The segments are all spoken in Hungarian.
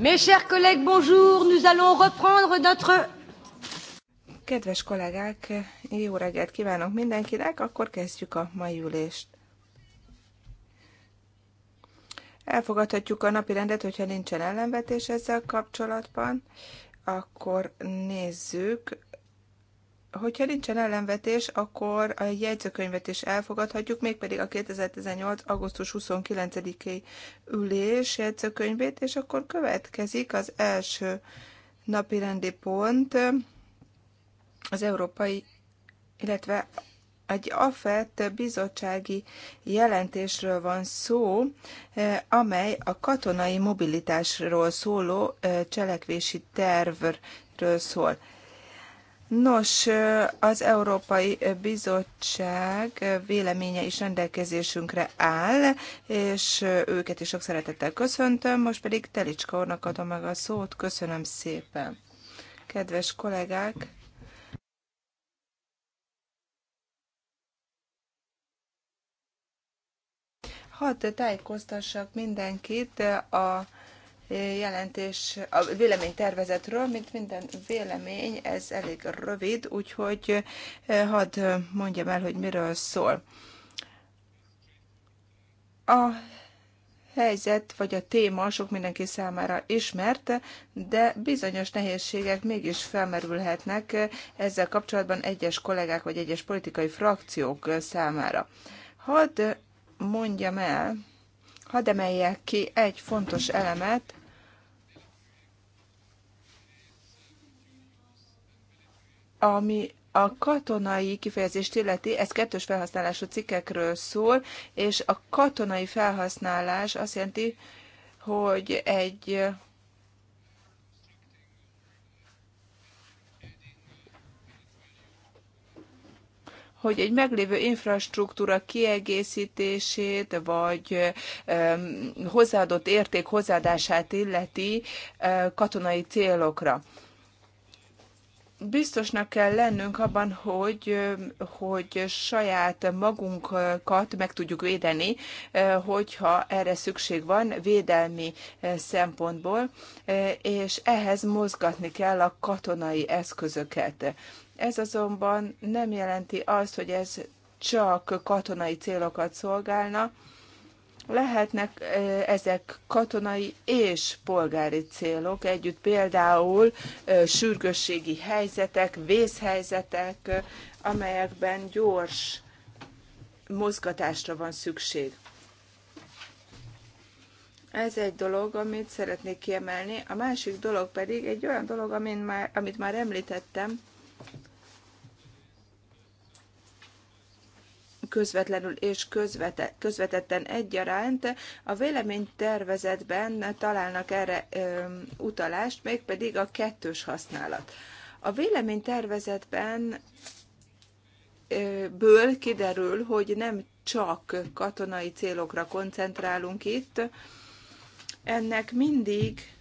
Mes chers collègues, bonjour. Nous allons reprendre notre... Kedves kollégák, jó reggelt kívánok mindenkinek, akkor kezdjük a mai ülést. Elfogadhatjuk a napi rendet, hogyha nincsen ellenvetés ezzel kapcsolatban, akkor nézzük Hogyha nincsen ellenvetés, akkor a jegyzőkönyvet is elfogadhatjuk, mégpedig a 2018. augusztus 29-i ülés jegyzőkönyvét, és akkor következik az első napi rendi pont, az európai, illetve egy AFET bizottsági jelentésről van szó, eh, amely a katonai mobilitásról szóló eh, cselekvési tervről szól. Nos, az Európai Bizottság véleménye is rendelkezésünkre áll, és őket is sok szeretettel köszöntöm, most pedig Telicska úrnak adom meg a szót. Köszönöm szépen. Kedves kollégák! Hadd tájékoztassak mindenkit a jelentés, a véleménytervezetről, mint minden vélemény, ez elég rövid, úgyhogy eh, hadd mondjam el, hogy miről szól. A helyzet vagy a téma sok mindenki számára ismert, de bizonyos nehézségek mégis felmerülhetnek eh, ezzel kapcsolatban egyes kollégák vagy egyes politikai frakciók eh, számára. Hadd mondjam el, hadd emeljek ki egy fontos elemet, Ami a katonai kifejezést illeti, ez kettős felhasználású cikkekről szól, és a katonai felhasználás azt jelenti, hogy egy hogy egy meglévő infrastruktúra kiegészítését, vagy hozzáadott érték hozzáadását illeti katonai célokra biztosnak kell lennünk abban, hogy, hogy saját magunkat meg tudjuk védeni, hogyha erre szükség van védelmi szempontból, és ehhez mozgatni kell a katonai eszközöket. Ez azonban nem jelenti azt, hogy ez csak katonai célokat szolgálna, lehetnek ezek katonai és polgári célok együtt, például sürgősségi helyzetek, vészhelyzetek, amelyekben gyors mozgatásra van szükség. Ez egy dolog, amit szeretnék kiemelni. A másik dolog pedig egy olyan dolog, már, amit már említettem, közvetlenül és közvete, közvetetten egyaránt. A véleménytervezetben találnak erre ö, utalást, mégpedig a kettős használat. A véleménytervezetben ö, ből kiderül, hogy nem csak katonai célokra koncentrálunk itt, ennek mindig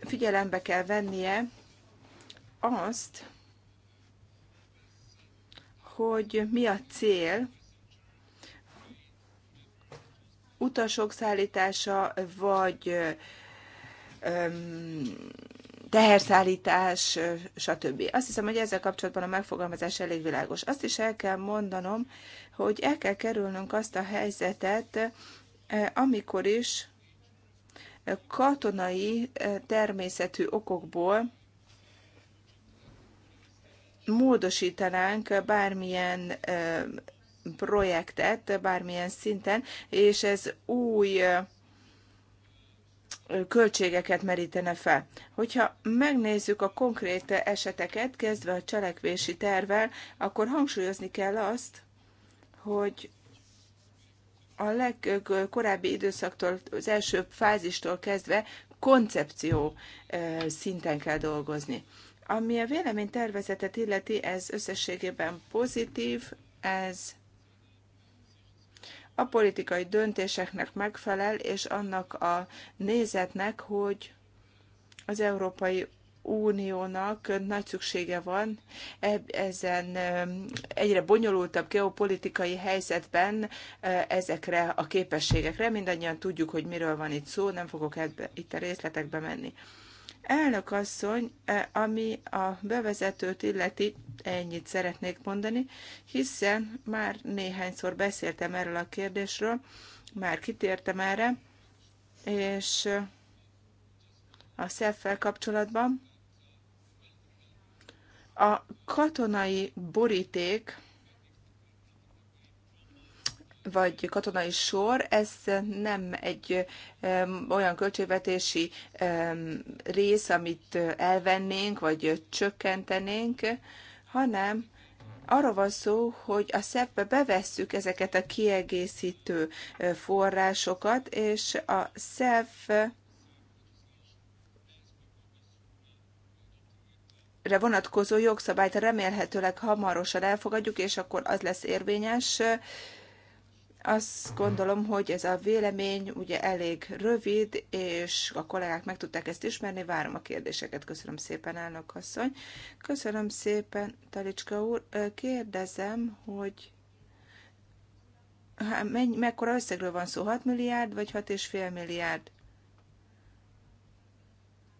figyelembe kell vennie azt, hogy mi a cél, utasok szállítása, vagy teherszállítás, stb. Azt hiszem, hogy ezzel kapcsolatban a megfogalmazás elég világos. Azt is el kell mondanom, hogy el kell kerülnünk azt a helyzetet, e, amikor is katonai e, természetű okokból módosítanánk bármilyen projektet, bármilyen szinten, és ez új költségeket merítene fel. Hogyha megnézzük a konkrét eseteket, kezdve a cselekvési tervvel, akkor hangsúlyozni kell azt, hogy a legkorábbi időszaktól, az első fázistól kezdve koncepció szinten kell dolgozni. Ami a tervezetet illeti, ez összességében pozitív, ez a politikai döntéseknek megfelel, és annak a nézetnek, hogy az Európai Uniónak nagy szüksége van ezen egyre bonyolultabb geopolitikai helyzetben ezekre a képességekre. Mindannyian tudjuk, hogy miről van itt szó, nem fogok ebbe, itt a részletekbe menni. Elnök asszony, e, ami a bevezetőt illeti, ennyit szeretnék mondani, hiszen már néhányszor beszéltem erről a kérdésről, már kitértem erre, és a szelfel kapcsolatban a katonai boríték, vagy katonai sor, ez nem egy olyan költségvetési rész, amit elvennénk, vagy csökkentenénk, hanem arra van szó, hogy a szepbe bevesszük ezeket a kiegészítő forrásokat, és a SZEF re vonatkozó jogszabályt remélhetőleg hamarosan elfogadjuk, és akkor az lesz érvényes, azt gondolom, hogy ez a vélemény ugye elég rövid, és a kollégák meg tudták ezt ismerni. Várom a kérdéseket. Köszönöm szépen, elnök asszony. Köszönöm szépen, Talicska úr. Kérdezem, hogy Há, menny, mekkora összegről van szó? 6 milliárd vagy 6,5 milliárd?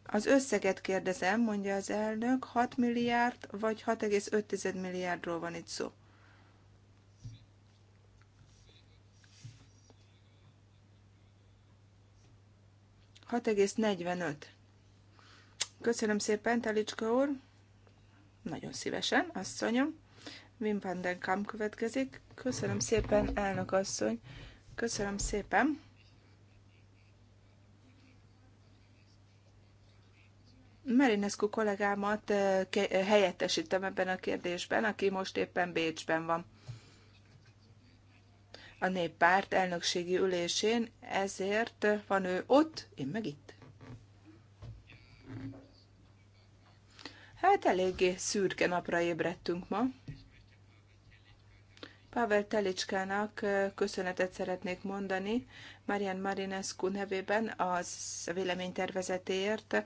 Az összeget kérdezem, mondja az elnök, 6 milliárd vagy 6,5 milliárdról van itt szó. 6,45. Köszönöm szépen, Talicska úr. Nagyon szívesen, asszonyom. Wim van den Kamp következik. Köszönöm szépen, elnök asszony. Köszönöm szépen. Marinescu kollégámat eh, helyettesítem ebben a kérdésben, aki most éppen Bécsben van a néppárt elnökségi ülésén, ezért van ő ott, én meg itt. Hát eléggé szürke napra ébredtünk ma. Pavel Telicskának köszönetet szeretnék mondani Marian Marinescu nevében az véleménytervezetéért.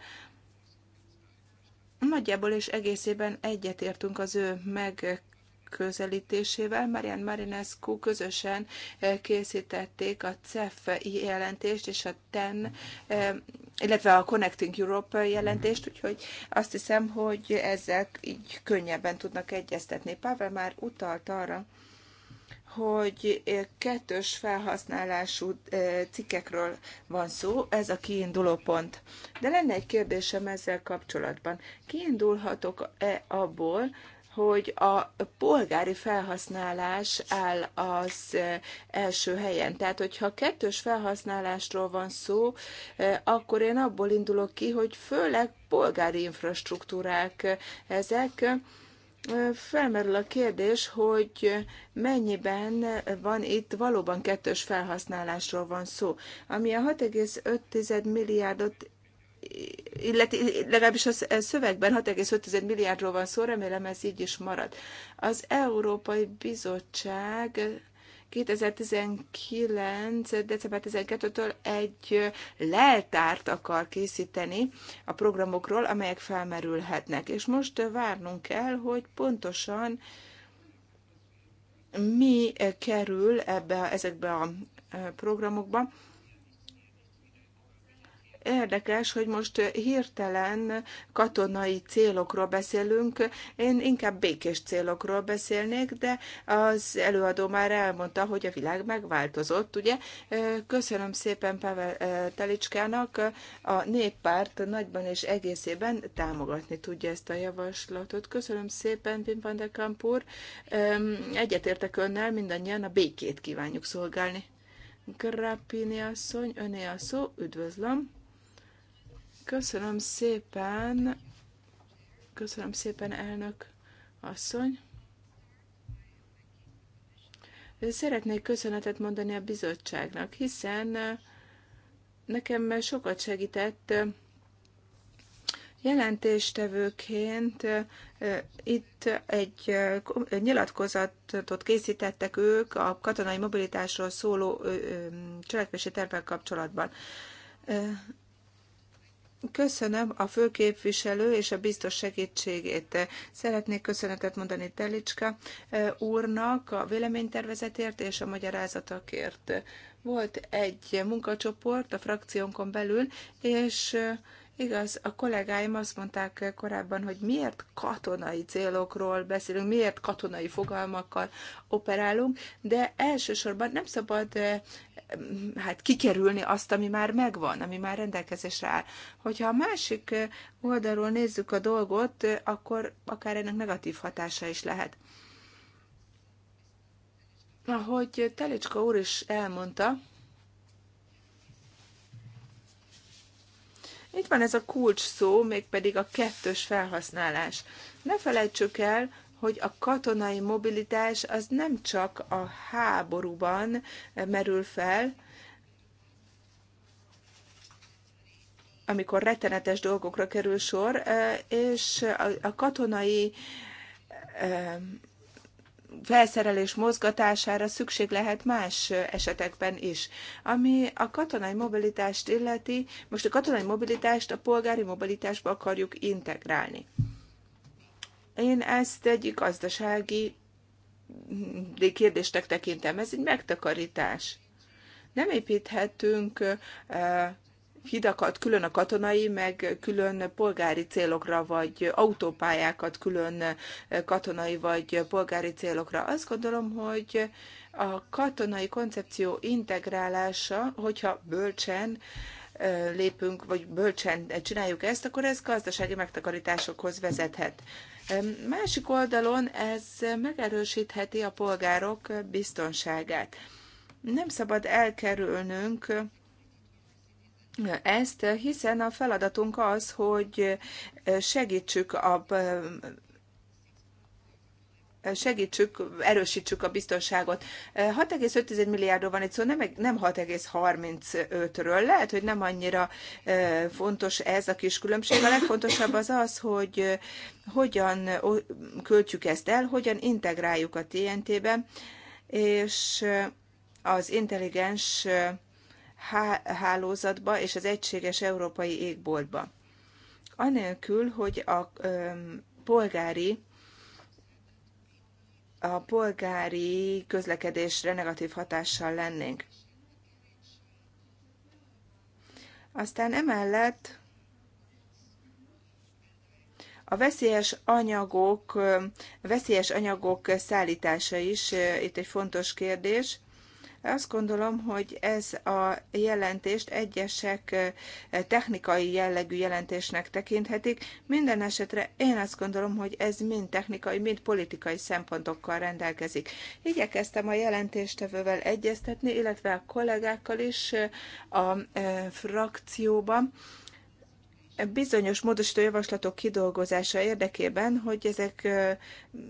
Nagyjából és egészében egyetértünk az ő meg közelítésével. Marian Marinescu közösen eh, készítették a CEF jelentést és a TEN, eh, illetve a Connecting Europe jelentést, úgyhogy azt hiszem, hogy ezek így könnyebben tudnak egyeztetni. Pavel már utalt arra, hogy eh, kettős felhasználású cikkekről van szó, ez a kiinduló pont. De lenne egy kérdésem ezzel kapcsolatban. Kiindulhatok-e abból, hogy a polgári felhasználás áll az eh, első helyen. Tehát, hogyha kettős felhasználásról van szó, eh, akkor én abból indulok ki, hogy főleg polgári infrastruktúrák eh, ezek, Felmerül a kérdés, hogy mennyiben van itt valóban kettős felhasználásról van szó, ami a 6,5 milliárdot illeti, legalábbis a szövegben 6,5 milliárdról van szó, remélem ez így is marad. Az Európai Bizottság 2019. december 12-től egy leltárt akar készíteni a programokról, amelyek felmerülhetnek. És most várnunk kell, hogy pontosan mi kerül ebbe, ezekbe a eh, programokba, Érdekes, hogy most hirtelen katonai célokról beszélünk, én inkább békés célokról beszélnék, de az előadó már elmondta, hogy a világ megváltozott, ugye? Köszönöm szépen Pavel Telicskának, a néppárt nagyban és egészében támogatni tudja ezt a javaslatot. Köszönöm szépen, Pim van de Kampur. Egyetértek önnel, mindannyian a békét kívánjuk szolgálni. Grappini asszony, öné a szó, üdvözlöm. Köszönöm szépen, köszönöm szépen, elnök asszony. Szeretnék köszönetet mondani a bizottságnak, hiszen nekem sokat segített jelentéstevőként eh, itt egy eh, nyilatkozatot készítettek ők a katonai mobilitásról szóló eh, cselekvési tervek kapcsolatban. Köszönöm a főképviselő és a biztos segítségét. Szeretnék köszönetet mondani Telicska úrnak a véleménytervezetért és a magyarázatokért. Volt egy munkacsoport a frakciónkon belül, és Igaz, a kollégáim azt mondták korábban, hogy miért katonai célokról beszélünk, miért katonai fogalmakkal operálunk, de elsősorban nem szabad hát kikerülni azt, ami már megvan, ami már rendelkezésre áll. Hogyha a másik oldalról nézzük a dolgot, akkor akár ennek negatív hatása is lehet. Ahogy Telicska úr is elmondta, itt van ez a kulcs szó, mégpedig a kettős felhasználás. Ne felejtsük el, hogy a katonai mobilitás az nem csak a háborúban eh, merül fel, amikor rettenetes dolgokra kerül sor, eh, és a katonai eh, felszerelés mozgatására szükség lehet más esetekben is. Ami a katonai mobilitást illeti, most a katonai mobilitást a polgári mobilitásba akarjuk integrálni. Én ezt egy gazdasági kérdéstek tekintem. Ez egy megtakarítás. Nem építhetünk hidakat külön a katonai, meg külön polgári célokra, vagy autópályákat külön katonai, vagy polgári célokra. Azt gondolom, hogy a katonai koncepció integrálása, hogyha bölcsen lépünk, vagy bölcsen csináljuk ezt, akkor ez gazdasági megtakarításokhoz vezethet. Másik oldalon ez megerősítheti a polgárok biztonságát. Nem szabad elkerülnünk ezt, hiszen a feladatunk az, hogy segítsük a segítsük, erősítsük a biztonságot. 6,5 milliárdról van itt szó, nem, nem 6,35-ről. Lehet, hogy nem annyira fontos ez a kis különbség. A legfontosabb az az, hogy hogyan költjük ezt el, hogyan integráljuk a TNT-be, és az intelligens hálózatba és az egységes európai égboltba. Anélkül, hogy a polgári a polgári közlekedésre negatív hatással lennénk. Aztán emellett a veszélyes anyagok, veszélyes anyagok szállítása is itt egy fontos kérdés. Azt gondolom, hogy ez a jelentést egyesek eh, technikai jellegű jelentésnek tekinthetik. Minden esetre én azt gondolom, hogy ez mind technikai, mind politikai szempontokkal rendelkezik. Igyekeztem a jelentéstevővel egyeztetni, illetve a kollégákkal is eh, a eh, frakcióban bizonyos módosító javaslatok kidolgozása érdekében, hogy ezek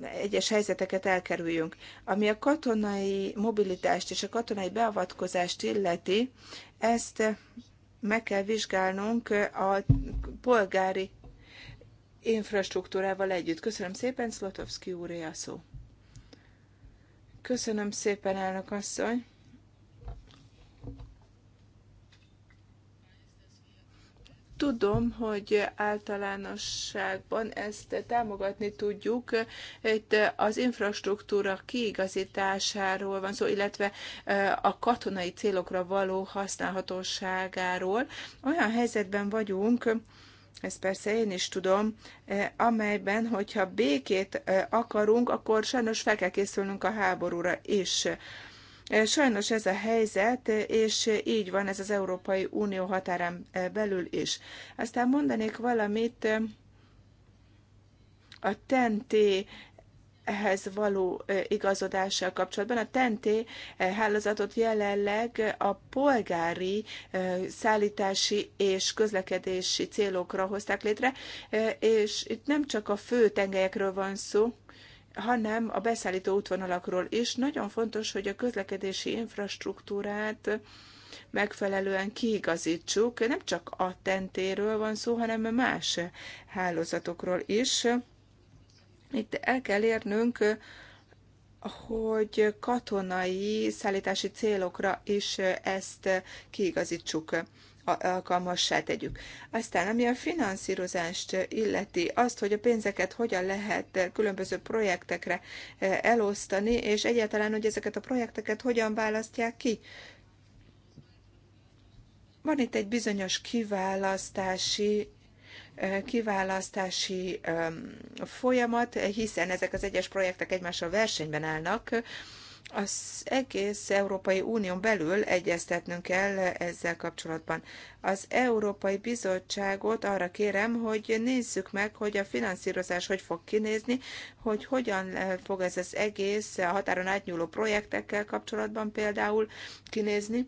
egyes helyzeteket elkerüljünk. Ami a katonai mobilitást és a katonai beavatkozást illeti, ezt meg kell vizsgálnunk a polgári infrastruktúrával együtt. Köszönöm szépen, Szlotowski úré a szó. Köszönöm szépen, elnök asszony. Tudom, hogy általánosságban ezt támogatni tudjuk. Itt az infrastruktúra kiigazításáról van szó, illetve a katonai célokra való használhatóságáról. Olyan helyzetben vagyunk, ezt persze én is tudom, amelyben, hogyha békét akarunk, akkor sajnos fel kell készülnünk a háborúra is. E, sajnos ez a helyzet, és így van ez az Európai Unió határán e, belül is. Aztán mondanék valamit e, a TNT ehhez való igazodással kapcsolatban. A TNT hálózatot jelenleg a polgári szállítási és közlekedési célokra hozták létre, és itt nem csak a fő tengelyekről van szó, hanem a beszállító útvonalakról is. Nagyon fontos, hogy a közlekedési infrastruktúrát megfelelően kiigazítsuk. Nem csak a tentéről van szó, hanem más hálózatokról is. Itt el kell érnünk, hogy katonai szállítási célokra is ezt kiigazítsuk alkalmassá tegyük. Aztán, ami a finanszírozást illeti, azt, hogy a pénzeket hogyan lehet különböző projektekre eh, elosztani, és egyáltalán, hogy ezeket a projekteket hogyan választják ki. Van itt egy bizonyos kiválasztási eh, kiválasztási folyamat, hiszen ezek az egyes projektek egymással versenyben állnak, az egész Európai Unión belül egyeztetnünk kell ezzel kapcsolatban. Az Európai Bizottságot arra kérem, hogy nézzük meg, hogy a finanszírozás hogy fog kinézni, hogy hogyan fog ez az egész a határon átnyúló projektekkel kapcsolatban például kinézni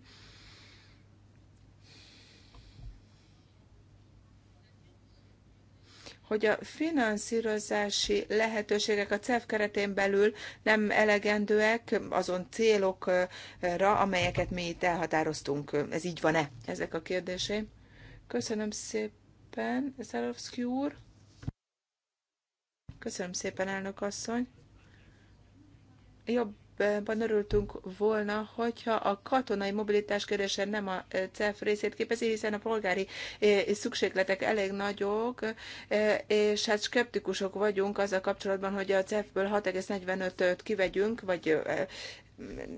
hogy a finanszírozási lehetőségek a CEF keretén belül nem elegendőek azon célokra, amelyeket mi itt elhatároztunk. Ez így van-e? Ezek a kérdéseim. Köszönöm szépen, Zalowski úr. Köszönöm szépen, elnök asszony. Jobb jobban örültünk volna, hogyha a katonai mobilitás kérdése nem a eh, CEF részét képezi, hiszen a polgári eh, szükségletek elég nagyok, eh, és hát skeptikusok vagyunk a kapcsolatban, hogy a CEF-ből 6,45-öt kivegyünk, vagy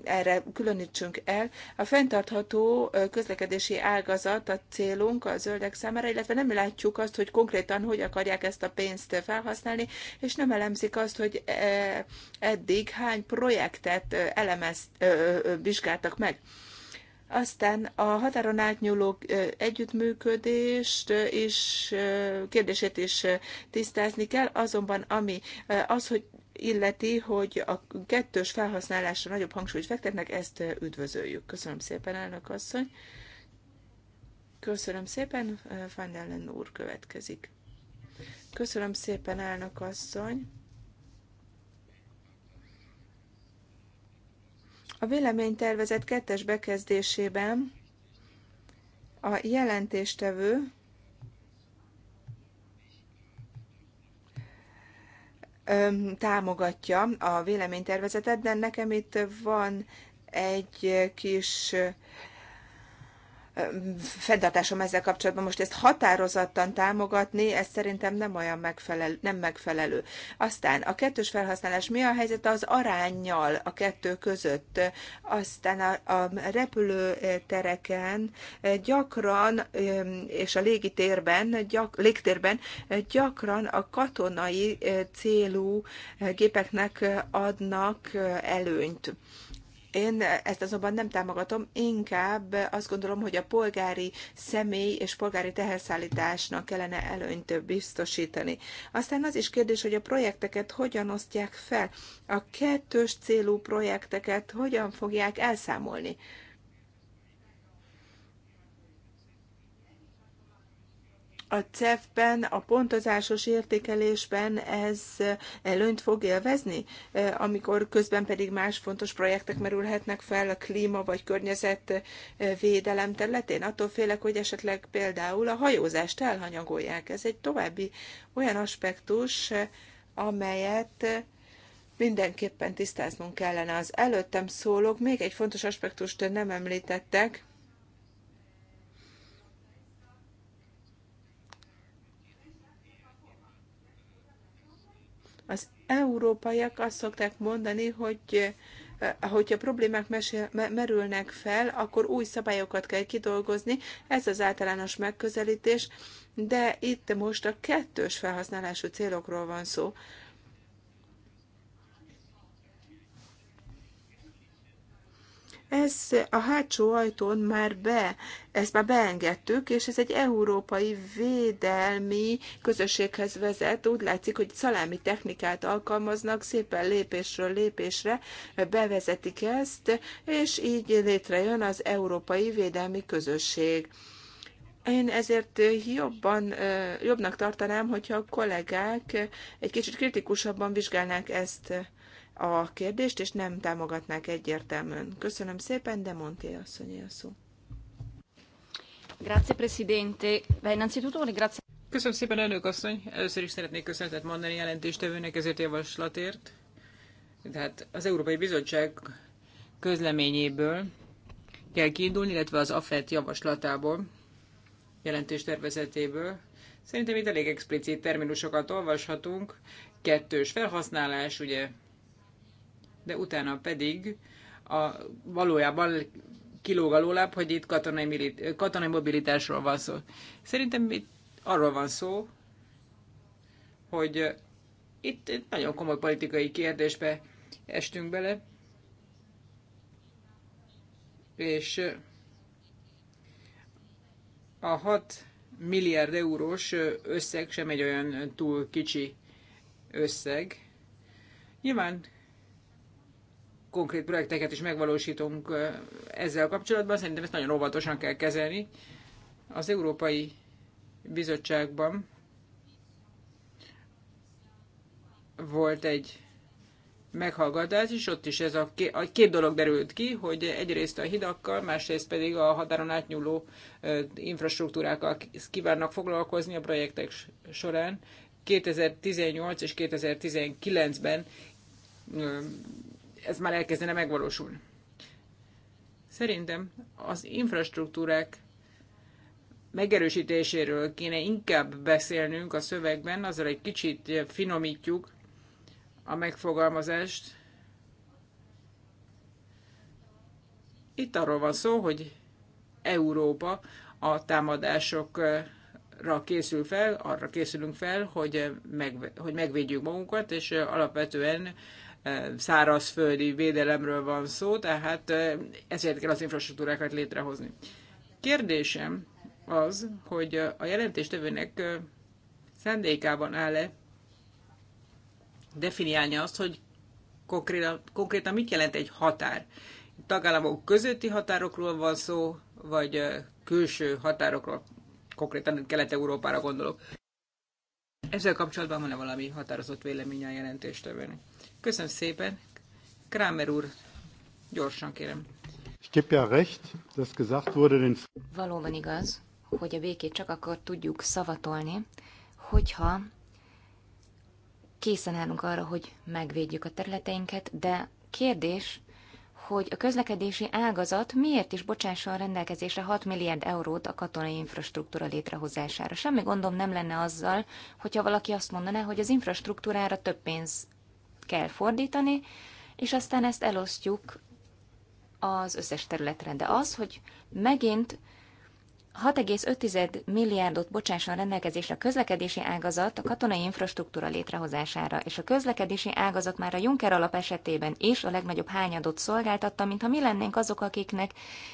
erre különítsünk el. A fenntartható közlekedési ágazat a célunk a zöldek számára, illetve nem látjuk azt, hogy konkrétan hogy akarják ezt a pénzt felhasználni, és nem elemzik azt, hogy e, eddig hány projektet elemezt, vizsgáltak meg. Aztán a határon átnyúló együttműködést és kérdését is tisztázni kell, azonban ami az, hogy illeti, hogy a kettős felhasználásra nagyobb hangsúlyt fektetnek, ezt üdvözöljük. Köszönöm szépen, elnök asszony. Köszönöm szépen, Van Ellen úr következik. Köszönöm szépen, elnök asszony. A véleménytervezet kettes bekezdésében a jelentéstevő támogatja a véleménytervezetet, de nekem itt van egy kis fenntartásom ezzel kapcsolatban. Most ezt határozottan támogatni, ez szerintem nem olyan megfelelő, nem megfelelő. Aztán a kettős felhasználás mi a helyzet az arányjal a kettő között? Aztán a, a repülőtereken gyakran, és a légitérben, gyak, légtérben gyakran a katonai célú gépeknek adnak előnyt. Én ezt azonban nem támogatom, inkább azt gondolom, hogy a polgári személy és polgári teherszállításnak kellene előnyt biztosítani. Aztán az is kérdés, hogy a projekteket hogyan osztják fel, a kettős célú projekteket hogyan fogják elszámolni. a CEF-ben, a pontozásos értékelésben ez előnyt fog élvezni, amikor közben pedig más fontos projektek merülhetnek fel a klíma vagy környezet védelem területén. Attól félek, hogy esetleg például a hajózást elhanyagolják. Ez egy további olyan aspektus, amelyet mindenképpen tisztáznunk kellene. Az előttem szólók még egy fontos aspektust nem említettek, európaiak azt szokták mondani, hogy eh, hogyha problémák mesél, merülnek fel, akkor új szabályokat kell kidolgozni, ez az általános megközelítés, de itt most a kettős felhasználású célokról van szó. Ez a hátsó ajtón már be, ezt már beengedtük, és ez egy európai védelmi közösséghez vezet. Úgy látszik, hogy szalámi technikát alkalmaznak, szépen lépésről lépésre bevezetik ezt, és így létrejön az európai védelmi közösség. Én ezért jobban, jobbnak tartanám, hogyha a kollégák egy kicsit kritikusabban vizsgálnák ezt a kérdést, és nem támogatnák egyértelműen. Köszönöm szépen, de Monté asszony a szó. Grazie, Presidente. grazie. Köszönöm szépen, elnök asszony. Először is szeretnék köszönetet mondani jelentéstevőnek ezért javaslatért. Tehát az Európai Bizottság közleményéből kell kiindulni, illetve az AFET javaslatából, jelentéstervezetéből. Szerintem itt elég explicit terminusokat olvashatunk. Kettős felhasználás, ugye de utána pedig a, valójában kilóg a lóláb, hogy itt katonai, milit, katonai mobilitásról van szó. Szerintem itt arról van szó, hogy itt nagyon komoly politikai kérdésbe estünk bele, és a 6 milliárd eurós összeg sem egy olyan túl kicsi összeg. Nyilván konkrét projekteket is megvalósítunk ezzel kapcsolatban, szerintem ezt nagyon óvatosan kell kezelni. Az Európai Bizottságban volt egy meghallgatás, és ott is ez a két dolog derült ki, hogy egyrészt a hidakkal, másrészt pedig a határon átnyúló infrastruktúrákkal kívánnak foglalkozni a projektek során. 2018 és 2019-ben ez már elkezdene megvalósulni. Szerintem az infrastruktúrák megerősítéséről kéne inkább beszélnünk a szövegben, azzal egy kicsit finomítjuk a megfogalmazást. Itt arról van szó, hogy Európa a támadásokra készül fel, arra készülünk fel, hogy, meg, hogy megvédjük magunkat, és alapvetően szárazföldi védelemről van szó, tehát ezért kell az infrastruktúrákat létrehozni. Kérdésem az, hogy a jelentéstevőnek szándékában áll-e definiálni azt, hogy konkrétan, konkrétan mit jelent egy határ. Tagállamok közötti határokról van szó, vagy külső határokról, konkrétan Kelet-Európára gondolok. Ezzel kapcsolatban van-e valami határozott vélemény a jelentéstevőnek? Köszönöm szépen. Kramer úr, gyorsan kérem. Valóban igaz, hogy a békét csak akkor tudjuk szavatolni, hogyha készen állunk arra, hogy megvédjük a területeinket, de kérdés, hogy a közlekedési ágazat miért is bocsásson rendelkezésre 6 milliárd eurót a katonai infrastruktúra létrehozására. Semmi gondom nem lenne azzal, hogyha valaki azt mondaná, hogy az infrastruktúrára több pénz kell fordítani, és aztán ezt elosztjuk az összes területre. De az, hogy megint 6,5 milliárdot bocsásson rendelkezésre a közlekedési ágazat a katonai infrastruktúra létrehozására, és a közlekedési ágazat már a Juncker alap esetében is a legnagyobb hányadot szolgáltatta, mintha mi lennénk azok, akiknek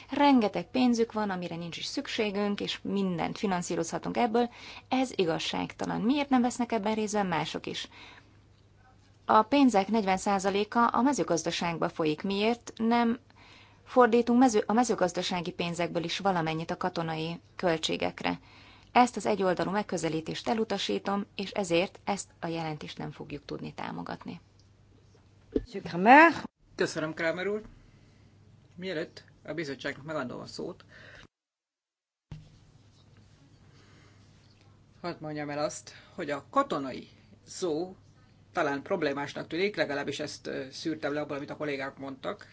rengeteg pénzük van, amire nincs is szükségünk, és mindent finanszírozhatunk ebből. Ez igazságtalan. Miért nem vesznek ebben részben mások is? a pénzek 40%-a a mezőgazdaságba folyik. Miért nem fordítunk mező, a mezőgazdasági pénzekből is valamennyit a katonai költségekre? Ezt az egyoldalú megközelítést elutasítom, és ezért ezt a jelentést nem fogjuk tudni támogatni. Köszönöm, Kramer úr! Mielőtt a bizottságnak megadom a szót, hadd mondjam el azt, hogy a katonai szó talán problémásnak tűnik, legalábbis ezt szűrtem le abból, amit a kollégák mondtak.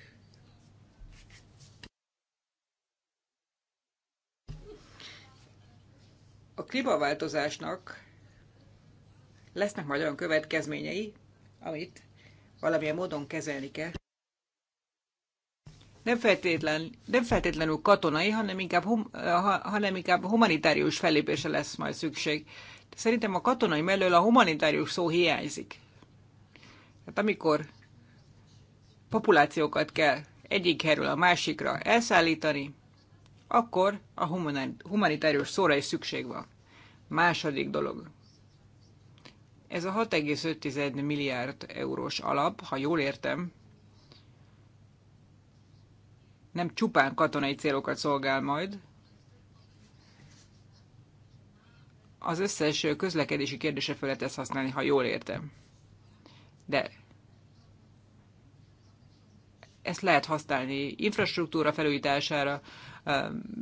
A klímaváltozásnak lesznek majd olyan következményei, amit valamilyen módon kezelni kell. Nem, feltétlen, nem feltétlenül katonai, hanem inkább, hum, eh, ha, hanem inkább humanitárius fellépése lesz majd szükség. De szerintem a katonai mellől a humanitárius szó hiányzik. Hát amikor populációkat kell egyik helyről a másikra elszállítani, akkor a humanitárius szóra is szükség van. Második dolog. Ez a 6,5 milliárd eurós alap, ha jól értem, nem csupán katonai célokat szolgál majd, az összes közlekedési kérdése felett ezt használni, ha jól értem. De ezt lehet használni infrastruktúra felújítására,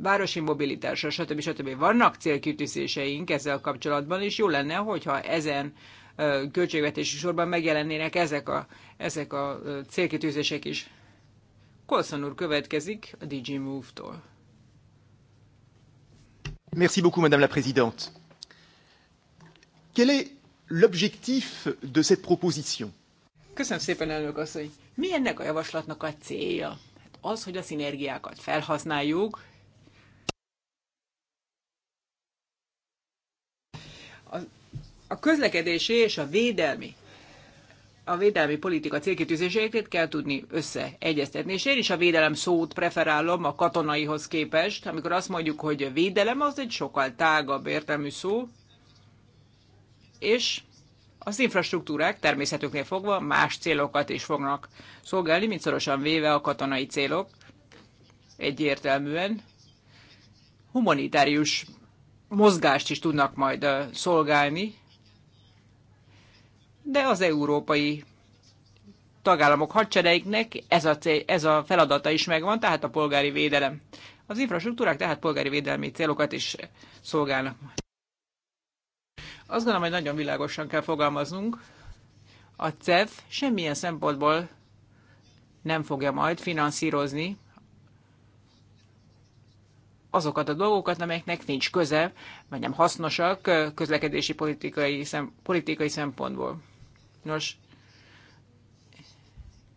városi mobilitásra, stb. stb. Vannak célkitűzéseink ezzel kapcsolatban, és jó lenne, hogyha ezen költségvetési sorban megjelennének ezek a, ezek a célkitűzések is. Kolszon úr következik a DG Move-tól. Merci beaucoup, Madame la Présidente. Quel est l'objectif de cette proposition? Köszönöm szépen, elnök asszony. Mi ennek a javaslatnak a célja? Hát az, hogy a szinergiákat felhasználjuk, a, a közlekedési és a védelmi a védelmi politika célkitűzéseit kell tudni összeegyeztetni. És én is a védelem szót preferálom a katonaihoz képest. Amikor azt mondjuk, hogy védelem, az egy sokkal tágabb értelmű szó, és az infrastruktúrák természetüknél fogva más célokat is fognak szolgálni, mint szorosan véve a katonai célok. Egyértelműen humanitárius mozgást is tudnak majd szolgálni, de az európai tagállamok hadsereiknek ez a, cél, ez a feladata is megvan, tehát a polgári védelem. Az infrastruktúrák tehát polgári védelmi célokat is szolgálnak. Azt gondolom, hogy nagyon világosan kell fogalmaznunk. A CEF semmilyen szempontból nem fogja majd finanszírozni azokat a dolgokat, amelyeknek nincs köze, vagy nem hasznosak közlekedési politikai, szem, politikai szempontból. Nos,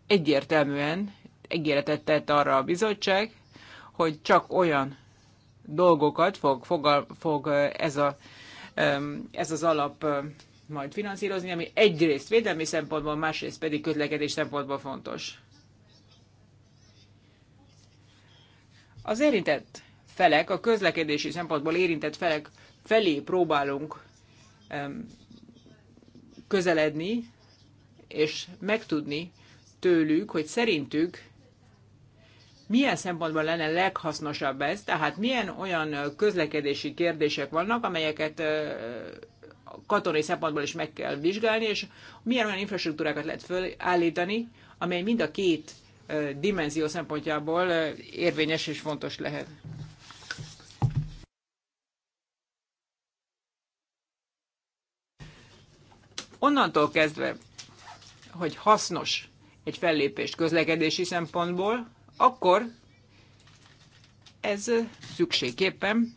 egyértelműen egéretet tett arra a bizottság, hogy csak olyan dolgokat fog, fog, fog ez a ez az alap majd finanszírozni, ami egyrészt védelmi szempontból, másrészt pedig közlekedés szempontból fontos. Az érintett felek, a közlekedési szempontból érintett felek felé próbálunk közeledni, és megtudni tőlük, hogy szerintük milyen szempontból lenne leghasznosabb ez, tehát milyen olyan közlekedési kérdések vannak, amelyeket katonai szempontból is meg kell vizsgálni, és milyen olyan infrastruktúrákat lehet fölállítani, amely mind a két dimenzió szempontjából érvényes és fontos lehet. Onnantól kezdve, hogy hasznos egy fellépést közlekedési szempontból, akkor ez szükségképpen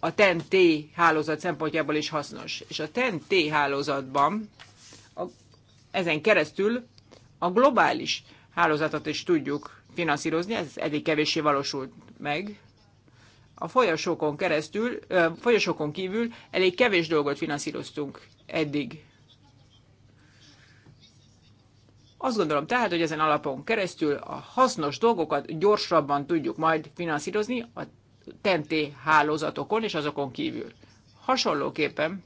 a TEN-T hálózat szempontjából is hasznos. És a TEN-T hálózatban a, ezen keresztül a globális hálózatot is tudjuk finanszírozni, ez eddig kevéssé valósult meg. A folyosókon, keresztül, folyosókon kívül elég kevés dolgot finanszíroztunk eddig. Azt gondolom tehát, hogy ezen alapon keresztül a hasznos dolgokat gyorsabban tudjuk majd finanszírozni a TNT hálózatokon és azokon kívül. Hasonlóképpen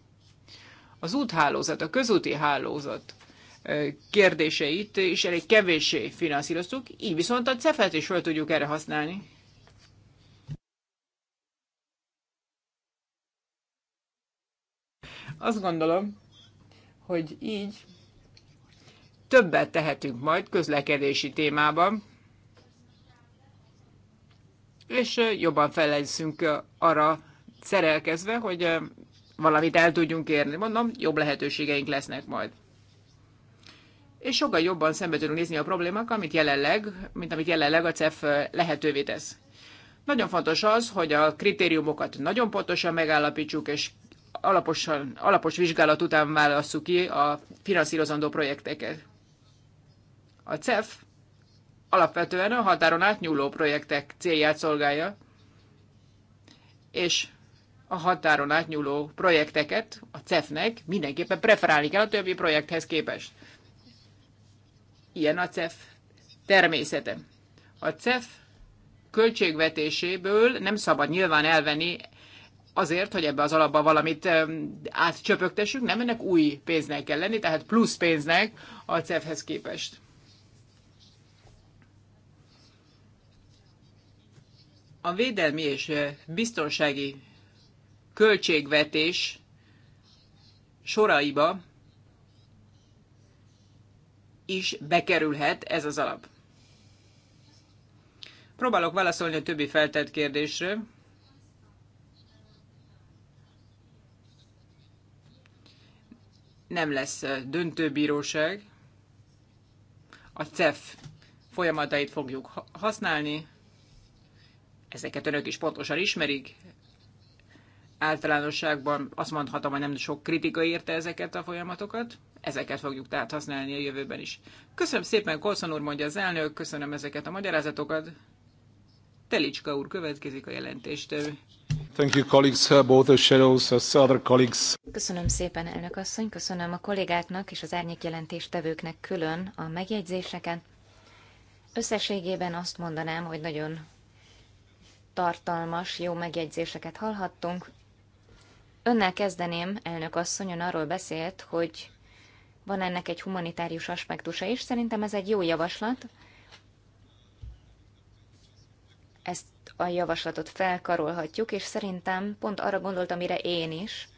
az úthálózat, a közúti hálózat kérdéseit is elég kevéssé finanszíroztuk, így viszont a CEFET is fel tudjuk erre használni. Azt gondolom, hogy így többet tehetünk majd közlekedési témában, és jobban felejtszünk arra szerelkezve, hogy valamit el tudjunk érni. Mondom, jobb lehetőségeink lesznek majd. És sokkal jobban szembe tudunk nézni a problémák, amit jelenleg, mint amit jelenleg a CEF lehetővé tesz. Nagyon fontos az, hogy a kritériumokat nagyon pontosan megállapítsuk, és alaposan, alapos vizsgálat után válasszuk ki a finanszírozandó projekteket. A CEF alapvetően a határon átnyúló projektek célját szolgálja, és a határon átnyúló projekteket a CEF-nek mindenképpen preferálni kell a többi projekthez képest. Ilyen a CEF természete. A CEF költségvetéséből nem szabad nyilván elvenni azért, hogy ebbe az alapba valamit átcsöpögtessünk, nem ennek új pénznek kell lenni, tehát plusz pénznek a CEF-hez képest. A védelmi és biztonsági költségvetés soraiba is bekerülhet ez az alap. Próbálok válaszolni a többi feltett kérdésre. Nem lesz döntőbíróság. A CEF folyamatait fogjuk használni. Ezeket önök is pontosan ismerik. Általánosságban azt mondhatom, hogy nem sok kritika érte ezeket a folyamatokat. Ezeket fogjuk tehát használni a jövőben is. Köszönöm szépen, Kolszon úr mondja az elnök, köszönöm ezeket a magyarázatokat. Telicska úr következik a jelentéstől. Thank you, colleagues, uh, both the shadows, as uh, other colleagues. Köszönöm szépen, elnök asszony, köszönöm a kollégáknak és az árnyék jelentéstevőknek külön a megjegyzéseket. Összességében azt mondanám, hogy nagyon tartalmas, jó megjegyzéseket hallhattunk. Önnel kezdeném, elnök asszony, ön arról beszélt, hogy van ennek egy humanitárius aspektusa is. Szerintem ez egy jó javaslat. Ezt a javaslatot felkarolhatjuk, és szerintem pont arra gondoltam, amire én is,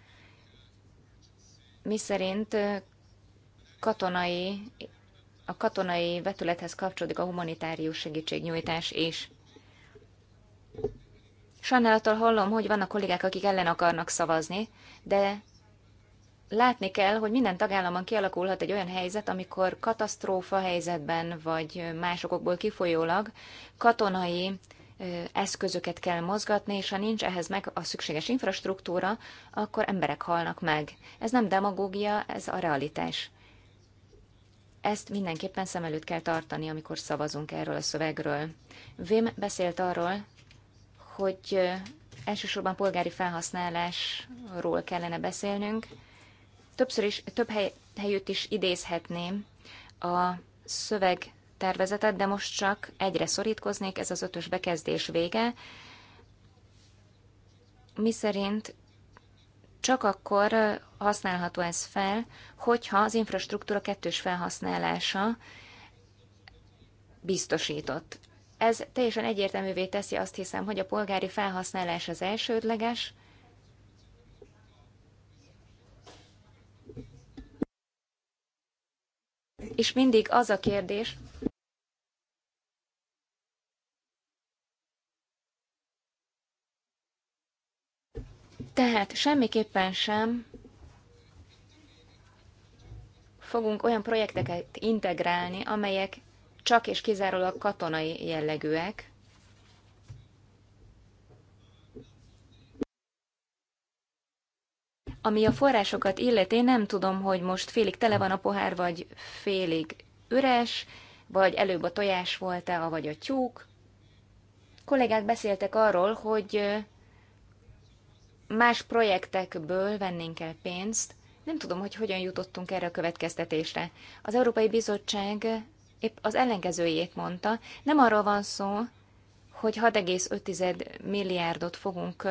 mi szerint katonai, a katonai vetülethez kapcsolódik a humanitárius segítségnyújtás is. Sajnálattal hallom, hogy vannak kollégák, akik ellen akarnak szavazni, de látni kell, hogy minden tagállamban kialakulhat egy olyan helyzet, amikor katasztrófa helyzetben, vagy másokból kifolyólag katonai eszközöket kell mozgatni, és ha nincs ehhez meg a szükséges infrastruktúra, akkor emberek halnak meg. Ez nem demagógia, ez a realitás. Ezt mindenképpen szem előtt kell tartani, amikor szavazunk erről a szövegről. Vim beszélt arról, hogy elsősorban polgári felhasználásról kellene beszélnünk. Többször is, több hely, helyütt is idézhetném a szöveg tervezetet, de most csak egyre szorítkoznék, ez az ötös bekezdés vége, miszerint csak akkor használható ez fel, hogyha az infrastruktúra kettős felhasználása biztosított. Ez teljesen egyértelművé teszi azt hiszem, hogy a polgári felhasználás az elsődleges, és mindig az a kérdés, Tehát semmiképpen sem fogunk olyan projekteket integrálni, amelyek csak és kizárólag katonai jellegűek. Ami a forrásokat illeti, nem tudom, hogy most félig tele van a pohár, vagy félig üres, vagy előbb a tojás volt-e, vagy a tyúk. Kollégák beszéltek arról, hogy más projektekből vennénk el pénzt. Nem tudom, hogy hogyan jutottunk erre a következtetésre. Az Európai Bizottság épp az ellenkezőjét mondta. Nem arról van szó, hogy 6,5 milliárdot fogunk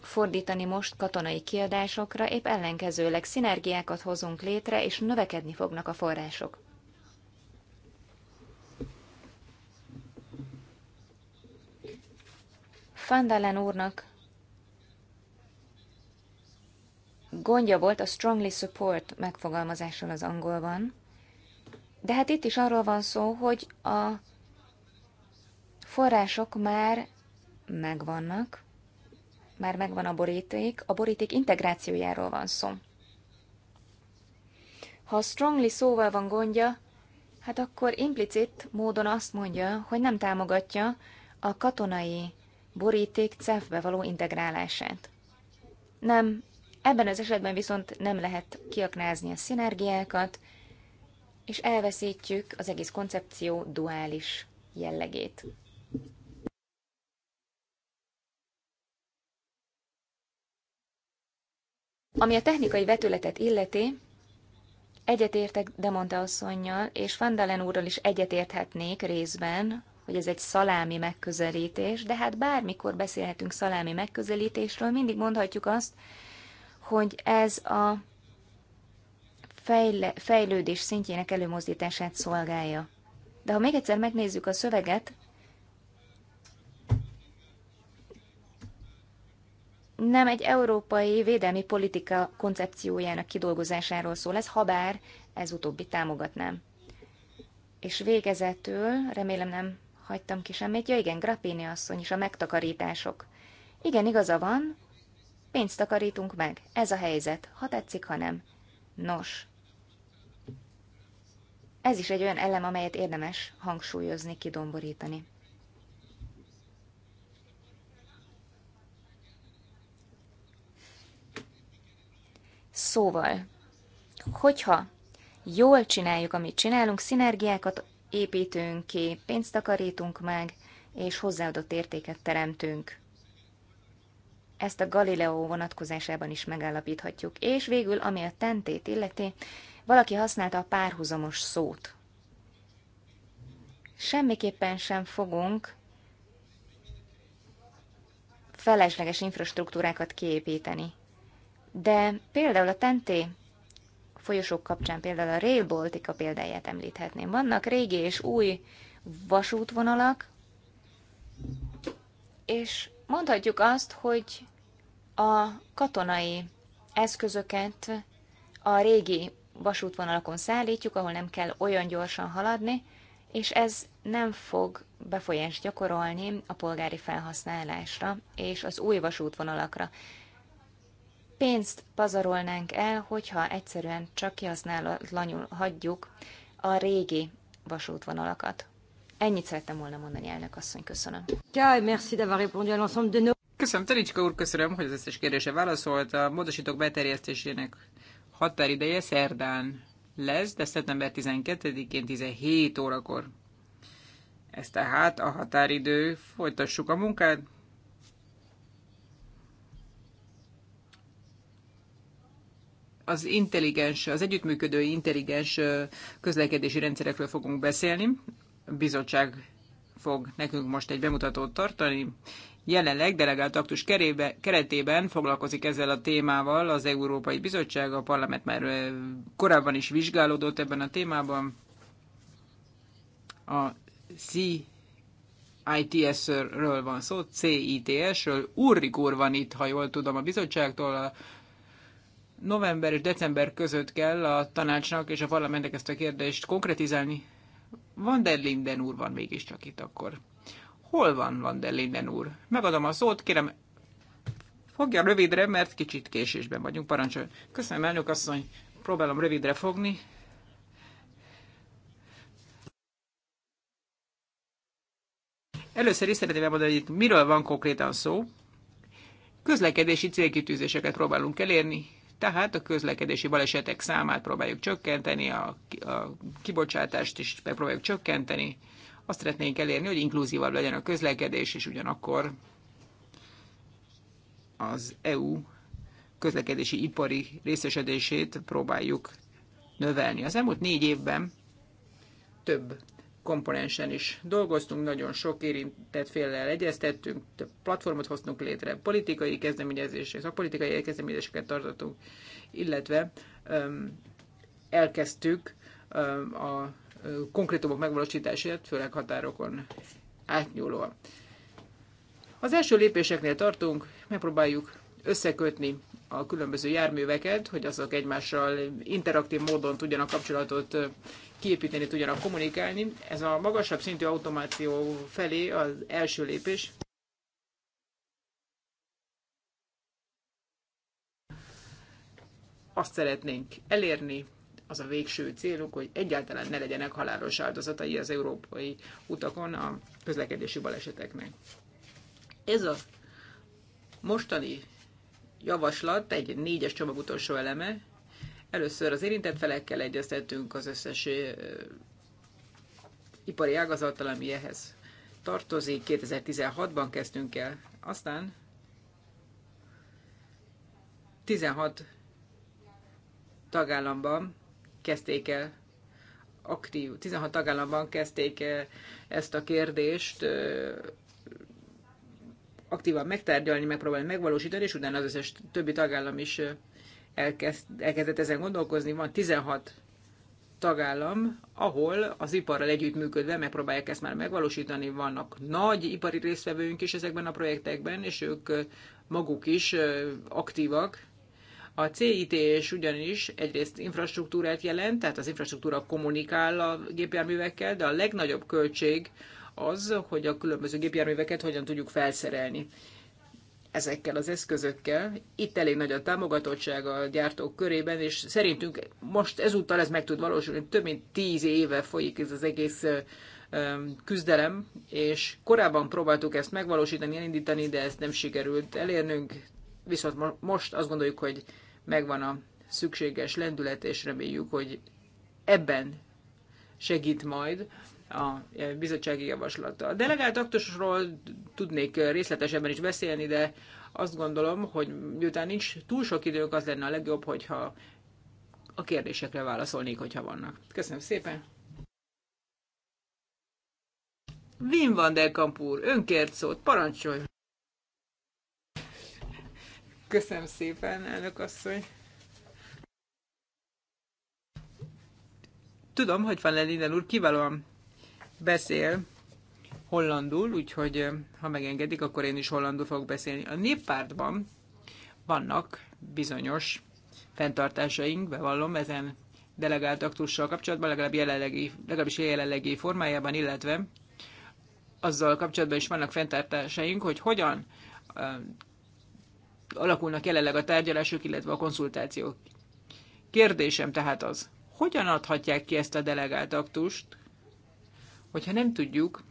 fordítani most katonai kiadásokra, épp ellenkezőleg szinergiákat hozunk létre, és növekedni fognak a források. Fandalen úrnak gondja volt a strongly support megfogalmazással az angolban. De hát itt is arról van szó, hogy a források már megvannak, már megvan a boríték, a boríték integrációjáról van szó. Ha a strongly szóval van gondja, hát akkor implicit módon azt mondja, hogy nem támogatja a katonai boríték cef való integrálását. Nem, ebben az esetben viszont nem lehet kiaknázni a szinergiákat, és elveszítjük az egész koncepció duális jellegét. Ami a technikai vetületet illeti, egyetértek Demonte asszonynal, és Fandalen úrral is egyetérthetnék részben, hogy ez egy szalámi megközelítés, de hát bármikor beszélhetünk szalámi megközelítésről, mindig mondhatjuk azt, hogy ez a fejle, fejlődés szintjének előmozdítását szolgálja. De ha még egyszer megnézzük a szöveget, nem egy európai védelmi politika koncepciójának kidolgozásáról szól ez, habár ez utóbbi támogatnám. És végezetül, remélem nem hagytam ki semmit, ja igen, Grappini asszony is, a megtakarítások. Igen, igaza van, pénzt takarítunk meg, ez a helyzet, ha tetszik, ha nem. Nos, ez is egy olyan elem, amelyet érdemes hangsúlyozni, kidomborítani. Szóval, hogyha jól csináljuk, amit csinálunk, szinergiákat építünk ki, pénzt takarítunk meg, és hozzáadott értéket teremtünk. Ezt a Galileo vonatkozásában is megállapíthatjuk. És végül, ami a tentét illeti, valaki használta a párhuzamos szót. Semmiképpen sem fogunk felesleges infrastruktúrákat kiépíteni. De például a tenté folyosók kapcsán például a Rail Baltica példáját említhetném. Vannak régi és új vasútvonalak, és mondhatjuk azt, hogy a katonai eszközöket a régi vasútvonalakon szállítjuk, ahol nem kell olyan gyorsan haladni, és ez nem fog befolyást gyakorolni a polgári felhasználásra és az új vasútvonalakra. Pénzt pazarolnánk el, hogyha egyszerűen csak kihasználatlanul hagyjuk a régi vasútvonalakat. Ennyit szerettem volna mondani, elnök asszony, köszönöm. Köszönöm, Telicska úr, köszönöm, hogy az összes kérdése válaszolt. A módosítók beterjesztésének határideje szerdán lesz, de szeptember 12-én 17 órakor. Ez tehát a határidő, folytassuk a munkát. Az intelligens, az együttműködő intelligens közlekedési rendszerekről fogunk beszélni. A bizottság fog nekünk most egy bemutatót tartani, Jelenleg delegált aktus kerébe, keretében foglalkozik ezzel a témával az Európai Bizottság, a parlament már korábban is vizsgálódott ebben a témában. A CITS-ről van szó, CITS-ről. Urrik van itt, ha jól tudom, a bizottságtól. A november és december között kell a tanácsnak és a parlamentnek ezt a kérdést konkretizálni. Van der Linden úr van mégiscsak itt akkor. Hol van Van der Linden úr? Megadom a szót, kérem, fogja rövidre, mert kicsit késésben vagyunk, parancsoljon. Köszönöm, elnök asszony, próbálom rövidre fogni. Először is szeretném elmondani, hogy itt miről van konkrétan szó. Közlekedési célkitűzéseket próbálunk elérni, tehát a közlekedési balesetek számát próbáljuk csökkenteni, a, a kibocsátást is megpróbáljuk csökkenteni, azt szeretnénk elérni, hogy inkluzívabb legyen a közlekedés, és ugyanakkor az EU közlekedési ipari részesedését próbáljuk növelni. Az elmúlt négy évben több komponensen is dolgoztunk, nagyon sok érintett féllel egyeztettünk, több platformot hoztunk létre, politikai kezdeményezések, a politikai kezdeményezéseket tartottunk, illetve um, elkezdtük um, a konkrétumok megvalósításért, főleg határokon átnyúlóan. Az első lépéseknél tartunk, megpróbáljuk összekötni a különböző járműveket, hogy azok egymással interaktív módon tudjanak kapcsolatot kiépíteni, tudjanak kommunikálni. Ez a magasabb szintű automáció felé az első lépés. Azt szeretnénk elérni, az a végső céluk, hogy egyáltalán ne legyenek halálos áldozatai az európai utakon a közlekedési baleseteknek. Ez a mostani javaslat egy négyes csomag utolsó eleme. Először az érintett felekkel egyeztettünk az összes ipari ágazattal, ami ehhez tartozik. 2016-ban kezdtünk el. Aztán 16 tagállamban kezdték el aktív, 16 tagállamban kezdték el ezt a kérdést aktívan megtárgyalni, megpróbálni megvalósítani, és utána az összes többi tagállam is elkezd, elkezdett ezen gondolkozni. Van 16 tagállam, ahol az iparral együttműködve megpróbálják ezt már megvalósítani. Vannak nagy ipari résztvevőink is ezekben a projektekben, és ők maguk is aktívak. A CITS ugyanis egyrészt infrastruktúrát jelent, tehát az infrastruktúra kommunikál a gépjárművekkel, de a legnagyobb költség az, hogy a különböző gépjárműveket hogyan tudjuk felszerelni ezekkel az eszközökkel. Itt elég nagy a támogatottság a gyártók körében, és szerintünk most ezúttal ez meg tud valósulni. Több mint tíz éve folyik ez az egész küzdelem, és korábban próbáltuk ezt megvalósítani, elindítani, de ezt nem sikerült elérnünk, viszont most azt gondoljuk, hogy megvan a szükséges lendület, és reméljük, hogy ebben segít majd a bizottsági javaslata. A delegált aktusról tudnék részletesebben is beszélni, de azt gondolom, hogy miután nincs túl sok időnk, az lenne a legjobb, hogyha a kérdésekre válaszolnék, hogyha vannak. Köszönöm szépen! Wim van der Kampur, önkért szót, parancsolj! Köszönöm szépen, elnök asszony. Tudom, hogy van Lelinden úr kiválóan beszél hollandul, úgyhogy ha megengedik, akkor én is hollandul fogok beszélni. A néppártban vannak bizonyos fenntartásaink, bevallom, ezen delegált aktussal kapcsolatban, legalább jelenlegi, legalábbis jelenlegi formájában, illetve azzal kapcsolatban is vannak fenntartásaink, hogy hogyan alakulnak jelenleg a tárgyalások, illetve a konzultációk. Kérdésem tehát az, hogyan adhatják ki ezt a delegált aktust, hogyha nem tudjuk,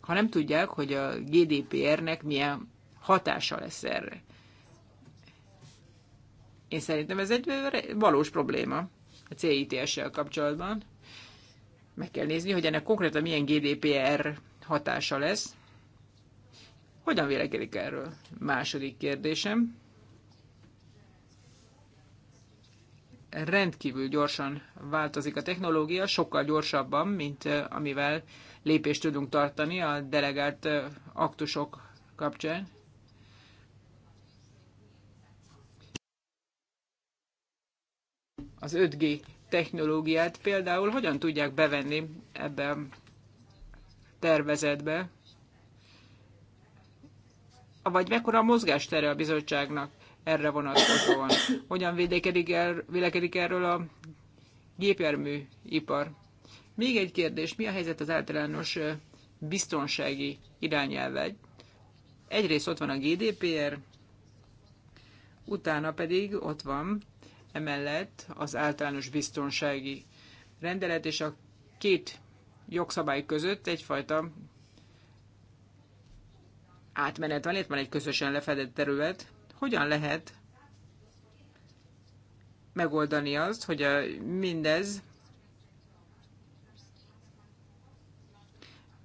ha nem tudják, hogy a GDPR-nek milyen hatása lesz erre. Én szerintem ez egy valós probléma a CITS-sel kapcsolatban. Meg kell nézni, hogy ennek konkrétan milyen GDPR hatása lesz. Hogyan vélekedik erről? Második kérdésem. Rendkívül gyorsan változik a technológia, sokkal gyorsabban, mint amivel lépést tudunk tartani a delegált aktusok kapcsán. Az 5G technológiát például hogyan tudják bevenni ebben a tervezetbe? vagy mekkora a mozgástere a bizottságnak erre vonatkozóan? Hogyan védekedik el, vélekedik erről a gépjárműipar? Még egy kérdés, mi a helyzet az általános biztonsági irányelvegy? Egyrészt ott van a GDPR, utána pedig ott van emellett az általános biztonsági rendelet, és a két jogszabály között egyfajta átmenet van, itt van egy közösen lefedett terület. Hogyan lehet megoldani azt, hogy a, mindez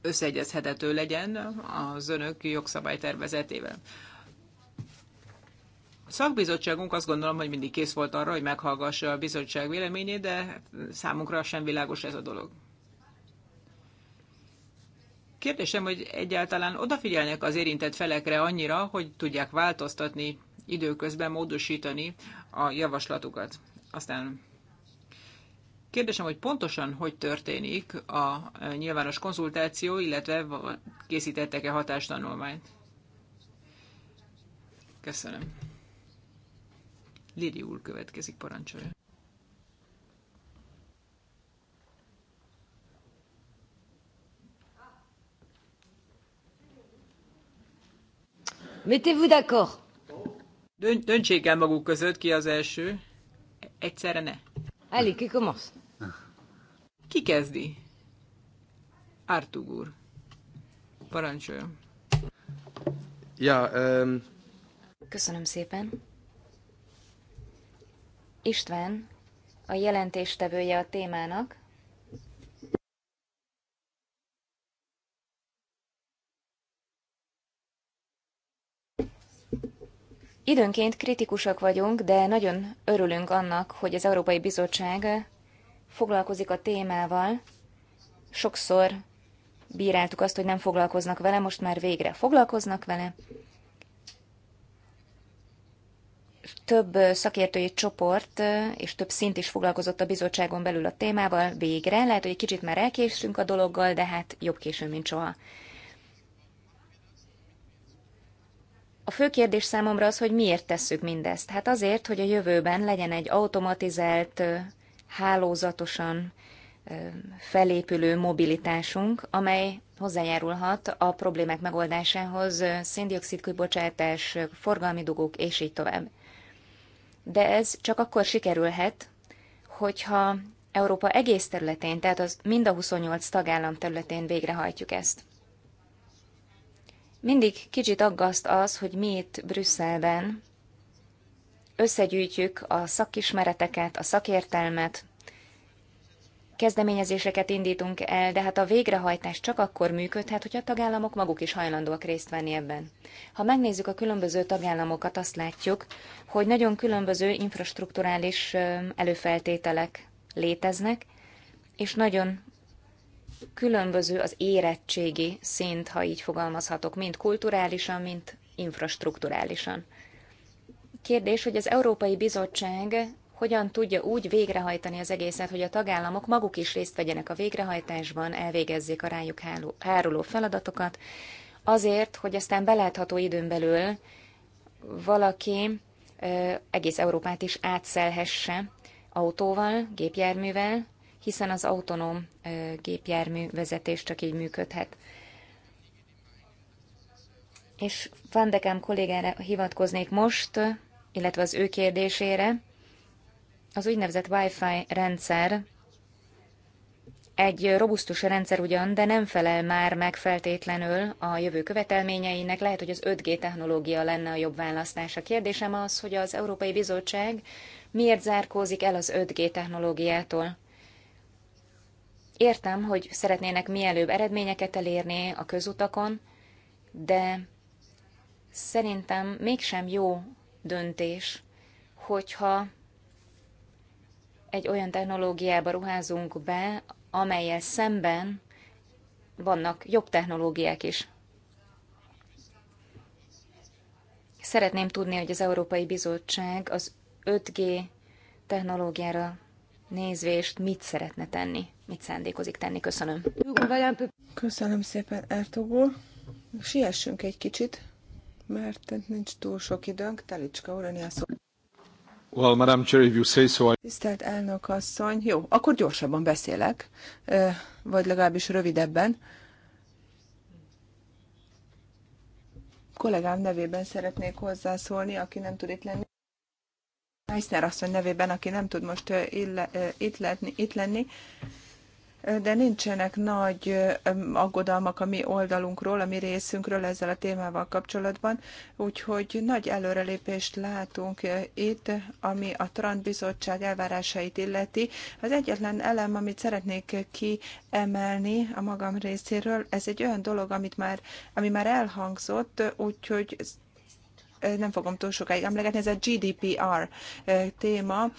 összeegyezhetető legyen az önök jogszabálytervezetével. A szakbizottságunk azt gondolom, hogy mindig kész volt arra, hogy meghallgassa a bizottság véleményét, de számunkra sem világos ez a dolog. Kérdésem, hogy egyáltalán odafigyelnek az érintett felekre annyira, hogy tudják változtatni, időközben módosítani a javaslatukat. Aztán kérdésem, hogy pontosan hogy történik a e, nyilvános konzultáció, illetve készítettek-e hatástanulmányt? Köszönöm. Lidi úr következik parancsolja. Mettez-vous d'accord. Dönt, döntsék el maguk között, ki az első. Egyszerre ne. Allez, ki commence? Ki kezdi? Artug úr. Parancsoljon. Ja, um... Köszönöm szépen. István, a jelentéstevője a témának, Időnként kritikusak vagyunk, de nagyon örülünk annak, hogy az Európai Bizottság foglalkozik a témával. Sokszor bíráltuk azt, hogy nem foglalkoznak vele, most már végre foglalkoznak vele. Több szakértői csoport és több szint is foglalkozott a bizottságon belül a témával végre. Lehet, hogy egy kicsit már elkésünk a dologgal, de hát jobb későn, mint soha. A fő kérdés számomra az, hogy miért tesszük mindezt. Hát azért, hogy a jövőben legyen egy automatizált, hálózatosan felépülő mobilitásunk, amely hozzájárulhat a problémák megoldásához, széndiokszid kibocsátás, forgalmi dugók, és így tovább. De ez csak akkor sikerülhet, hogyha Európa egész területén, tehát az mind a 28 tagállam területén végrehajtjuk ezt. Mindig kicsit aggaszt az, hogy mi itt Brüsszelben összegyűjtjük a szakismereteket, a szakértelmet, kezdeményezéseket indítunk el, de hát a végrehajtás csak akkor működhet, hogy a tagállamok maguk is hajlandóak részt venni ebben. Ha megnézzük a különböző tagállamokat, azt látjuk, hogy nagyon különböző infrastruktúrális előfeltételek léteznek, és nagyon különböző az érettségi szint, ha így fogalmazhatok, mind kulturálisan, mind infrastruktúrálisan. Kérdés, hogy az Európai Bizottság hogyan tudja úgy végrehajtani az egészet, hogy a tagállamok maguk is részt vegyenek a végrehajtásban, elvégezzék a rájuk háruló feladatokat, azért, hogy aztán belátható időn belül valaki egész Európát is átszelhesse autóval, gépjárművel, hiszen az autonóm gépjármű vezetés csak így működhet. És Vandekám kollégára hivatkoznék most, illetve az ő kérdésére. Az úgynevezett Wi-Fi rendszer egy robusztus rendszer ugyan, de nem felel már meg feltétlenül a jövő követelményeinek. Lehet, hogy az 5G technológia lenne a jobb választás. A kérdésem az, hogy az Európai Bizottság miért zárkózik el az 5G technológiától? Értem, hogy szeretnének mielőbb eredményeket elérni a közutakon, de szerintem mégsem jó döntés, hogyha egy olyan technológiába ruházunk be, amelyel szemben vannak jobb technológiák is. Szeretném tudni, hogy az Európai Bizottság az 5G technológiára nézvést mit szeretne tenni, mit szándékozik tenni. Köszönöm. Köszönöm szépen, Ertogó. Siessünk egy kicsit, mert nincs túl sok időnk. Telicska úr, szó. Well, Madam Chair, if you say so, I... Tisztelt elnök asszony, jó, akkor gyorsabban beszélek, vagy legalábbis rövidebben. Kollégám nevében szeretnék hozzászólni, aki nem tud itt lenni. Meissner asszony nevében, aki nem tud most ille, itt, lenni, itt lenni, de nincsenek nagy aggodalmak a mi oldalunkról, a mi részünkről ezzel a témával kapcsolatban, úgyhogy nagy előrelépést látunk itt, ami a Trant Bizottság elvárásait illeti. Az egyetlen elem, amit szeretnék kiemelni a magam részéről, ez egy olyan dolog, amit már, ami már elhangzott, úgyhogy nem fogom túl sokáig emlegetni, ez a GDPR téma,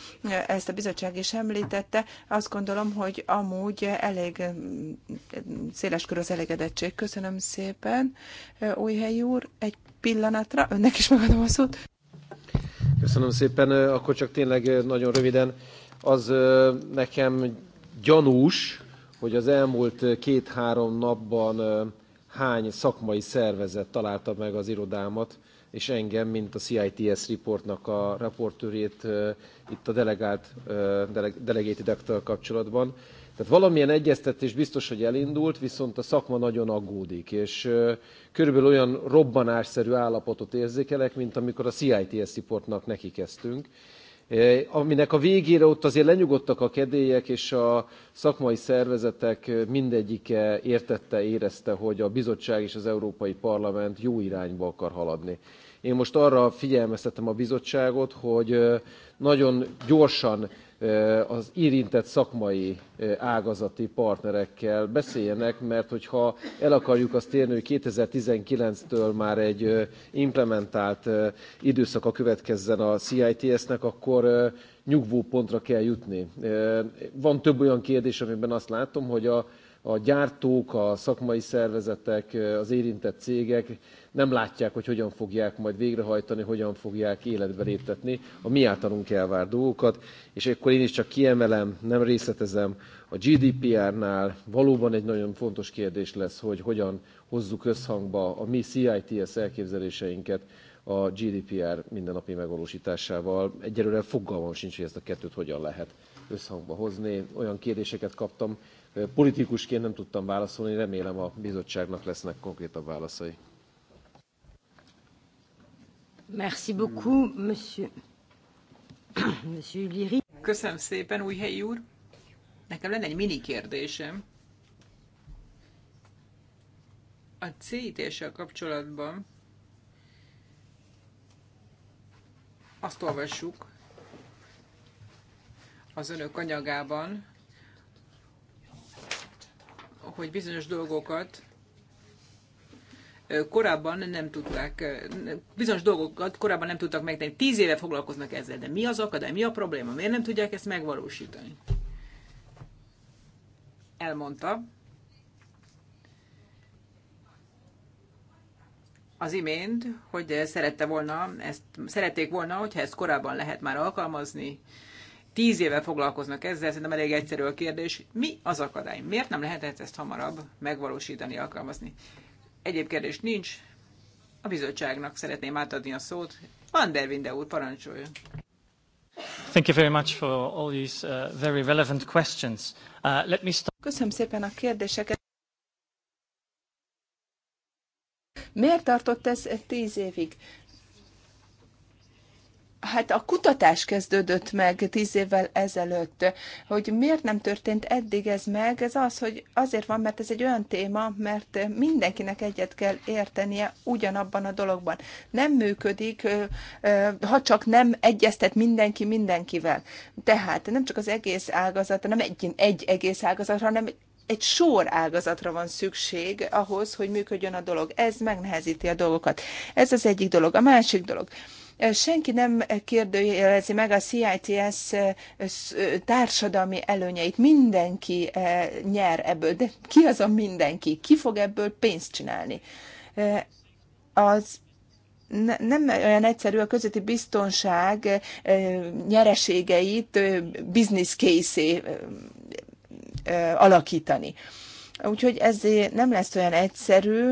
ezt a bizottság is említette. Azt gondolom, hogy amúgy elég széles kör az elégedettség. Köszönöm szépen, Újhely úr. Egy pillanatra, önnek is megadom a szót. Köszönöm szépen, akkor csak tényleg nagyon röviden. Az nekem gyanús, hogy az elmúlt két-három napban hány szakmai szervezet találta meg az irodámat, és engem, mint a CITS reportnak a raportőrét itt a delegált, delegéti dektől kapcsolatban. Tehát valamilyen egyeztetés biztos, hogy elindult, viszont a szakma nagyon aggódik, és körülbelül olyan robbanásszerű állapotot érzékelek, mint amikor a CITS reportnak neki kezdtünk aminek a végére ott azért lenyugodtak a kedélyek, és a szakmai szervezetek mindegyike értette, érezte, hogy a bizottság és az Európai Parlament jó irányba akar haladni. Én most arra figyelmeztetem a bizottságot, hogy nagyon gyorsan az érintett szakmai ágazati partnerekkel beszéljenek, mert hogyha el akarjuk azt érni, hogy 2019-től már egy implementált időszaka következzen a CITS-nek, akkor nyugvó pontra kell jutni. Van több olyan kérdés, amiben azt látom, hogy a, a gyártók, a szakmai szervezetek, az érintett cégek nem látják, hogy hogyan fogják majd végrehajtani, hogyan fogják életbe léptetni a mi általunk elvár dolgokat, és akkor én is csak kiemelem, nem részletezem, a GDPR-nál valóban egy nagyon fontos kérdés lesz, hogy hogyan hozzuk összhangba a mi CITS elképzeléseinket a GDPR mindennapi megvalósításával. Egyelőre fogalmam sincs, hogy ezt a kettőt hogyan lehet összhangba hozni. Olyan kérdéseket kaptam, politikusként nem tudtam válaszolni, remélem a bizottságnak lesznek konkrétabb válaszai. Köszönöm szépen, helyi úr. Nekem lenne egy mini kérdésem. A CIT-sel kapcsolatban azt olvassuk az önök anyagában, hogy bizonyos dolgokat korábban nem tudták, bizonyos dolgokat korábban nem tudtak megtenni. Tíz éve foglalkoznak ezzel, de mi az akadály, mi a probléma, miért nem tudják ezt megvalósítani? Elmondta. az imént, hogy szerette volna, ezt, szerették volna, hogyha ezt korábban lehet már alkalmazni. Tíz éve foglalkoznak ezzel, szerintem elég egyszerű a kérdés. Mi az akadály? Miért nem lehetett ezt hamarabb megvalósítani, alkalmazni? Egyéb kérdés nincs. A bizottságnak szeretném átadni a szót. Van Dervinde úr, parancsoljon. Thank you very much for all these uh, very relevant questions. Uh, let me start. Köszönöm szépen a kérdéseket. Miért tartott ez tíz évig? hát a kutatás kezdődött meg tíz évvel ezelőtt, hogy miért nem történt eddig ez meg, ez az, hogy azért van, mert ez egy olyan téma, mert mindenkinek egyet kell értenie ugyanabban a dologban. Nem működik, ha csak nem egyeztet mindenki mindenkivel. Tehát nem csak az egész ágazat, nem egy, egy egész ágazat, hanem egy sor ágazatra van szükség ahhoz, hogy működjön a dolog. Ez megnehezíti a dolgokat. Ez az egyik dolog. A másik dolog Senki nem kérdőjelezi meg a CITS társadalmi előnyeit. Mindenki nyer ebből, de ki az a mindenki? Ki fog ebből pénzt csinálni? Az nem olyan egyszerű a közötti biztonság nyereségeit business case alakítani. Úgyhogy ez nem lesz olyan egyszerű,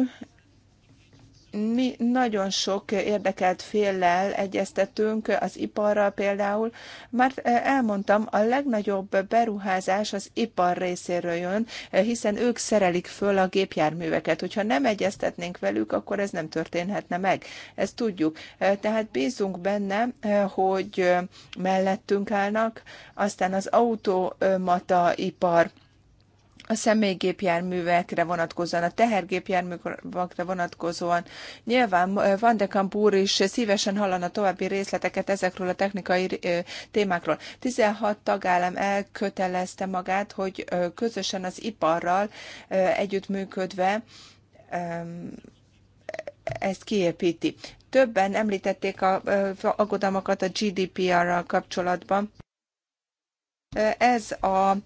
mi nagyon sok érdekelt féllel egyeztetünk, az iparral például. mert elmondtam, a legnagyobb beruházás az ipar részéről jön, e, hiszen ők szerelik föl a gépjárműveket. Hogyha nem egyeztetnénk velük, akkor ez nem történhetne meg. Ezt tudjuk. E, tehát bízunk benne, e, hogy mellettünk állnak. Aztán az automata ipar a személygépjárművekre vonatkozóan, a tehergépjárművekre vonatkozóan. Nyilván eh, Van de Kamp úr is szívesen hallana további részleteket ezekről a technikai eh, témákról. 16 tagállam elkötelezte magát, hogy eh, közösen az iparral együttműködve ezt kiépíti. Többen említették a aggodalmakat a GDPR-ral kapcsolatban. Ez a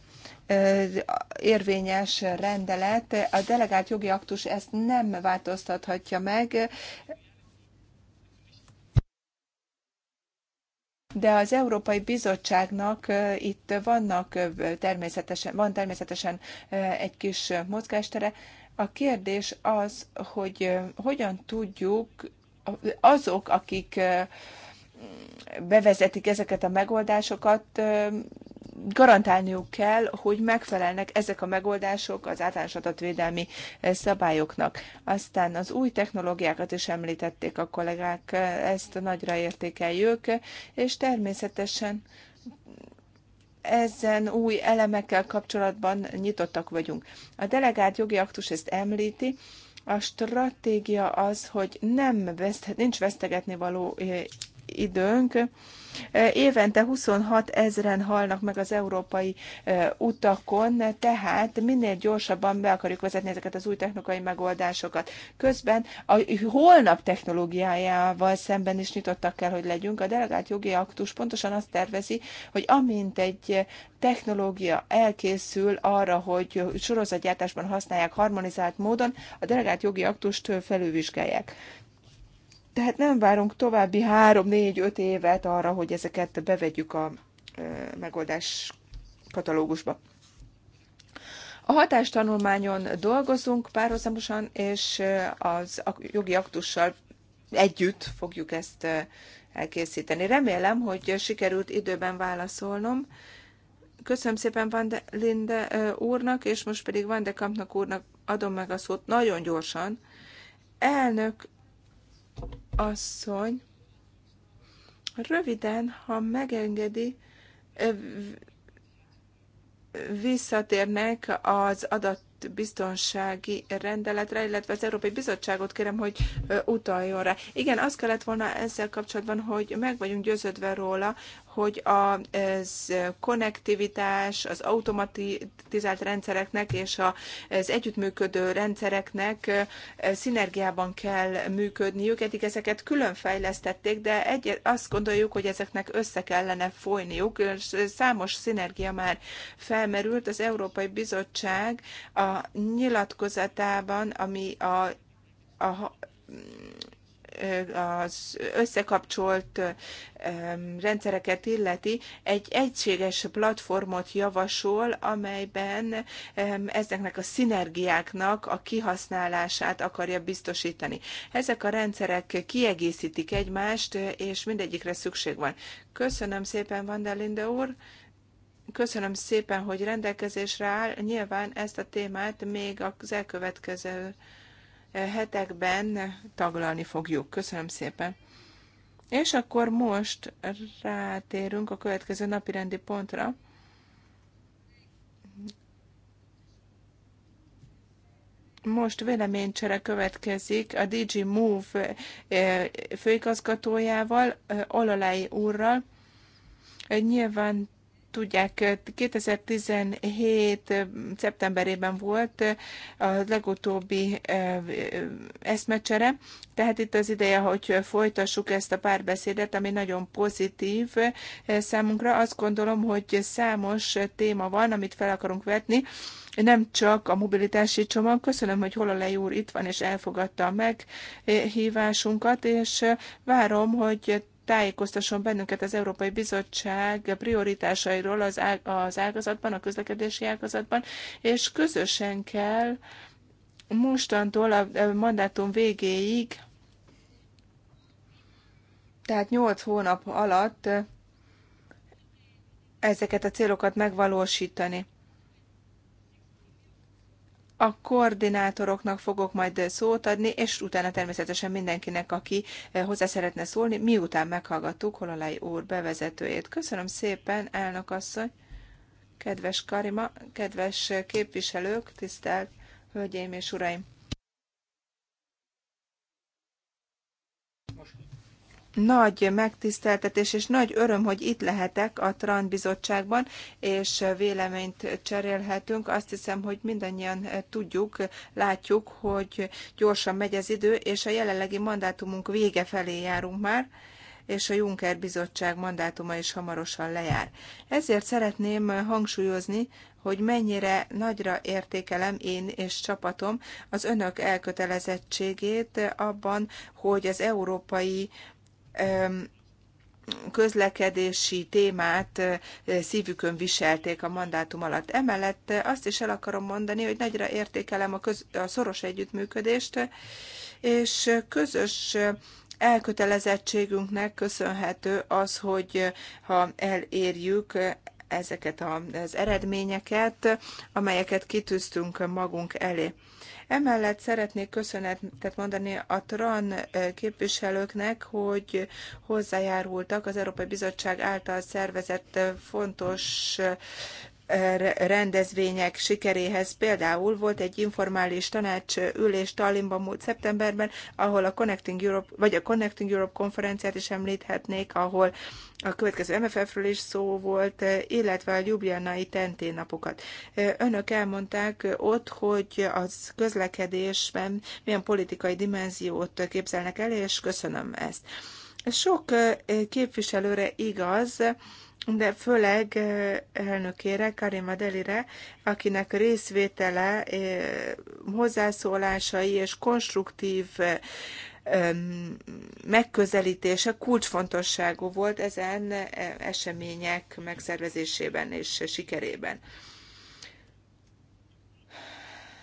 érvényes rendelet. A delegált jogi aktus ezt nem változtathatja meg, de az Európai Bizottságnak itt vannak természetesen, van természetesen egy kis mozgástere. A kérdés az, hogy hogyan tudjuk azok, akik bevezetik ezeket a megoldásokat, garantálniuk kell, hogy megfelelnek ezek a megoldások az általános adatvédelmi eh, szabályoknak. Aztán az új technológiákat is említették a kollégák, eh, ezt nagyra értékeljük, és természetesen ezen új elemekkel kapcsolatban nyitottak vagyunk. A delegált jogi aktus ezt említi, a stratégia az, hogy nem veszte, nincs vesztegetni való eh, időnk. E, évente 26 ezeren halnak meg az európai e, utakon, tehát minél gyorsabban be akarjuk vezetni ezeket az új technikai megoldásokat. Közben a holnap technológiájával szemben is nyitottak kell, hogy legyünk. A delegált jogi aktus pontosan azt tervezi, hogy amint egy technológia elkészül arra, hogy sorozatgyártásban használják harmonizált módon, a delegált jogi aktust felülvizsgálják. Tehát nem várunk további három-négy-öt évet arra, hogy ezeket bevegyük a megoldás katalógusba. A hatástanulmányon dolgozunk párhuzamosan, és az jogi aktussal együtt fogjuk ezt elkészíteni. Remélem, hogy sikerült időben válaszolnom. Köszönöm szépen Van de Linde úrnak, és most pedig Van de Kampnak úrnak adom meg a szót nagyon gyorsan. Elnök asszony, röviden, ha megengedi, visszatérnek az adatbiztonsági rendeletre, illetve az Európai Bizottságot kérem, hogy utaljon rá. Igen, azt kellett volna ezzel kapcsolatban, hogy meg vagyunk győződve róla, hogy a ez konnektivitás, az automatizált rendszereknek és az együttműködő rendszereknek szinergiában kell működniük. Eddig ezeket külön fejlesztették, de egy, azt gondoljuk, hogy ezeknek össze kellene folyniuk. Számos szinergia már felmerült. Az Európai Bizottság a nyilatkozatában, ami a, a az összekapcsolt rendszereket illeti, egy egységes platformot javasol, amelyben ezeknek a szinergiáknak a kihasználását akarja biztosítani. Ezek a rendszerek kiegészítik egymást, és mindegyikre szükség van. Köszönöm szépen, Vandelinde úr! Köszönöm szépen, hogy rendelkezésre áll. Nyilván ezt a témát még az elkövetkező hetekben taglalni fogjuk. Köszönöm szépen! És akkor most rátérünk a következő napi rendi pontra. Most véleménycsere következik a DG Move eh, főigazgatójával, eh, Olalai úrral. Nyilván tudják, 2017. szeptemberében volt a legutóbbi eszmecsere, tehát itt az ideje, hogy folytassuk ezt a párbeszédet, ami nagyon pozitív számunkra. Azt gondolom, hogy számos téma van, amit fel akarunk vetni, nem csak a mobilitási csomag. Köszönöm, hogy a úr itt van, és elfogadta a meghívásunkat, és várom, hogy tájékoztasson bennünket az Európai Bizottság prioritásairól az, ág, az ágazatban, a közlekedési ágazatban, és közösen kell mostantól a mandátum végéig, tehát 8 hónap alatt ezeket a célokat megvalósítani a koordinátoroknak fogok majd szót adni, és utána természetesen mindenkinek, aki eh, hozzá szeretne szólni, miután meghallgattuk Hololai úr bevezetőjét. Köszönöm szépen, elnök asszony, kedves Karima, kedves képviselők, tisztelt hölgyeim és uraim! nagy megtiszteltetés és nagy öröm, hogy itt lehetek a TRAN bizottságban, és véleményt cserélhetünk. Azt hiszem, hogy mindannyian tudjuk, látjuk, hogy gyorsan megy az idő, és a jelenlegi mandátumunk vége felé járunk már és a Juncker bizottság mandátuma is hamarosan lejár. Ezért szeretném hangsúlyozni, hogy mennyire nagyra értékelem én és csapatom az önök elkötelezettségét abban, hogy az európai közlekedési témát szívükön viselték a mandátum alatt. Emellett azt is el akarom mondani, hogy nagyra értékelem a, köz, a szoros együttműködést, és közös elkötelezettségünknek köszönhető az, hogy ha elérjük ezeket az eredményeket, amelyeket kitűztünk magunk elé. Emellett szeretnék köszönetet mondani a TRAN eh, képviselőknek, hogy hozzájárultak az Európai Bizottság által szervezett eh, fontos eh, rendezvények sikeréhez. Például volt egy informális tanácsülés Tallinnban múlt szeptemberben, ahol a Connecting Europe, vagy a Connecting Europe konferenciát is említhetnék, ahol a következő MFF-ről is szó volt, illetve a Ljubljanai tentén napokat. Önök elmondták ott, hogy az közlekedésben milyen politikai dimenziót képzelnek el, és köszönöm ezt. Sok képviselőre igaz, de főleg elnökére, Karima Delire, akinek részvétele, hozzászólásai és konstruktív megközelítése kulcsfontosságú volt ezen események megszervezésében és sikerében.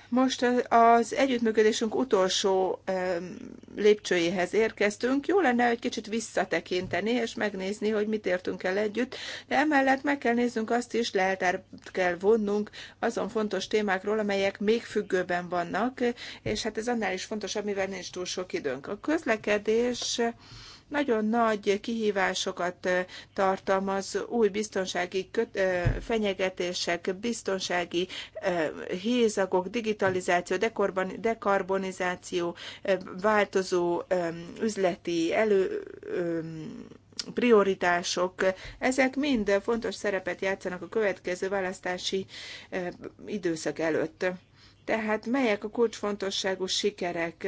Most az együttműködésünk utolsó lépcsőjéhez érkeztünk. Jó lenne egy kicsit visszatekinteni, és megnézni, hogy mit értünk el együtt, de emellett meg kell néznünk azt is, leltárt kell vonnunk azon fontos témákról, amelyek még függőben vannak, és hát ez annál is fontosabb, mivel nincs túl sok időnk. A közlekedés nagyon nagy kihívásokat tartalmaz, új biztonsági fenyegetések, biztonsági hézagok, digitalizáció, dekarbonizáció, változó üzleti elő prioritások, ezek mind fontos szerepet játszanak a következő választási időszak előtt. Tehát melyek a kulcsfontosságú sikerek?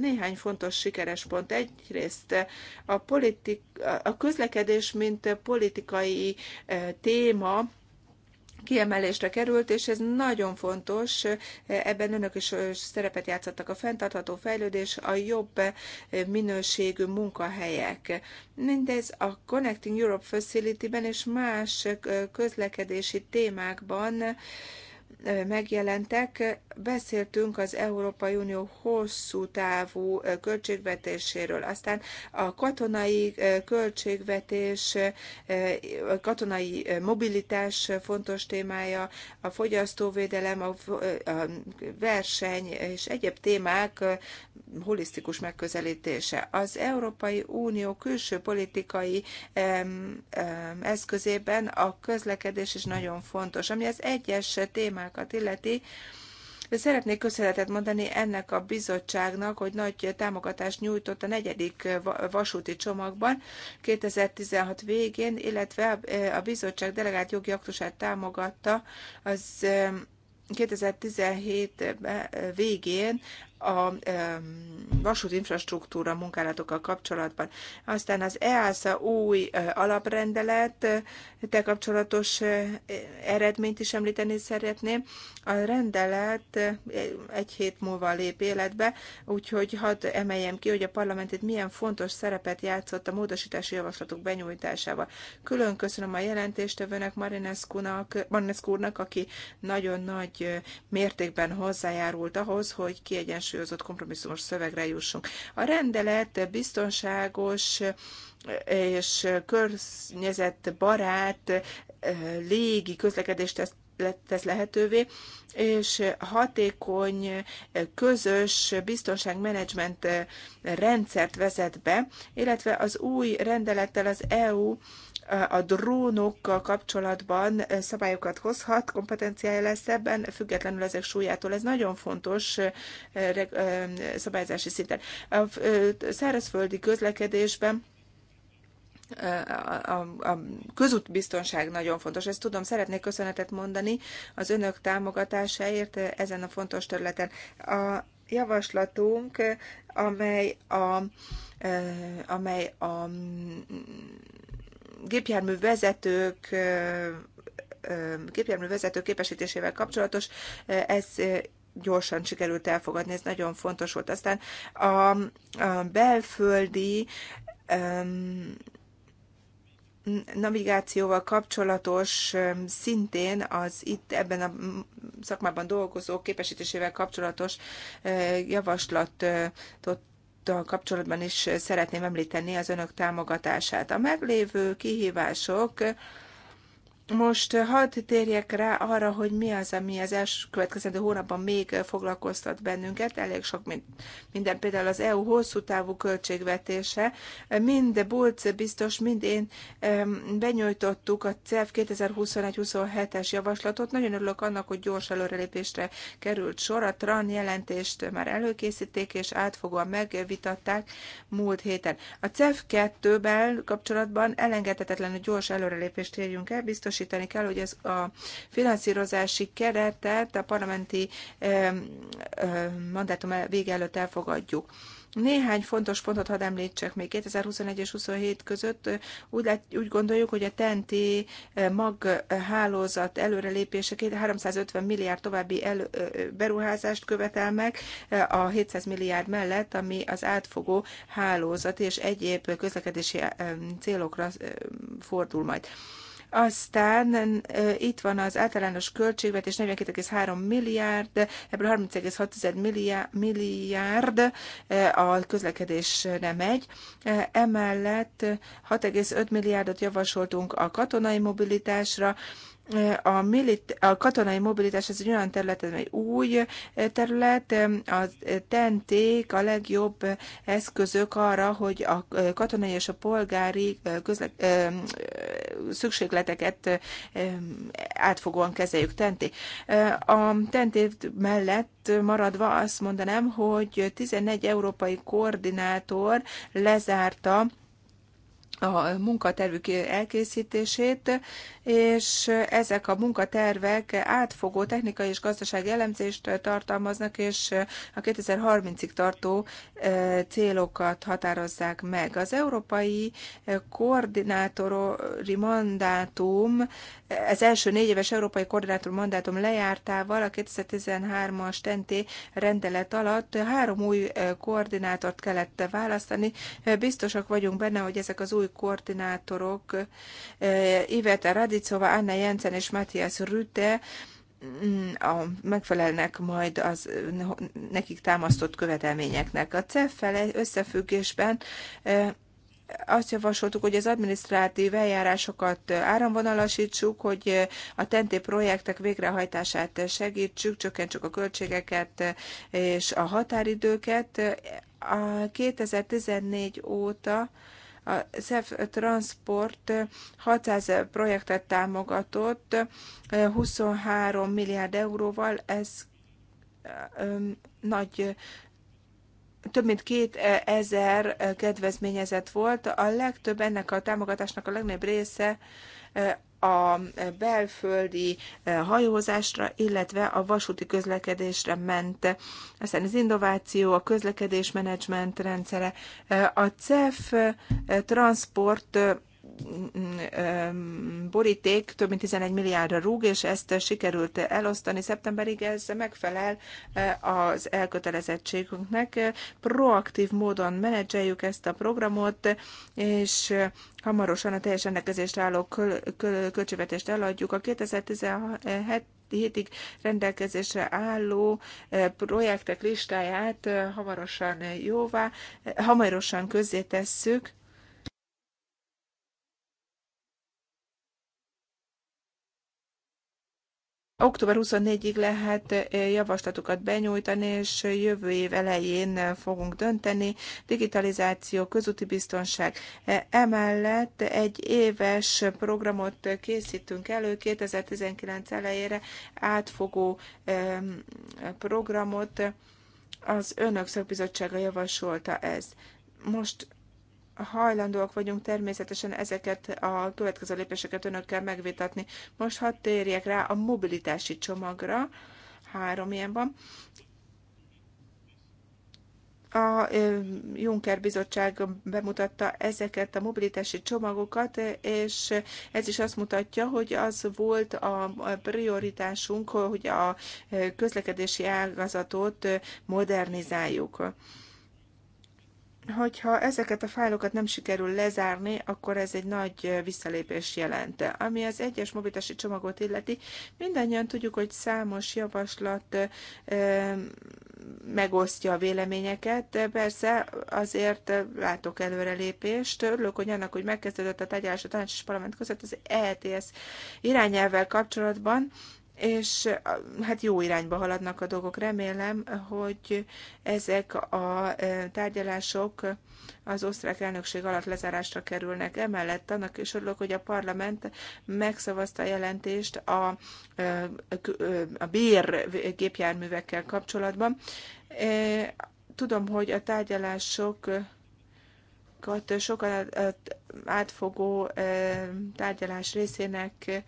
Néhány fontos sikeres pont. Egyrészt a, politik, a közlekedés, mint politikai e, téma, kiemelésre került, és ez nagyon fontos. E, ebben önök is szerepet játszottak a fenntartható fejlődés, a jobb e, minőségű munkahelyek. Mindez a Connecting Europe Facility-ben és más közlekedési témákban megjelentek, beszéltünk az Európai Unió hosszú távú költségvetéséről, aztán a katonai költségvetés, a katonai mobilitás fontos témája, a fogyasztóvédelem, a verseny és egyéb témák holisztikus megközelítése. Az Európai Unió külső politikai eszközében a közlekedés is nagyon fontos, ami az egyes témák problémákat illeti, Szeretnék köszönetet mondani ennek a bizottságnak, hogy nagy támogatást nyújtott a negyedik vasúti csomagban 2016 végén, illetve a bizottság delegált jogi aktusát támogatta az 2017 végén a vasúti infrastruktúra munkálatokkal kapcsolatban. Aztán az EASA új alaprendelet te kapcsolatos eredményt is említeni szeretném. A rendelet egy hét múlva lép életbe, úgyhogy hadd emeljem ki, hogy a parlament itt milyen fontos szerepet játszott a módosítási javaslatok benyújtásával. Külön köszönöm a jelentéstevőnek, marinescu Marinescu-nak, aki nagyon nagy mértékben hozzájárult ahhoz, hogy kiegyensúlyozott kiegyensúlyozott kompromisszumos szövegre jussunk. A rendelet biztonságos és környezetbarát eh, légi közlekedést tesz tesz lehetővé, és hatékony, eh, közös biztonságmenedzsment eh, rendszert vezet be, illetve az új rendelettel az EU a drónokkal kapcsolatban szabályokat hozhat, kompetenciája lesz ebben, függetlenül ezek súlyától. Ez nagyon fontos eh, eh, szabályzási szinten. A eh, szárazföldi közlekedésben a, a, a közútbiztonság nagyon fontos. Ezt tudom, szeretnék köszönetet mondani az önök támogatásáért ezen a fontos területen. A javaslatunk, amely a, amely a gépjármű vezetők gépjármű vezetők képesítésével kapcsolatos, ez gyorsan sikerült elfogadni, ez nagyon fontos volt. Aztán a, a belföldi um, navigációval kapcsolatos szintén az itt ebben a szakmában dolgozók képesítésével kapcsolatos javaslatot kapcsolatban is szeretném említeni az önök támogatását. A meglévő kihívások most eh, hadd térjek rá arra, hogy mi az, ami az első következő hónapban még eh, foglalkoztat bennünket. Elég sok minden, például az EU hosszú távú költségvetése. Eh, mind Bulc biztos, mind én benyújtottuk a CEF 2021-27-es javaslatot. Nagyon örülök annak, hogy gyors előrelépésre került sor. A TRAN jelentést már előkészíték és átfogóan megvitatták múlt héten. A CEF 2-ben kapcsolatban elengedhetetlen, hogy gyors előrelépést érjünk el, biztos biztosítani kell, hogy ez a finanszírozási keretet a parlamenti mandátum vége előtt elfogadjuk. Néhány fontos pontot hadd említsek még 2021 és 27 között. Úgy, lát, úgy gondoljuk, hogy a TNT mag hálózat előrelépése 350 milliárd további elő, beruházást követel meg a 700 milliárd mellett, ami az átfogó hálózat és egyéb közlekedési célokra fordul majd. Aztán itt van az általános költségvetés 42,3 milliárd, ebből 30,6 milliárd, milliárd a közlekedésre megy. Emellett 6,5 milliárdot javasoltunk a katonai mobilitásra, a, milit- a katonai mobilitás ez egy olyan terület, ez egy új terület, a tenték a legjobb eszközök arra, hogy a katonai és a polgári közle- szükségleteket átfogóan kezeljük tenté. A tenté mellett maradva azt mondanám, hogy 14 európai koordinátor lezárta a munkatervük elkészítését, és ezek a munkatervek átfogó technikai és gazdasági elemzést tartalmaznak, és a 2030-ig tartó célokat határozzák meg. Az európai koordinátori mandátum, az első négy éves európai koordinátori mandátum lejártával a 2013-as TENTÉ rendelet alatt három új koordinátort kellett választani. Biztosak vagyunk benne, hogy ezek az új koordinátorok, eh, Iveta Radicova, Anna Jensen és Matthias Rüte mm, a, megfelelnek majd az nekik támasztott követelményeknek. A CEF fele összefüggésben eh, azt javasoltuk, hogy az adminisztrátív eljárásokat áramvonalasítsuk, hogy eh, a TENTÉ projektek végrehajtását segítsük, csökkentsük a költségeket és a határidőket. A 2014 óta a SEF Transport 600 projektet támogatott 23 milliárd euróval, ez nagy több mint 2000 kedvezményezett volt. A legtöbb ennek a támogatásnak a legnagyobb része a belföldi eh, hajózásra, illetve a vasúti közlekedésre ment. Aztán az innováció, a közlekedés menedzsment rendszere, eh, a CEF eh, transport boríték több mint 11 milliárdra rúg, és ezt sikerült elosztani szeptemberig, ez megfelel eh, az elkötelezettségünknek. Proaktív módon menedzseljük ezt a programot, és eh, hamarosan a teljes rendelkezésre álló költségvetést eladjuk. A 2017 hétig rendelkezésre álló eh, projektek listáját hamarosan jóvá, hamarosan közzétesszük Október 24-ig lehet eh, javaslatokat benyújtani, és jövő év elején eh, fogunk dönteni. Digitalizáció, közúti biztonság. Eh, emellett egy éves programot készítünk elő 2019 elejére, átfogó programot. Az önök szakbizottsága javasolta ez. Most hajlandóak vagyunk természetesen ezeket a következő lépéseket önökkel megvitatni. Most hadd térjek rá a mobilitási csomagra, három ilyen van. A Juncker Bizottság bemutatta ezeket a mobilitási csomagokat, és ez is azt mutatja, hogy az volt a prioritásunk, hogy a közlekedési ágazatot modernizáljuk hogyha ezeket a fájlokat nem sikerül lezárni, akkor ez egy nagy visszalépés jelente. Ami az egyes mobilitási csomagot illeti, mindannyian tudjuk, hogy számos javaslat megosztja a véleményeket. Persze azért látok előrelépést. Örülök, hogy annak, hogy megkezdődött a tegyelés a tanács és parlament között az ETS irányelvvel kapcsolatban, és hát jó irányba haladnak a dolgok. Remélem, hogy ezek a tárgyalások az osztrák elnökség alatt lezárásra kerülnek. Emellett annak is örülök, hogy a parlament megszavazta a jelentést a, a bér gépjárművekkel kapcsolatban. Tudom, hogy a tárgyalások sokan átfogó tárgyalás részének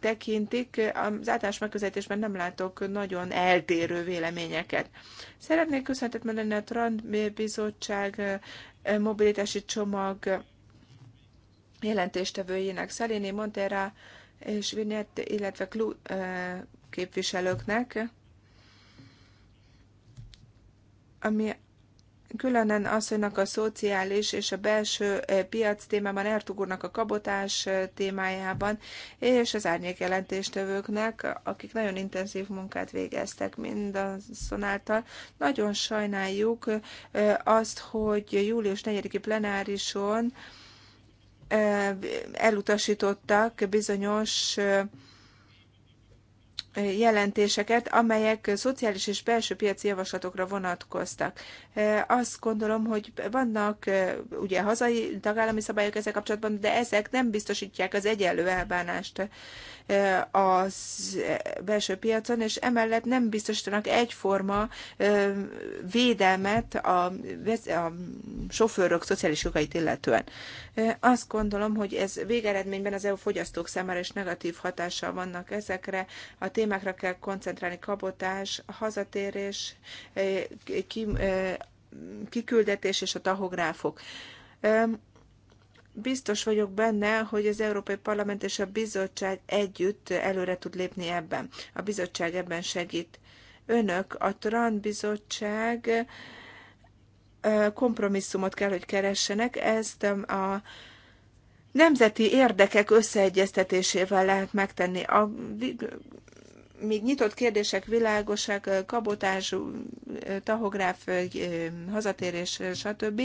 tekintik. Az általános megközelítésben nem látok nagyon eltérő véleményeket. Szeretnék köszönetet mondani a Trend Bizottság eh, mobilitási csomag jelentéstevőjének, Szeléni Montera és Vinyett, illetve Klu eh, képviselőknek, ami Különen hogy a szociális és a belső eh, piac témában, Ertugurnak a kabotás eh, témájában, és az árnyék jelentéstevőknek, akik nagyon intenzív munkát végeztek mindazonáltal. Nagyon sajnáljuk eh, azt, hogy július 4-i plenárison elutasítottak bizonyos jelentéseket, amelyek szociális és belső piaci javaslatokra vonatkoztak. Azt gondolom, hogy vannak ugye hazai tagállami szabályok ezzel kapcsolatban, de ezek nem biztosítják az egyenlő elbánást az belső piacon, és emellett nem biztosítanak egyforma védelmet a, a sofőrök szociális jogait illetően. Azt gondolom, hogy ez végeredményben az EU fogyasztók számára is negatív hatással vannak ezekre. A témákra kell koncentrálni, kabotás, hazatérés, kiküldetés és a tahográfok. Biztos vagyok benne, hogy az Európai Parlament és a bizottság együtt előre tud lépni ebben. A bizottság ebben segít. Önök, a TRAN bizottság kompromisszumot kell, hogy keressenek. Ezt a nemzeti érdekek összeegyeztetésével lehet megtenni. A még nyitott kérdések világosak, kabotás, tahográf, hazatérés, stb.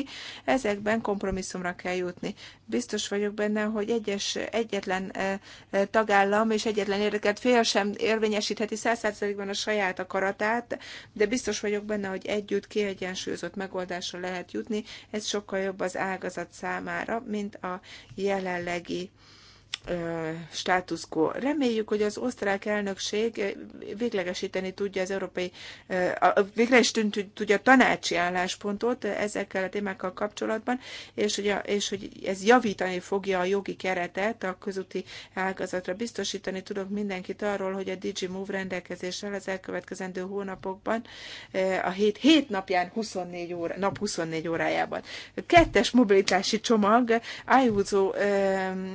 Ezekben kompromisszumra kell jutni. Biztos vagyok benne, hogy egyes, egyetlen e, e, tagállam és egyetlen érdeket fél sem érvényesítheti százszerzelékben a saját akaratát, de biztos vagyok benne, hogy együtt kiegyensúlyozott megoldásra lehet jutni. Ez sokkal jobb az ágazat számára, mint a jelenlegi status quo. Reméljük, hogy az osztrák elnökség véglegesíteni tudja az európai, véglegesíteni tudja a tanácsi álláspontot ezekkel a témákkal kapcsolatban, és hogy, a, és hogy ez javítani fogja a jogi keretet a közúti ágazatra. Biztosítani tudok mindenkit arról, hogy a DigiMove rendelkezéssel az elkövetkezendő hónapokban a hét, hét napján 24 óra, nap 24 órájában. Kettes mobilitási csomag, Ájúzó,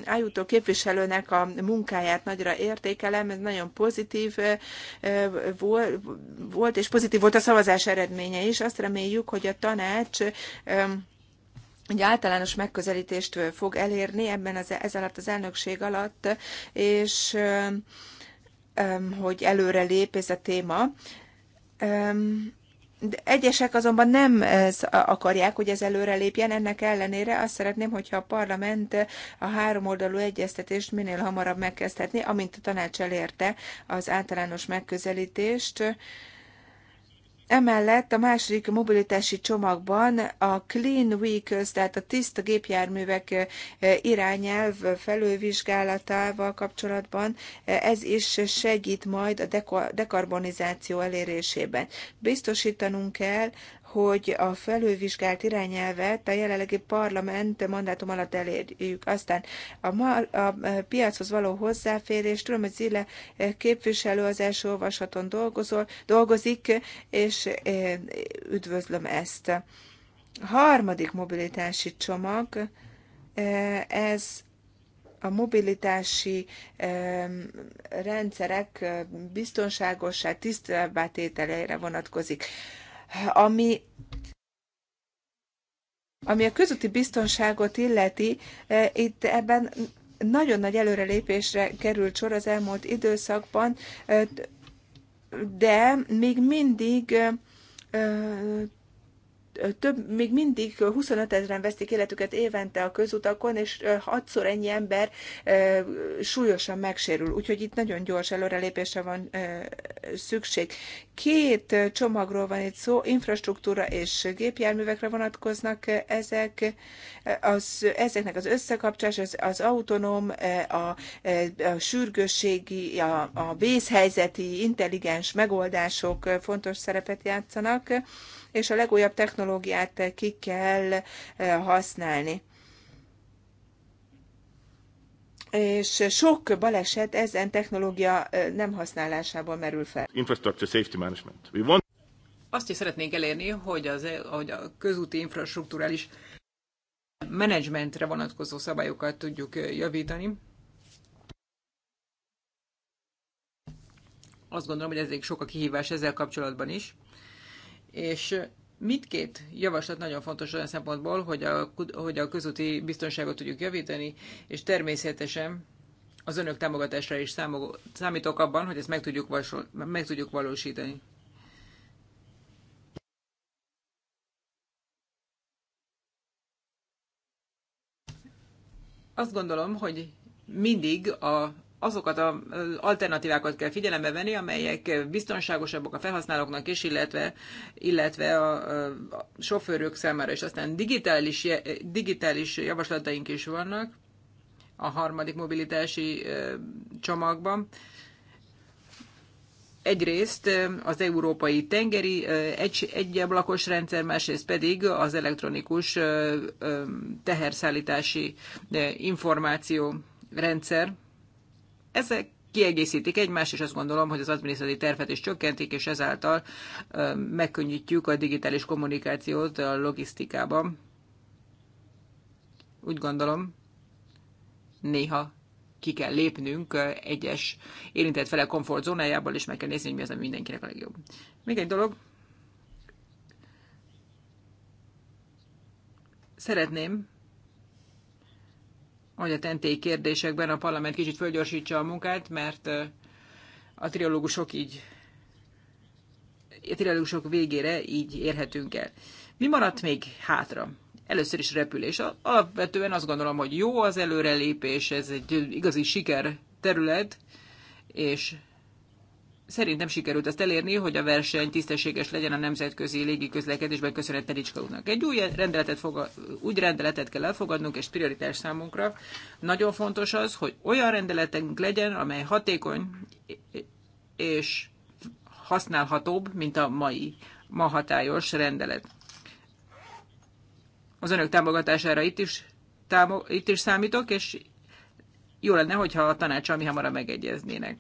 Ájútó képviselő képviselőnek a munkáját nagyra értékelem, ez nagyon pozitív volt, és pozitív volt a szavazás eredménye is. Azt reméljük, hogy a tanács egy általános megközelítést fog elérni ebben az, ez alatt az elnökség alatt, és hogy előre lép ez a téma. Egyesek azonban nem eh, akarják, hogy ez előrelépjen, ennek ellenére azt szeretném, hogyha a parlament eh, a háromoldalú egyeztetést minél hamarabb megkezdhetné, amint a tanács elérte az általános megközelítést Emellett a második mobilitási csomagban a Clean Vehicles, tehát a tiszta gépjárművek e, irányelv felővizsgálatával kapcsolatban e, ez is segít majd a dekarbonizáció elérésében. Biztosítanunk kell, hogy a felülvizsgált irányelvet a jelenlegi parlament mandátum alatt elérjük. Aztán a, ma, a piachoz való hozzáférés, tudom, hogy Zile képviselő az első olvasaton dolgozol, dolgozik, és e, üdvözlöm ezt. A harmadik mobilitási csomag, e, ez a mobilitási e, rendszerek biztonságossá, tisztelbátételeire vonatkozik ami ami a közúti biztonságot illeti, e, itt ebben nagyon nagy előrelépésre került sor az elmúlt időszakban, e, de még mindig e, több, még mindig 25 ezeren vesztik életüket évente a közutakon, és hatszor ennyi ember súlyosan megsérül. Úgyhogy itt nagyon gyors előrelépésre van szükség. Két csomagról van itt szó, infrastruktúra és gépjárművekre vonatkoznak ezek, az, ezeknek az összekapcsolás, az, az autonóm, a, a, a sürgősségi, a, a vészhelyzeti, intelligens megoldások fontos szerepet játszanak, és a legújabb technológiát ki kell használni és sok baleset ezen technológia nem használásából merül fel. Infrastructure safety management. We want... Azt is szeretnénk elérni, hogy, az, e- hogy a közúti infrastruktúrális menedzsmentre vonatkozó szabályokat tudjuk javítani. Azt gondolom, hogy ez elég sok a kihívás ezzel kapcsolatban is. És Mindkét javaslat nagyon fontos olyan szempontból, hogy a, hogy a közúti biztonságot tudjuk javítani, és természetesen az önök támogatásra is számog, számítok abban, hogy ezt meg tudjuk, vasol, meg tudjuk valósítani. Azt gondolom, hogy mindig a azokat az alternatívákat kell figyelembe venni, amelyek biztonságosabbak a felhasználóknak is, illetve, illetve a, a sofőrök számára is. Aztán digitális, digitális javaslataink is vannak a harmadik mobilitási csomagban. Egyrészt az európai tengeri egy, egyablakos rendszer, másrészt pedig az elektronikus teherszállítási információ rendszer, ezek kiegészítik egymást, és azt gondolom, hogy az adminisztratív tervet is csökkentik, és ezáltal megkönnyítjük a digitális kommunikációt a logisztikában. Úgy gondolom, néha ki kell lépnünk egyes érintett fele komfortzónájából, és meg kell nézni, hogy mi az, ami mindenkinek a legjobb. Még egy dolog. Szeretném, hogy a tentély kérdésekben a parlament kicsit fölgyorsítsa a munkát, mert a triológusok így a triológusok végére így érhetünk el. Mi maradt még hátra? Először is repülés. Alapvetően azt gondolom, hogy jó az előrelépés, ez egy igazi siker terület, és szerintem sikerült ezt elérni, hogy a verseny tisztességes legyen a nemzetközi légiközlekedésben köszönet Telicska úrnak. Egy új rendeletet, fog, úgy rendeletet kell elfogadnunk, és prioritás számunkra. Nagyon fontos az, hogy olyan rendeletünk legyen, amely hatékony és használhatóbb, mint a mai, ma hatályos rendelet. Az önök támogatására itt is, támo- itt is számítok, és jó lenne, hogyha a tanács ami hamarabb megegyeznének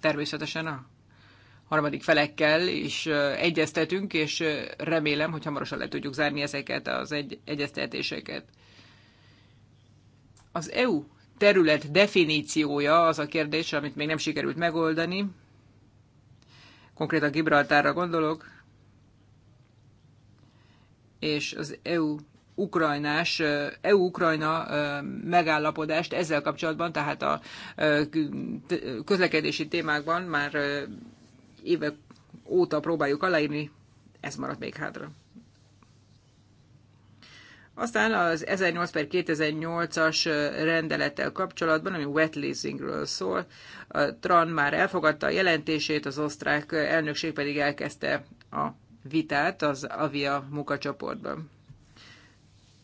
természetesen a harmadik felekkel is egyeztetünk, és remélem, hogy hamarosan le tudjuk zárni ezeket az egy, egyeztetéseket. Az EU terület definíciója az a kérdés, amit még nem sikerült megoldani. Konkrétan Gibraltárra gondolok. És az EU ukrajnás, EU-Ukrajna megállapodást ezzel kapcsolatban, tehát a közlekedési témákban már évek óta próbáljuk aláírni, ez maradt még hátra. Aztán az 1008 per 2008-as rendelettel kapcsolatban, ami wet leasingről szól, a Tran már elfogadta a jelentését, az osztrák elnökség pedig elkezdte a vitát az Avia munkacsoportban.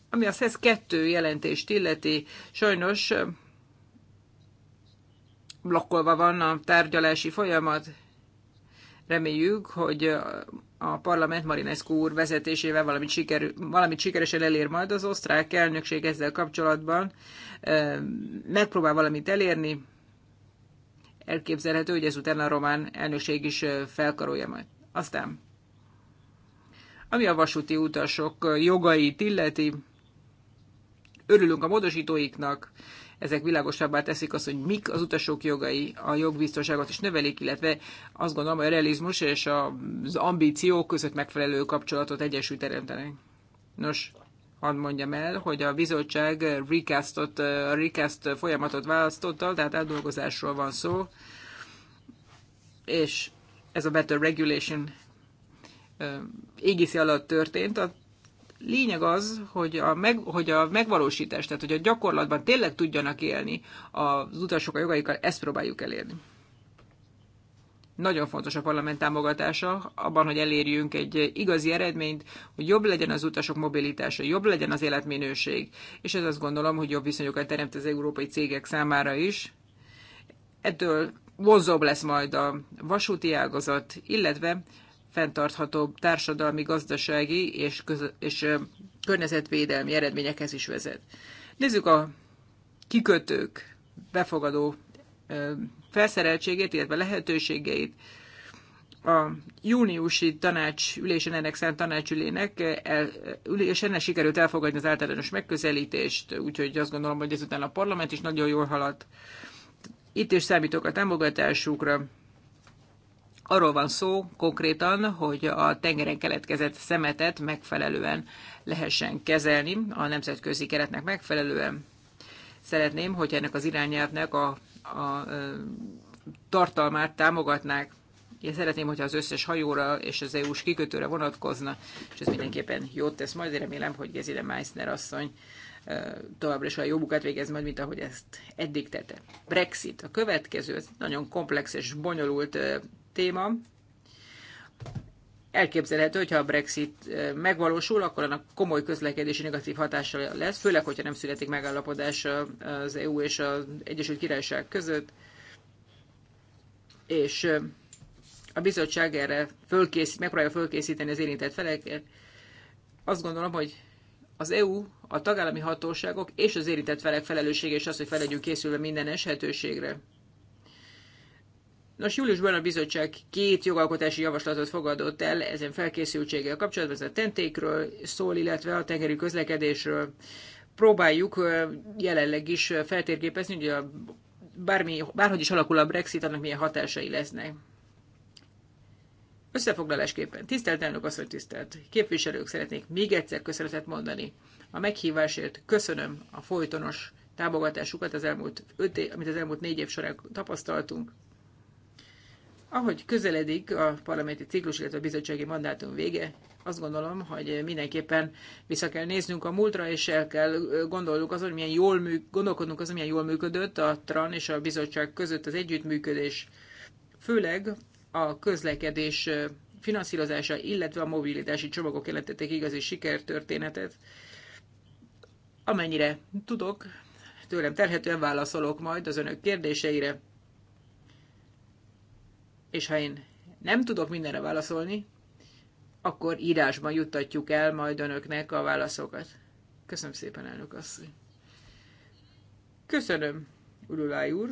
Ami a e SZESZ 2 jelentést illeti, sajnos blokkolva van a tárgyalási folyamat. Reméljük, hogy a parlament Marinescu úr vezetésével valamit, siker, valamit sikeresen elér majd az osztrák elnökség ezzel kapcsolatban. Megpróbál valamit elérni. Elképzelhető, hogy ezután a román elnökség is felkarolja majd. Aztán, ami a vasúti utasok jogait illeti, örülünk a módosítóiknak, ezek világosabbá teszik azt, hogy mik az utasok jogai, a jogbiztonságot is növelik, illetve azt gondolom, hogy a realizmus és az ambíció között megfelelő kapcsolatot egyesül teremtenek. Nos, hadd mondjam el, hogy a bizottság recastot, a recast folyamatot választotta, tehát átdolgozásról van szó, és ez a Better Regulation égiszi alatt történt. A lényeg az, hogy a, meg, hogy a megvalósítás, tehát hogy a gyakorlatban tényleg tudjanak élni az utasok a jogaikkal, ezt próbáljuk elérni. Nagyon fontos a parlament támogatása abban, hogy elérjünk egy igazi eredményt, hogy jobb legyen az utasok mobilitása, jobb legyen az életminőség, és ez azt gondolom, hogy jobb viszonyokat teremt az európai cégek számára is. Ettől vonzóbb lesz majd a vasúti ágazat, illetve fenntartható társadalmi, gazdasági és, köz- és környezetvédelmi eredményekhez is vezet. Nézzük a kikötők befogadó felszereltségét, illetve lehetőségeit. A júniusi tanács ülésen, ennek szent tanácsülének el, ülésen el sikerült elfogadni az általános megközelítést, úgyhogy azt gondolom, hogy ezután a parlament is nagyon jól haladt. Itt is számítok a támogatásukra Arról van szó konkrétan, hogy a tengeren keletkezett szemetet megfelelően lehessen kezelni, a nemzetközi keretnek megfelelően. Szeretném, hogy ennek az irányelvnek a, a, a tartalmát támogatnák. Én szeretném, hogyha az összes hajóra és az EU-s kikötőre vonatkozna, és ez mindenképpen jót tesz majd, én remélem, hogy Gezire Meissner asszony továbbra is olyan jó munkát végez majd, mint ahogy ezt eddig tette. Brexit. A következő, ez nagyon komplex és bonyolult téma. Elképzelhető, hogyha a Brexit megvalósul, akkor annak komoly közlekedési negatív hatása lesz, főleg, hogyha nem születik megállapodás az EU és az Egyesült Királyság között. És a bizottság erre fölkészít, megpróbálja fölkészíteni az érintett feleket. Azt gondolom, hogy az EU, a tagállami hatóságok és az érintett felek felelőssége és az, hogy fel legyünk készülve minden eshetőségre. Nos, júliusban a bizottság két jogalkotási javaslatot fogadott el ezen felkészültséggel kapcsolatban, ez a tentékről szól, illetve a tengeri közlekedésről. Próbáljuk jelenleg is feltérképezni, hogy a bármi, bárhogy is alakul a Brexit, annak milyen hatásai lesznek. Összefoglalásképpen, tisztelt elnök asszony, tisztelt képviselők, szeretnék még egyszer köszönetet mondani. A meghívásért köszönöm a folytonos támogatásukat, az elmúlt öt év, amit az elmúlt négy év során tapasztaltunk. Ahogy közeledik a parlamenti ciklus, illetve a bizottsági mandátum vége, azt gondolom, hogy mindenképpen vissza kell néznünk a múltra, és el kell gondolnunk azon, milyen jól műk- gondolkodnunk azon, milyen jól működött a TRAN és a bizottság között az együttműködés, főleg a közlekedés finanszírozása, illetve a mobilitási csomagok jelentették igazi sikertörténetet. Amennyire tudok, tőlem terhetően válaszolok majd az önök kérdéseire és ha én nem tudok mindenre válaszolni, akkor írásban juttatjuk el majd önöknek a válaszokat. Köszönöm szépen, elnök asszony. Köszönöm, Uruláj úr.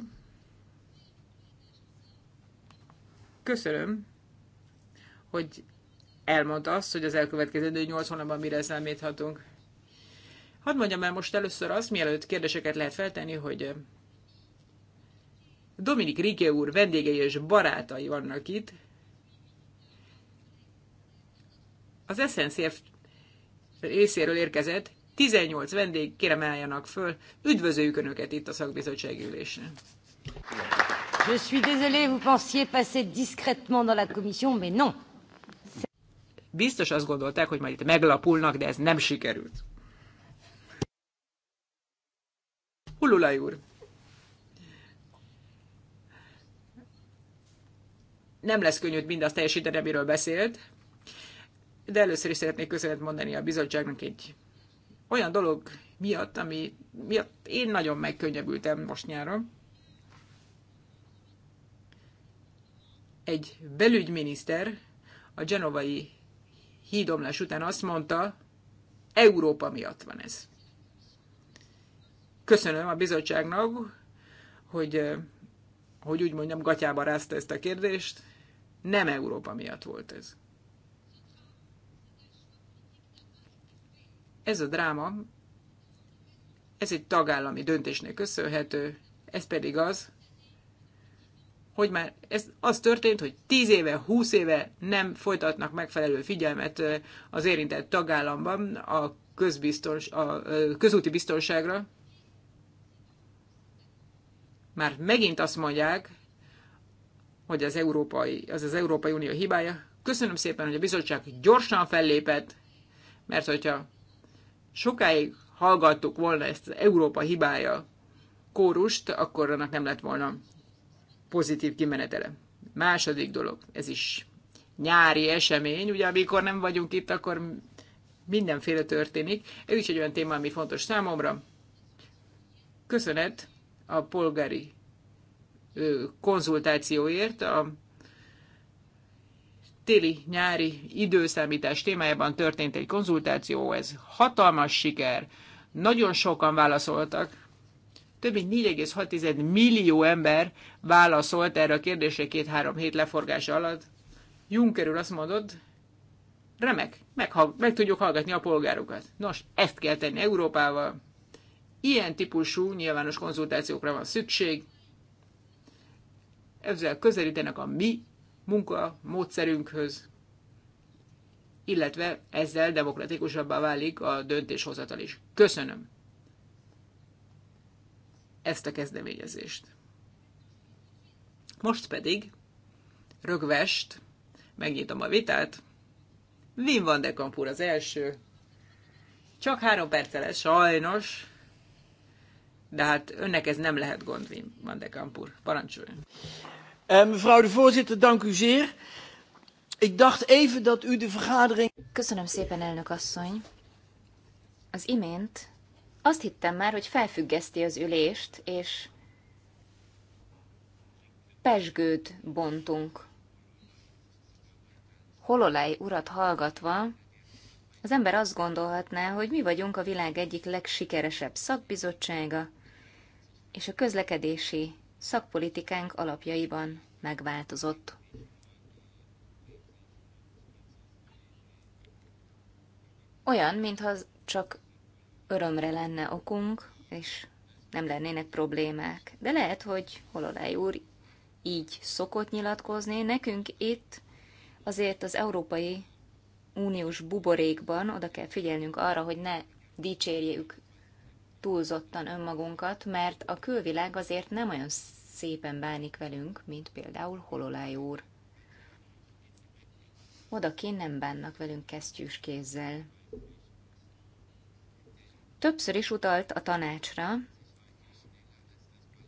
Köszönöm, hogy elmondta azt, hogy az elkövetkező 8 hónapban mire számíthatunk. Hadd mondjam el most először azt, mielőtt kérdéseket lehet feltenni, hogy Dominik Rike úr vendégei és barátai vannak itt. Az SNCF részéről érkezett 18 vendég, kérem álljanak föl, üdvözöljük Önöket itt a szakbizottság ülésen. Je suis désolé, vous pensiez passer discrètement dans la commission, mais non. Biztos azt gondolták, hogy majd itt meglapulnak, de ez nem sikerült. Hululaj úr, nem lesz könnyű mindazt teljesíteni, amiről beszélt, de először is szeretnék köszönet mondani a bizottságnak egy olyan dolog miatt, ami miatt én nagyon megkönnyebbültem most nyáron. Egy belügyminiszter a genovai hídomlás után azt mondta, Európa miatt van ez. Köszönöm a bizottságnak, hogy, hogy úgy mondjam, gatyába rázta ezt a kérdést, nem Európa miatt volt ez. Ez a dráma, ez egy tagállami döntésnek köszönhető, ez pedig az, hogy már ez az történt, hogy 10 éve, 20 éve nem folytatnak megfelelő figyelmet az érintett tagállamban a, közbiztons, a közúti biztonságra. Már megint azt mondják, hogy az Európai, az, az Európai Unió hibája. Köszönöm szépen, hogy a bizottság gyorsan fellépett, mert hogyha sokáig hallgattuk volna ezt az Európa hibája kórust, akkor annak nem lett volna pozitív kimenetele. Második dolog, ez is nyári esemény, ugye amikor nem vagyunk itt, akkor mindenféle történik. Ez is egy olyan téma, ami fontos számomra. Köszönet a polgári konzultációért a téli-nyári időszámítás témájában történt egy konzultáció, ez hatalmas siker, nagyon sokan válaszoltak, több mint 4,6 millió ember válaszolt erre a kérdésre két-három hét leforgása alatt. Juncker úr azt mondott, remek, meg, meg tudjuk hallgatni a polgárokat. Nos, ezt kell tenni Európával. Ilyen típusú nyilvános konzultációkra van szükség, ezzel közelítenek a mi munka módszerünkhöz, illetve ezzel demokratikusabbá válik a döntéshozatal is. Köszönöm ezt a kezdeményezést. Most pedig rögvest megnyitom a vitát. Wim van de Kampur az első. Csak három perce lesz, sajnos. De hát önnek ez nem lehet gond, Wim van de Kampur. Parancsoljon. Eh, mevrouw de voorzitter, dank u zeer. Ik dacht even dat u de vergadering... Köszönöm szépen, elnök asszony. Az imént azt hittem már, hogy felfüggeszti az ülést, és pesgőt bontunk. Hololej urat hallgatva, az ember azt gondolhatná, hogy mi vagyunk a világ egyik legsikeresebb szakbizottsága, és a közlekedési szakpolitikánk alapjaiban megváltozott. Olyan, mintha csak örömre lenne okunk, és nem lennének problémák. De lehet, hogy Hololáj úr így szokott nyilatkozni, nekünk itt azért az Európai Uniós buborékban oda kell figyelnünk arra, hogy ne dicsérjük túlzottan önmagunkat, mert a külvilág azért nem olyan szépen bánik velünk, mint például Hololáj úr. Odakén nem bánnak velünk kesztyűs kézzel. Többször is utalt a tanácsra,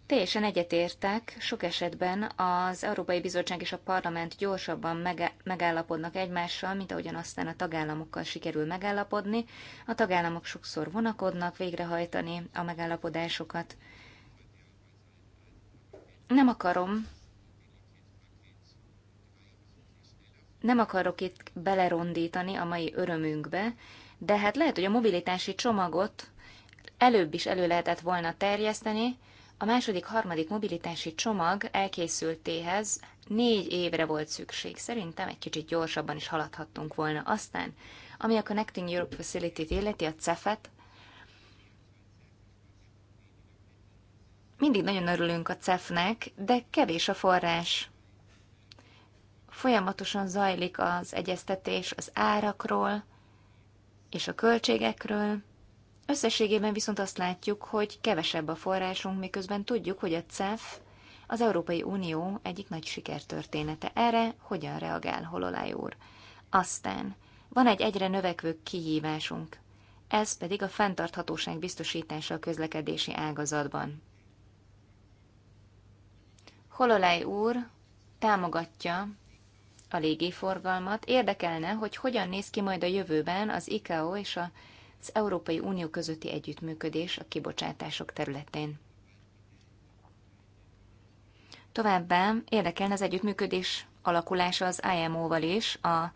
Teljesen egyetértek, sok esetben az Európai Bizottság és a Parlament gyorsabban megállapodnak egymással, mint ahogyan aztán a tagállamokkal sikerül megállapodni. A tagállamok sokszor vonakodnak végrehajtani a megállapodásokat. Nem akarom, nem akarok itt belerondítani a mai örömünkbe, de hát lehet, hogy a mobilitási csomagot előbb is elő lehetett volna terjeszteni, a második-harmadik mobilitási csomag elkészültéhez négy évre volt szükség. Szerintem egy kicsit gyorsabban is haladhattunk volna. Aztán, ami a Connecting Europe Facility-t illeti, a CEF-et, mindig nagyon örülünk a CEF-nek, de kevés a forrás. Folyamatosan zajlik az egyeztetés az árakról és a költségekről, Összességében viszont azt látjuk, hogy kevesebb a forrásunk, miközben tudjuk, hogy a CEF az Európai Unió egyik nagy sikertörténete. Erre hogyan reagál Hololáj úr? Aztán van egy egyre növekvő kihívásunk, ez pedig a fenntarthatóság biztosítása a közlekedési ágazatban. Hololáj úr támogatja a légiforgalmat. Érdekelne, hogy hogyan néz ki majd a jövőben az ICAO és a az Európai Unió közötti együttműködés a kibocsátások területén. Továbbá érdekelne az együttműködés alakulása az IMO-val is a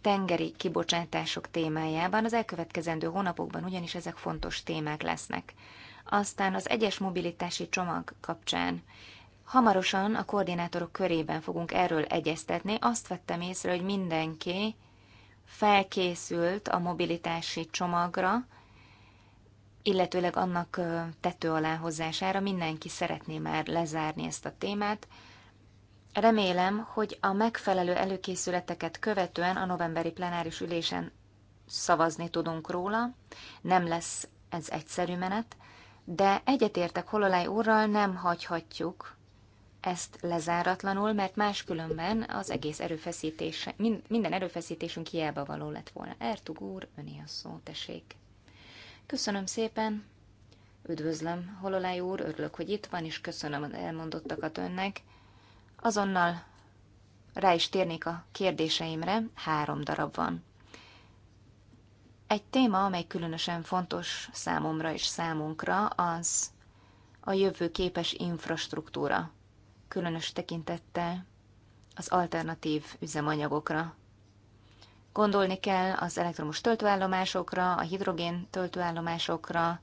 tengeri kibocsátások témájában. Az elkövetkezendő hónapokban ugyanis ezek fontos témák lesznek. Aztán az egyes mobilitási csomag kapcsán Hamarosan a koordinátorok körében fogunk erről egyeztetni. Azt vettem észre, hogy mindenki felkészült a mobilitási csomagra, illetőleg annak tető aláhozására Mindenki szeretné már lezárni ezt a témát. Remélem, hogy a megfelelő előkészületeket követően a novemberi plenáris ülésen szavazni tudunk róla. Nem lesz ez egyszerű menet, de egyetértek Hololáj úrral, nem hagyhatjuk ezt lezáratlanul, mert máskülönben az egész erőfeszítés, minden erőfeszítésünk hiába való lett volna. Ertug úr, öné a szó, tessék. Köszönöm szépen, üdvözlöm, Hololáj úr, örülök, hogy itt van, és köszönöm az elmondottakat önnek. Azonnal rá is térnék a kérdéseimre, három darab van. Egy téma, amely különösen fontos számomra és számunkra, az a jövő képes infrastruktúra különös tekintettel az alternatív üzemanyagokra. Gondolni kell az elektromos töltőállomásokra, a hidrogén töltőállomásokra,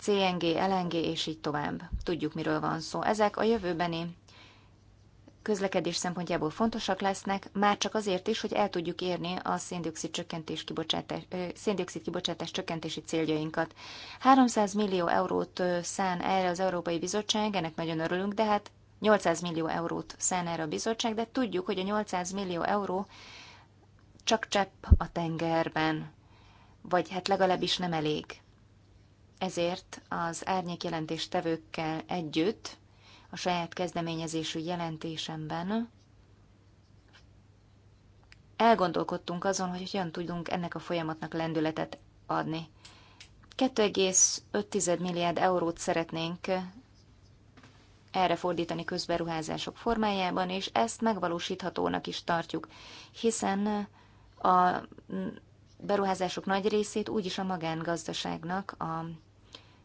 CNG, LNG és így tovább. Tudjuk, miről van szó. Ezek a jövőbeni közlekedés szempontjából fontosak lesznek, már csak azért is, hogy el tudjuk érni a széndiokszid, csökkentés kibocsátás, széndiokszid kibocsátás csökkentési céljainkat. 300 millió eurót szán erre az Európai Bizottság, ennek nagyon örülünk, de hát 800 millió eurót szán erre a bizottság, de tudjuk, hogy a 800 millió euró csak csepp a tengerben, vagy hát legalábbis nem elég. Ezért az árnyék jelentéstevőkkel együtt a saját kezdeményezésű jelentésemben elgondolkodtunk azon, hogy hogyan tudunk ennek a folyamatnak lendületet adni. 2,5 milliárd eurót szeretnénk erre fordítani közberuházások formájában, és ezt megvalósíthatónak is tartjuk, hiszen a beruházások nagy részét úgyis a magángazdaságnak, a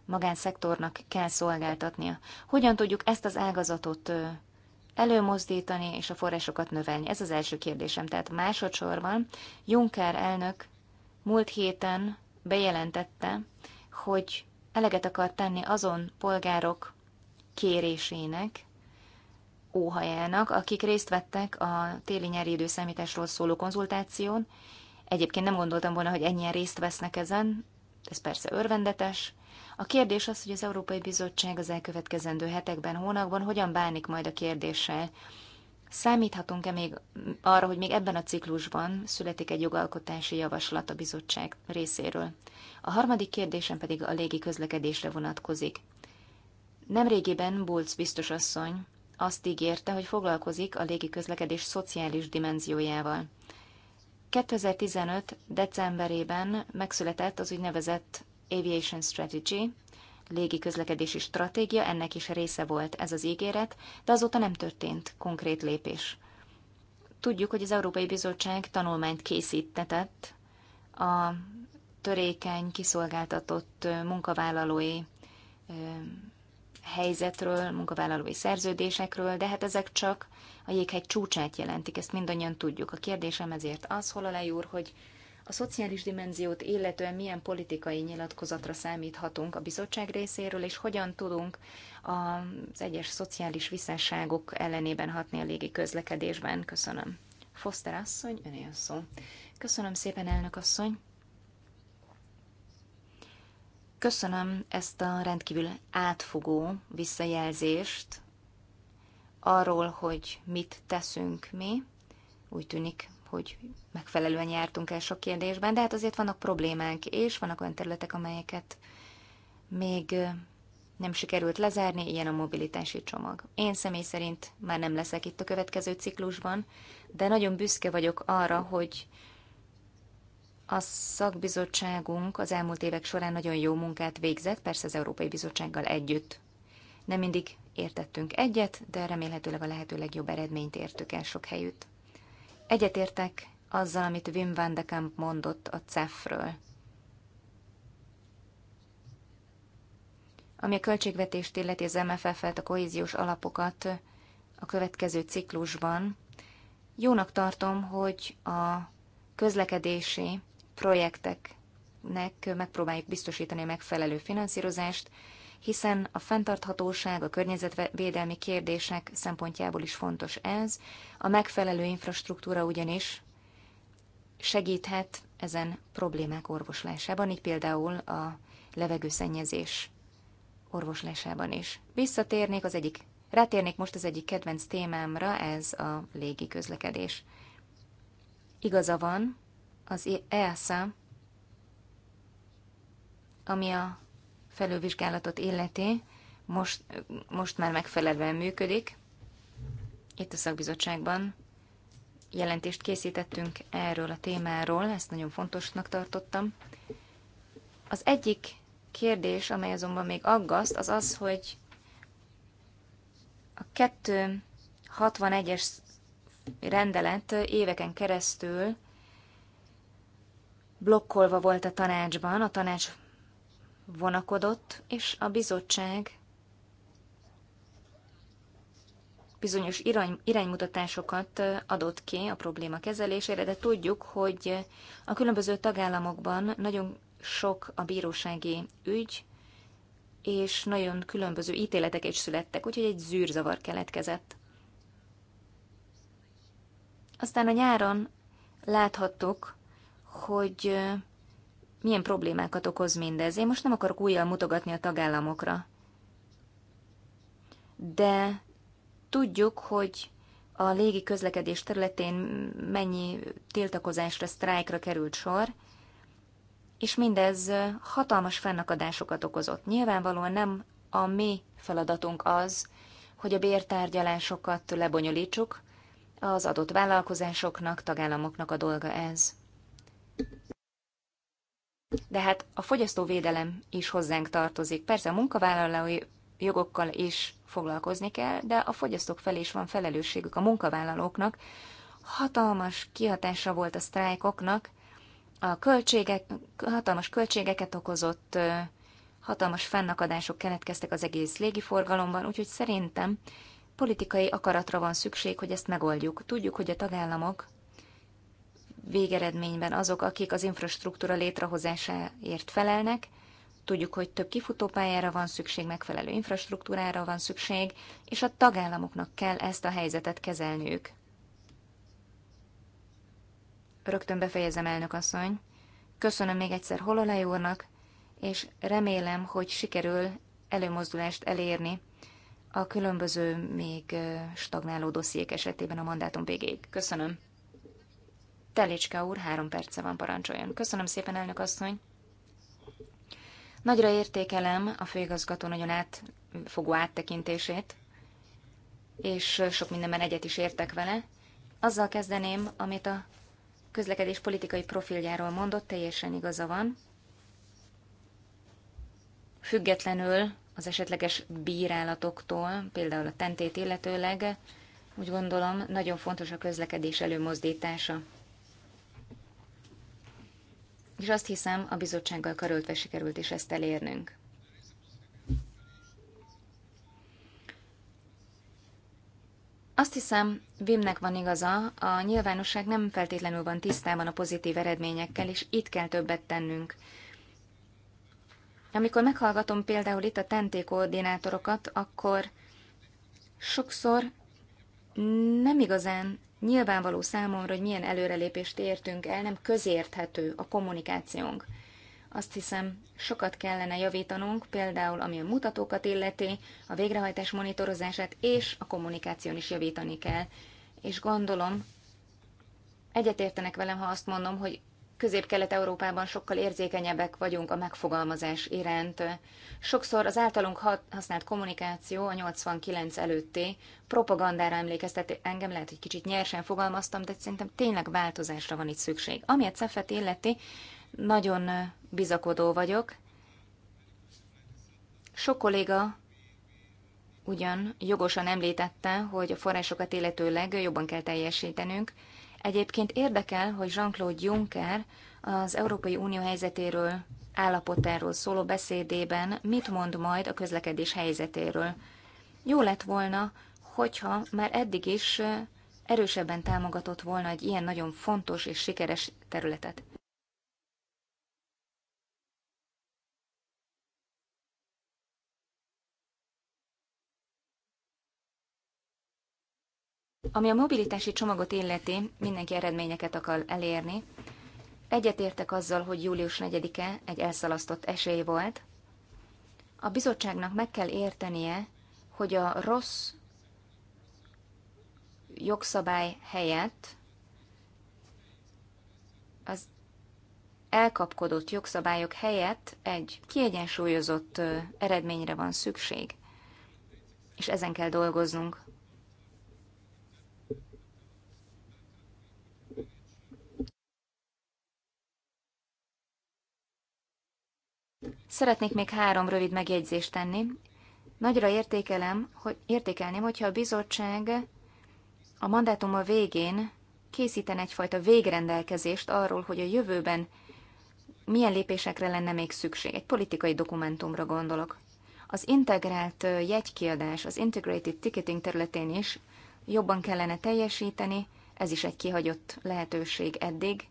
magánszektornak kell szolgáltatnia. Hogyan tudjuk ezt az ágazatot előmozdítani és a forrásokat növelni? Ez az első kérdésem. Tehát másodszorban Juncker elnök múlt héten bejelentette, hogy eleget akar tenni azon polgárok kérésének, óhajának, akik részt vettek a téli-nyári időszámításról szóló konzultáción. Egyébként nem gondoltam volna, hogy ennyien részt vesznek ezen, ez persze örvendetes. A kérdés az, hogy az Európai Bizottság az elkövetkezendő hetekben, hónapban hogyan bánik majd a kérdéssel. Számíthatunk-e még arra, hogy még ebben a ciklusban születik egy jogalkotási javaslat a bizottság részéről? A harmadik kérdésem pedig a légi közlekedésre vonatkozik. Nemrégiben Bulc asszony azt ígérte, hogy foglalkozik a légi közlekedés szociális dimenziójával. 2015. decemberében megszületett az úgynevezett Aviation Strategy, légi közlekedési stratégia, ennek is része volt ez az ígéret, de azóta nem történt konkrét lépés. Tudjuk, hogy az Európai Bizottság tanulmányt készítetett a törékeny, kiszolgáltatott munkavállalói helyzetről, munkavállalói szerződésekről, de hát ezek csak a jéghegy csúcsát jelentik, ezt mindannyian tudjuk. A kérdésem ezért az, hol a lejúr, hogy a szociális dimenziót illetően milyen politikai nyilatkozatra számíthatunk a bizottság részéről, és hogyan tudunk az egyes szociális visszásságok ellenében hatni a légi közlekedésben. Köszönöm. Foster asszony, önél szó. Köszönöm szépen, elnök asszony. Köszönöm ezt a rendkívül átfogó visszajelzést arról, hogy mit teszünk mi. Úgy tűnik, hogy megfelelően jártunk el sok kérdésben, de hát azért vannak problémánk, és vannak olyan területek, amelyeket még nem sikerült lezárni, ilyen a mobilitási csomag. Én személy szerint már nem leszek itt a következő ciklusban, de nagyon büszke vagyok arra, hogy a szakbizottságunk az elmúlt évek során nagyon jó munkát végzett, persze az Európai Bizottsággal együtt. Nem mindig értettünk egyet, de remélhetőleg a lehető legjobb eredményt értük el sok helyütt. Egyetértek azzal, amit Wim van de Kamp mondott a CEF-ről. Ami a költségvetést illeti az MFF-et, a kohéziós alapokat a következő ciklusban, jónak tartom, hogy a közlekedési projekteknek megpróbáljuk biztosítani a megfelelő finanszírozást, hiszen a fenntarthatóság, a környezetvédelmi kérdések szempontjából is fontos ez. A megfelelő infrastruktúra ugyanis segíthet ezen problémák orvoslásában, így például a levegőszennyezés orvoslásában is. Visszatérnék az egyik, rátérnék most az egyik kedvenc témámra, ez a légi közlekedés. Igaza van, az EASA, ami a felővizsgálatot illeti, most, most már megfelelően működik. Itt a szakbizottságban jelentést készítettünk erről a témáról, ezt nagyon fontosnak tartottam. Az egyik kérdés, amely azonban még aggaszt, az az, hogy a 261-es rendelet éveken keresztül blokkolva volt a tanácsban, a tanács vonakodott, és a bizottság bizonyos irány, iránymutatásokat adott ki a probléma kezelésére, de tudjuk, hogy a különböző tagállamokban nagyon sok a bírósági ügy, és nagyon különböző ítéletek is születtek, úgyhogy egy zűrzavar keletkezett. Aztán a nyáron láthattuk, hogy milyen problémákat okoz mindez. Én most nem akarok újjal mutogatni a tagállamokra. De tudjuk, hogy a légi közlekedés területén mennyi tiltakozásra, sztrájkra került sor, és mindez hatalmas fennakadásokat okozott. Nyilvánvalóan nem a mi feladatunk az, hogy a bértárgyalásokat lebonyolítsuk, az adott vállalkozásoknak, tagállamoknak a dolga ez de hát a fogyasztóvédelem is hozzánk tartozik. Persze a munkavállalói jogokkal is foglalkozni kell, de a fogyasztók felé is van felelősségük a munkavállalóknak. Hatalmas kihatása volt a sztrájkoknak, a költségek, hatalmas költségeket okozott, hatalmas fennakadások keletkeztek az egész légiforgalomban, úgyhogy szerintem politikai akaratra van szükség, hogy ezt megoldjuk. Tudjuk, hogy a tagállamok végeredményben azok, akik az infrastruktúra létrehozásáért felelnek, Tudjuk, hogy több kifutópályára van szükség, megfelelő infrastruktúrára van szükség, és a tagállamoknak kell ezt a helyzetet kezelniük. Rögtön befejezem, elnök asszony. Köszönöm még egyszer Hololai úrnak, és remélem, hogy sikerül előmozdulást elérni a különböző még stagnáló dossziék esetében a mandátum végéig. Köszönöm. Telécske úr, három perce van, parancsoljon. Köszönöm szépen, elnök asszony. Nagyra értékelem a főigazgató nagyon átfogó áttekintését, és sok mindenben egyet is értek vele. Azzal kezdeném, amit a közlekedés politikai profiljáról mondott, teljesen igaza van. Függetlenül az esetleges bírálatoktól, például a tentét illetőleg, úgy gondolom, nagyon fontos a közlekedés előmozdítása és azt hiszem, a bizottsággal karöltve sikerült is ezt elérnünk. Azt hiszem, Vimnek van igaza, a nyilvánosság nem feltétlenül van tisztában a pozitív eredményekkel, és itt kell többet tennünk. Amikor meghallgatom például itt a tenté koordinátorokat, akkor sokszor nem igazán Nyilvánvaló számomra, hogy milyen előrelépést értünk el, nem közérthető a kommunikációnk. Azt hiszem, sokat kellene javítanunk, például ami a mutatókat illeti, a végrehajtás monitorozását és a kommunikáción is javítani kell. És gondolom, egyetértenek velem, ha azt mondom, hogy Közép-Kelet-Európában sokkal érzékenyebbek vagyunk a megfogalmazás iránt. Sokszor az általunk használt kommunikáció a 89 előtti propagandára emlékeztet engem, lehet, hogy kicsit nyersen fogalmaztam, de szerintem tényleg változásra van itt szükség. Ami a CEFET illeti, nagyon bizakodó vagyok. Sok kolléga ugyan jogosan említette, hogy a forrásokat illetőleg jobban kell teljesítenünk, Egyébként érdekel, hogy Jean-Claude Juncker az Európai Unió helyzetéről, állapotáról szóló beszédében mit mond majd a közlekedés helyzetéről. Jó lett volna, hogyha már eddig is erősebben támogatott volna egy ilyen nagyon fontos és sikeres területet. Ami a mobilitási csomagot illeti, mindenki eredményeket akar elérni. Egyetértek azzal, hogy július 4-e egy elszalasztott esély volt. A bizottságnak meg kell értenie, hogy a rossz jogszabály helyett az elkapkodott jogszabályok helyett egy kiegyensúlyozott eredményre van szükség, és ezen kell dolgoznunk. Szeretnék még három rövid megjegyzést tenni. Nagyra értékelem, hogy értékelném, hogyha a bizottság a mandátum a végén készíten egyfajta végrendelkezést arról, hogy a jövőben milyen lépésekre lenne még szükség. Egy politikai dokumentumra gondolok. Az integrált jegykiadás, az integrated ticketing területén is jobban kellene teljesíteni, ez is egy kihagyott lehetőség eddig.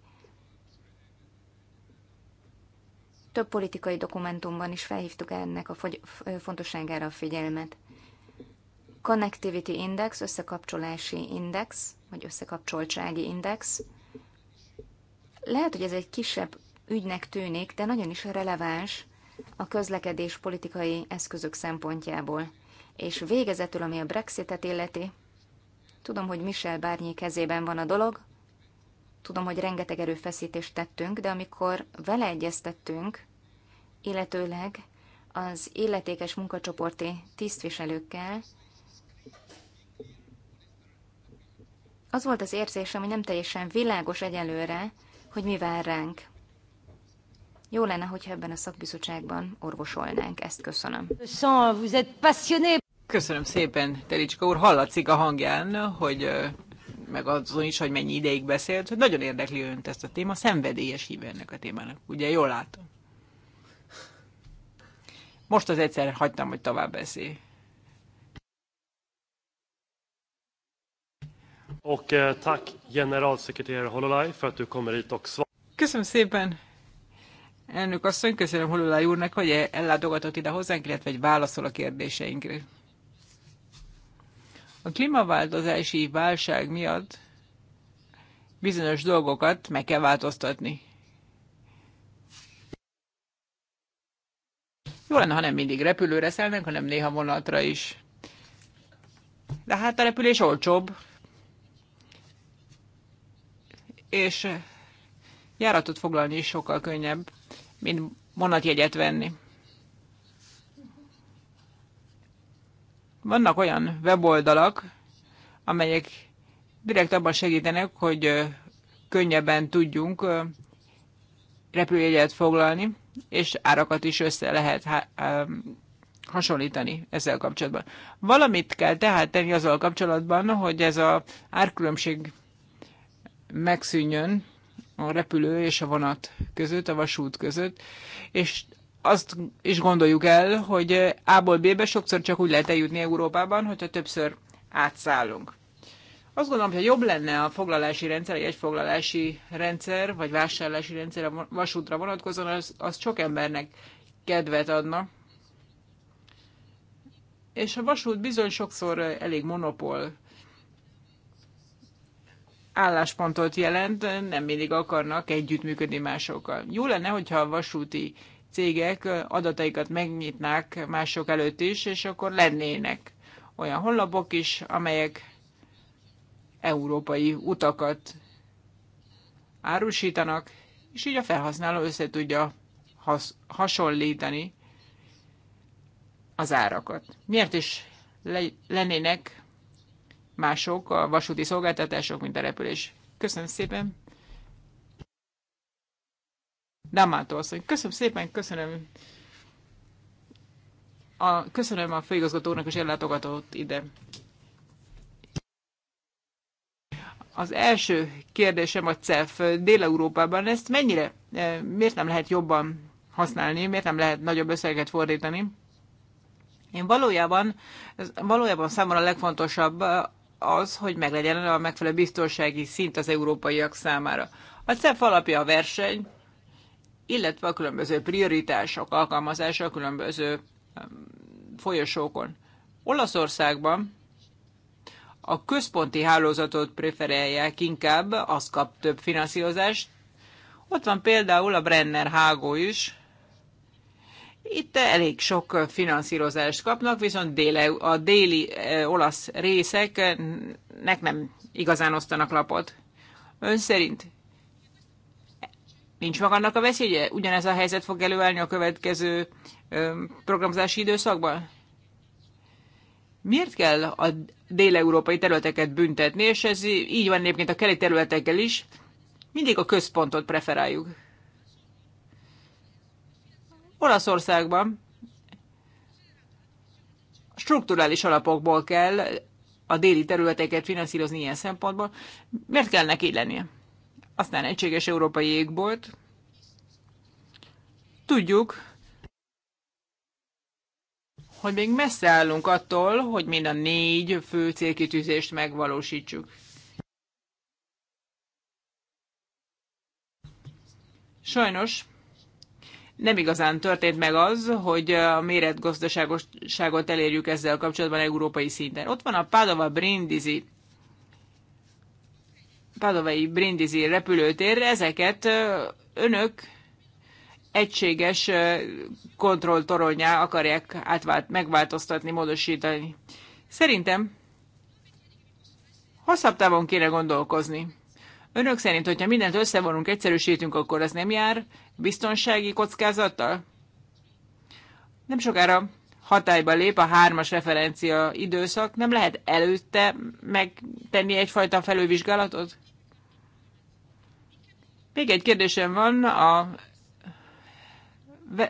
Több politikai dokumentumban is felhívtuk ennek a fontosságára a figyelmet. Connectivity Index, összekapcsolási index, vagy összekapcsoltsági index. Lehet, hogy ez egy kisebb ügynek tűnik, de nagyon is releváns a közlekedés politikai eszközök szempontjából. És végezetül, ami a Brexitet illeti, tudom, hogy Michel Bárnyi kezében van a dolog, Tudom, hogy rengeteg erőfeszítést tettünk, de amikor vele egyeztettünk, illetőleg az illetékes munkacsoporti tisztviselőkkel, az volt az érzésem, hogy nem teljesen világos egyelőre, hogy mi vár ránk. Jó lenne, hogyha ebben a szakbizottságban orvosolnánk. Ezt köszönöm. Köszönöm szépen, Tericska úr. Hallatszik a hangján, hogy meg azon is, hogy mennyi ideig beszélt, hogy nagyon érdekli önt ezt a téma, szenvedélyes híve ennek a témának. Ugye jól látom? Most az egyszer hagytam, hogy tovább beszél. Och eh, tack generalsekreterare Hololaj för att du kommer hit och svarar. Köszönöm szépen, elnök asszony, köszönöm Hololaj úrnak, hogy ellátogatott ide hozzánk, illetve hogy válaszol a kérdéseinkre. A klímaváltozási válság miatt bizonyos dolgokat meg kell változtatni. Jó lenne, ha nem mindig repülőre szállnak, hanem néha vonatra is. De hát a repülés olcsóbb. És járatot foglalni is sokkal könnyebb, mint vonatjegyet venni. vannak olyan weboldalak, amelyek direkt abban segítenek, hogy könnyebben tudjunk repülőjegyet foglalni, és árakat is össze lehet hasonlítani ezzel kapcsolatban. Valamit kell tehát tenni azzal kapcsolatban, hogy ez az árkülönbség megszűnjön a repülő és a vonat között, a vasút között, és azt is gondoljuk el, hogy A-ból B-be sokszor csak úgy lehet eljutni Európában, hogyha többször átszállunk. Azt gondolom, hogy jobb lenne a foglalási rendszer, egy foglalási rendszer, vagy vásárlási rendszer a vasútra vonatkozóan, az, az sok embernek kedvet adna. És a vasút bizony sokszor elég monopól álláspontot jelent, nem mindig akarnak együttműködni másokkal. Jó lenne, hogyha a vasúti cégek adataikat megnyitnák mások előtt is, és akkor lennének olyan honlapok is, amelyek európai utakat árusítanak, és így a felhasználó össze tudja has- hasonlítani az árakat. Miért is le- lennének mások a vasúti szolgáltatások, mint a repülés? Köszönöm szépen! Dámától asszony. Köszönöm szépen, köszönöm. A, köszönöm a főigazgatónak, és ellátogatott ide. Az első kérdésem a CEF Dél-Európában ezt mennyire, eh, miért nem lehet jobban használni, miért nem lehet nagyobb összeget fordítani? Én valójában, valójában számomra a legfontosabb eh, az, hogy meglegyen a megfelelő biztonsági szint az európaiak számára. A CEF alapja a verseny, illetve a különböző prioritások alkalmazása a különböző folyosókon. Olaszországban a központi hálózatot preferálják inkább, az kap több finanszírozást. Ott van például a Brenner hágó is. Itt elég sok finanszírozást kapnak, viszont déle, a déli e, olasz részeknek nem igazán osztanak lapot. Ön szerint Nincs meg annak a veszélye? Ugyanez a helyzet fog előállni a következő programozási időszakban? Miért kell a déleurópai területeket büntetni, és ez így van egyébként a keleti területekkel is, mindig a központot preferáljuk. Olaszországban strukturális alapokból kell a déli területeket finanszírozni ilyen szempontból. Miért kell neki lennie? Aztán egységes európai égbolt. Tudjuk, hogy még messze állunk attól, hogy mind a négy fő célkitűzést megvalósítsuk. Sajnos nem igazán történt meg az, hogy a méretgazdaságot elérjük ezzel kapcsolatban európai szinten. Ott van a Padova Brindisi Padovai Brindisi repülőtérre, ezeket önök egységes kontrolltoronyá akarják átvált, megváltoztatni, módosítani. Szerintem hosszabb távon kéne gondolkozni. Önök szerint, hogyha mindent összevonunk, egyszerűsítünk, akkor ez nem jár biztonsági kockázattal? Nem sokára hatályba lép a hármas referencia időszak, nem lehet előtte megtenni egyfajta felővizsgálatot? Még egy kérdésem van a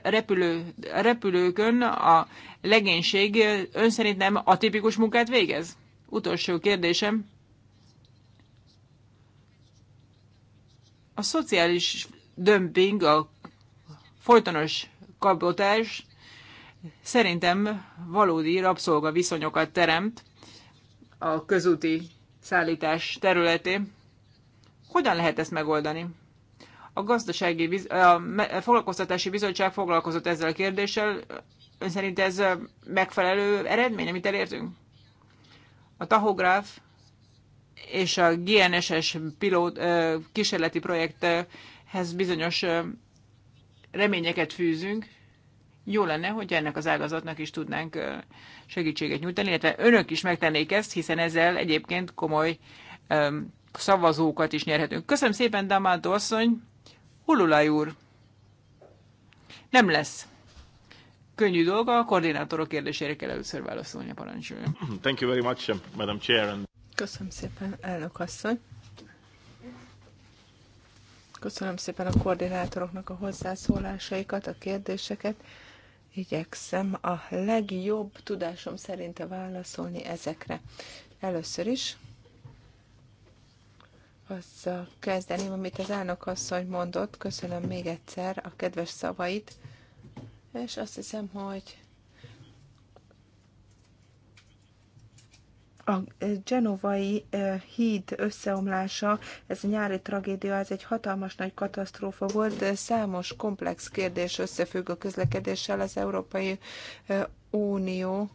repülő, repülőkön a legénység ön szerint nem atipikus munkát végez? Utolsó kérdésem. A szociális dömping, a folytonos kabotás szerintem valódi rabszolga viszonyokat teremt a közúti szállítás területén. Hogyan lehet ezt megoldani? A, gazdasági, a foglalkoztatási bizottság foglalkozott ezzel a kérdéssel. Ön szerint ez megfelelő eredmény, amit elértünk? A tahográf és a GNSS pilót, kísérleti projekthez bizonyos reményeket fűzünk. Jó lenne, hogy ennek az ágazatnak is tudnánk segítséget nyújtani, illetve önök is megtennék ezt, hiszen ezzel egyébként komoly szavazókat is nyerhetünk. Köszönöm szépen, Damát asszony! Ululaj úr, nem lesz könnyű dolga, a koordinátorok kérdésére kell először válaszolni a parancsolja. Thank you very much, Madam Chair. And... Köszönöm szépen, elnök asszony. Köszönöm szépen a koordinátoroknak a hozzászólásaikat, a kérdéseket. Igyekszem a legjobb tudásom szerint válaszolni ezekre. Először is azzal kezdeném, amit az elnök asszony mondott. Köszönöm még egyszer a kedves szavait, és azt hiszem, hogy A genovai híd összeomlása, ez a nyári tragédia, ez egy hatalmas nagy katasztrófa volt, számos komplex kérdés összefügg a közlekedéssel az Európai Unió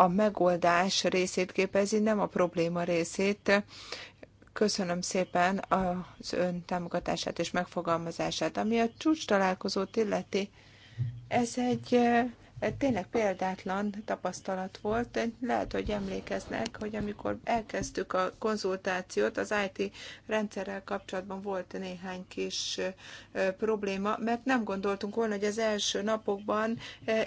a megoldás részét képezi, nem a probléma részét. Köszönöm szépen az ön támogatását és megfogalmazását. Ami a csúcs találkozót illeti, ez egy tényleg példátlan tapasztalat volt. Lehet, hogy emlékeznek, hogy amikor elkezdtük a konzultációt, az IT rendszerrel kapcsolatban volt néhány kis probléma, mert nem gondoltunk volna, hogy az első napokban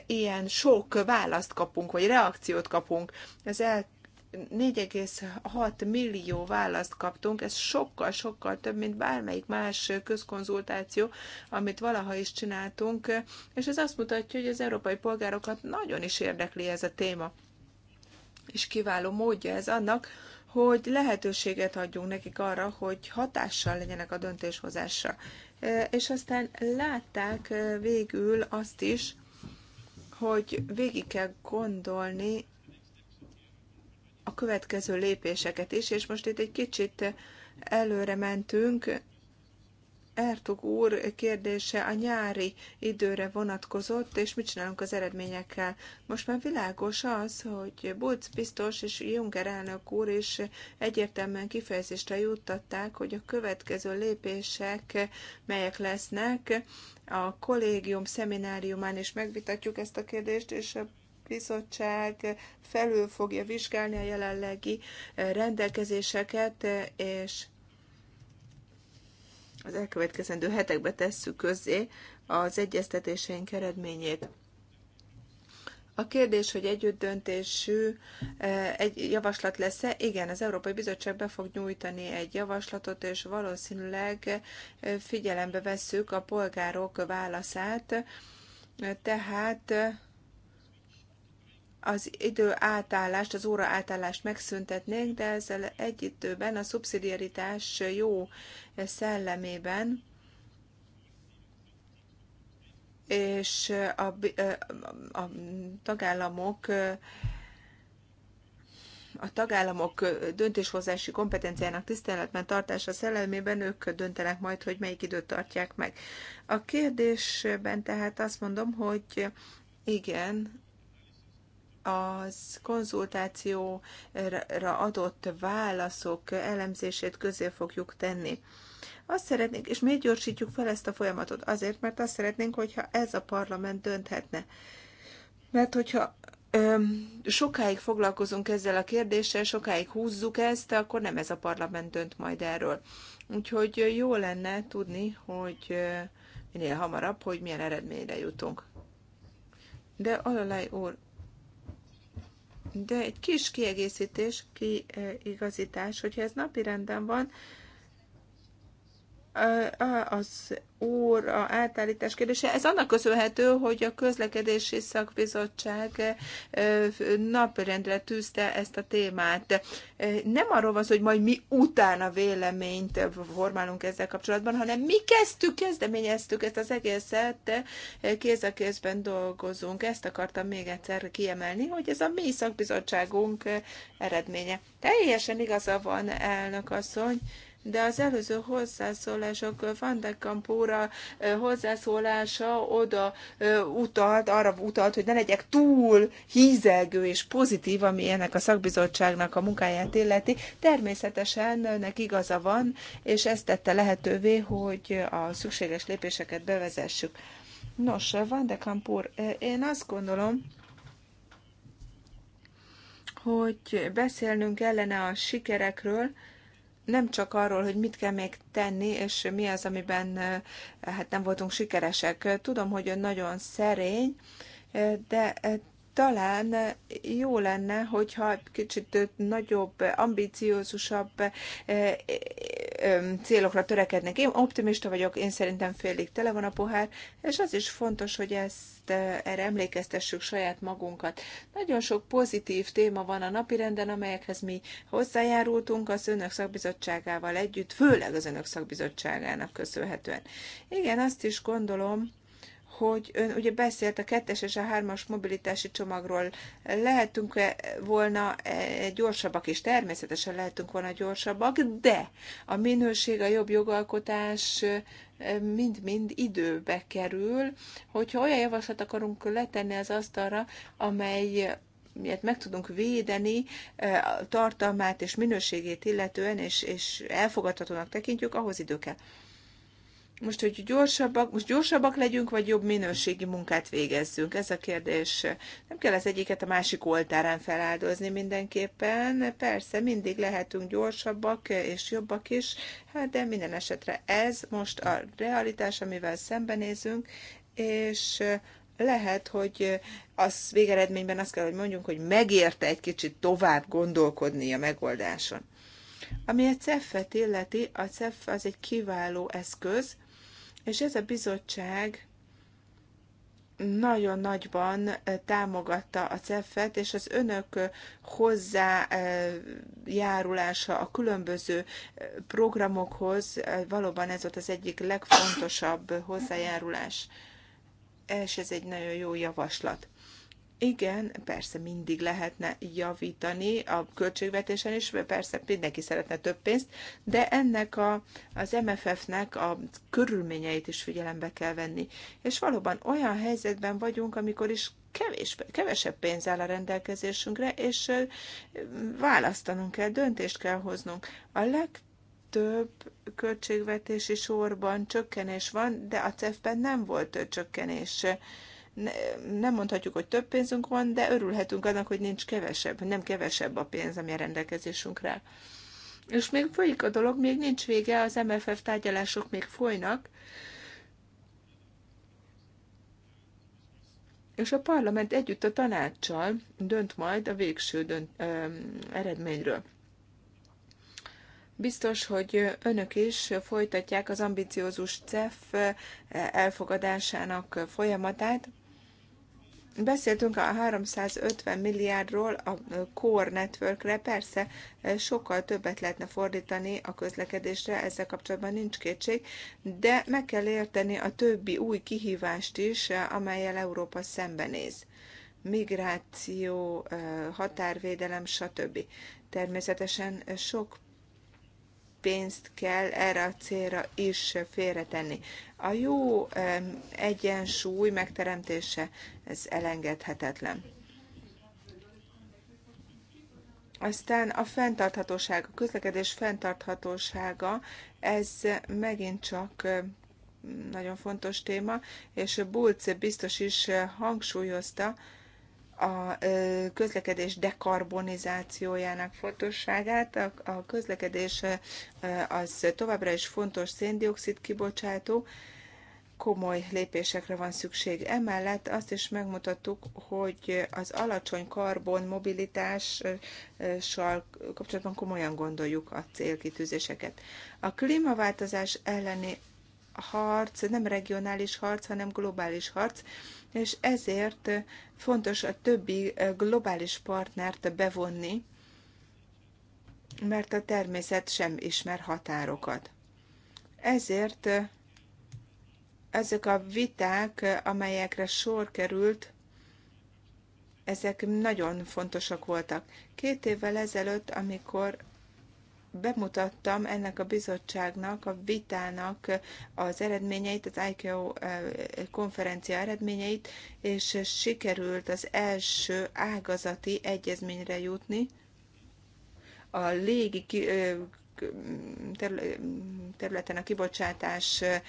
ilyen sok választ kapunk, vagy reakciót kapunk. Ez el 4,6 millió választ kaptunk, ez sokkal-sokkal több, mint bármelyik más közkonzultáció, amit valaha is csináltunk, és ez azt mutatja, hogy az európai polgárokat nagyon is érdekli ez a téma. És kiváló módja ez annak, hogy lehetőséget adjunk nekik arra, hogy hatással legyenek a döntéshozásra. És aztán látták végül azt is, hogy végig kell gondolni a következő lépéseket is, és most itt egy kicsit előre mentünk. Ertug úr kérdése a nyári időre vonatkozott, és mit csinálunk az eredményekkel. Most már világos az, hogy Bulc biztos és Juncker elnök úr is egyértelműen kifejezésre juttatták, hogy a következő lépések melyek lesznek. A kollégium szemináriumán is megvitatjuk ezt a kérdést, és a bizottság felül fogja vizsgálni a jelenlegi eh, rendelkezéseket, eh, és az elkövetkezendő hetekbe tesszük közzé az egyeztetéseink eredményét. A kérdés, hogy együtt döntésű eh, egy javaslat lesz-e? Igen, az Európai Bizottság be fog nyújtani egy javaslatot, és valószínűleg figyelembe vesszük a polgárok válaszát. Tehát az idő átállást, az óra átállást megszüntetnénk, de ezzel egy időben a szubszidiaritás jó szellemében és a, a, a tagállamok a tagállamok döntéshozási kompetenciának tiszteletben tartása szellemében ők döntenek majd, hogy melyik időt tartják meg. A kérdésben tehát azt mondom, hogy igen, az konzultációra adott válaszok elemzését közé fogjuk tenni. Azt szeretnénk, és miért gyorsítjuk fel ezt a folyamatot? Azért, mert azt szeretnénk, hogyha ez a parlament dönthetne. Mert hogyha öm, sokáig foglalkozunk ezzel a kérdéssel, sokáig húzzuk ezt, akkor nem ez a parlament dönt majd erről. Úgyhogy jó lenne tudni, hogy minél hamarabb, hogy milyen eredményre jutunk. De Alalaj úr, de egy kis kiegészítés, kiigazítás, hogyha ez napi renden van, az a átállítás kérdése. Ez annak köszönhető, hogy a közlekedési szakbizottság napirendre tűzte ezt a témát. Nem arról van szó, hogy majd mi utána véleményt formálunk ezzel kapcsolatban, hanem mi kezdtük, kezdeményeztük ezt az egészet, kéz a kézben dolgozunk. Ezt akartam még egyszer kiemelni, hogy ez a mi szakbizottságunk eredménye. Teljesen igaza van, elnök asszony de az előző hozzászólások Van de Kampóra hozzászólása oda utalt, arra utalt, hogy ne legyek túl hízelgő és pozitív, ami ennek a szakbizottságnak a munkáját illeti. Természetesen önnek igaza van, és ezt tette lehetővé, hogy a szükséges lépéseket bevezessük. Nos, Van de Kampur, én azt gondolom, hogy beszélnünk ellene a sikerekről, nem csak arról, hogy mit kell még tenni, és mi az, amiben eh, hát nem voltunk sikeresek. Tudom, hogy ön nagyon szerény, eh, de eh, talán jó lenne, hogyha kicsit nagyobb, ambíciózusabb célokra törekednek. Én optimista vagyok, én szerintem félig tele van a pohár, és az is fontos, hogy ezt erre emlékeztessük saját magunkat. Nagyon sok pozitív téma van a napirenden, amelyekhez mi hozzájárultunk az önök szakbizottságával együtt, főleg az önök szakbizottságának köszönhetően. Igen, azt is gondolom, hogy ön ugye beszélt a kettes és a hármas mobilitási csomagról. Lehetünk -e volna gyorsabbak, és természetesen lehetünk volna gyorsabbak, de a minőség, a jobb jogalkotás e, mind-mind időbe kerül, hogyha olyan javaslat akarunk letenni az asztalra, amely miért meg tudunk védeni e, a tartalmát és minőségét illetően, és, és elfogadhatónak tekintjük, ahhoz idő kell most, hogy gyorsabbak, most gyorsabbak legyünk, vagy jobb minőségi munkát végezzünk? Ez a kérdés. Nem kell az egyiket a másik oltárán feláldozni mindenképpen. Persze, mindig lehetünk gyorsabbak és jobbak is, hát de minden esetre ez most a realitás, amivel szembenézünk, és lehet, hogy az végeredményben azt kell, hogy mondjunk, hogy megérte egy kicsit tovább gondolkodni a megoldáson. Ami a CEF-et illeti, a CEF az egy kiváló eszköz, és ez a bizottság nagyon nagyban eh, támogatta a CEF-et, és az önök eh, hozzájárulása eh, a különböző programokhoz valóban ez volt az egyik legfontosabb hozzájárulás, és ez egy nagyon jó javaslat. Igen, persze mindig lehetne javítani a költségvetésen is, persze mindenki szeretne több pénzt, de ennek a, az MFF-nek a körülményeit is figyelembe kell venni. És valóban olyan helyzetben vagyunk, amikor is kevés, kevesebb pénz áll a rendelkezésünkre, és választanunk kell, döntést kell hoznunk. A legtöbb költségvetési sorban csökkenés van, de a CEF-ben nem volt csökkenés ne, nem mondhatjuk, hogy több pénzünk van, de örülhetünk annak, hogy nincs kevesebb, nem kevesebb a pénz, ami a rendelkezésünkre. És még folyik a dolog, még nincs vége, az MFF tárgyalások még folynak, és a parlament együtt a tanácssal dönt majd a végső dönt, ö, eredményről. Biztos, hogy önök is folytatják az ambiciózus CEF elfogadásának folyamatát, Beszéltünk a 350 milliárdról a core networkre, persze sokkal többet lehetne fordítani a közlekedésre, ezzel kapcsolatban nincs kétség, de meg kell érteni a többi új kihívást is, amelyel Európa szembenéz. Migráció, határvédelem, stb. Természetesen sok pénzt kell erre a célra is félretenni. A jó egyensúly megteremtése, ez elengedhetetlen. Aztán a fenntarthatóság, a közlekedés fenntarthatósága, ez megint csak nagyon fontos téma, és Bulc biztos is hangsúlyozta, a közlekedés dekarbonizációjának fontosságát. A közlekedés az továbbra is fontos széndiokszid kibocsátó, komoly lépésekre van szükség. Emellett azt is megmutattuk, hogy az alacsony karbon mobilitással kapcsolatban komolyan gondoljuk a célkitűzéseket. A klímaváltozás elleni harc nem regionális harc, hanem globális harc és ezért fontos a többi globális partnert bevonni, mert a természet sem ismer határokat. Ezért ezek a viták, amelyekre sor került, ezek nagyon fontosak voltak. Két évvel ezelőtt, amikor bemutattam ennek a bizottságnak, a vitának az eredményeit, az ICAO eh, konferencia eredményeit, és sikerült az első ágazati egyezményre jutni. A légi eh, területen a kibocsátás eh,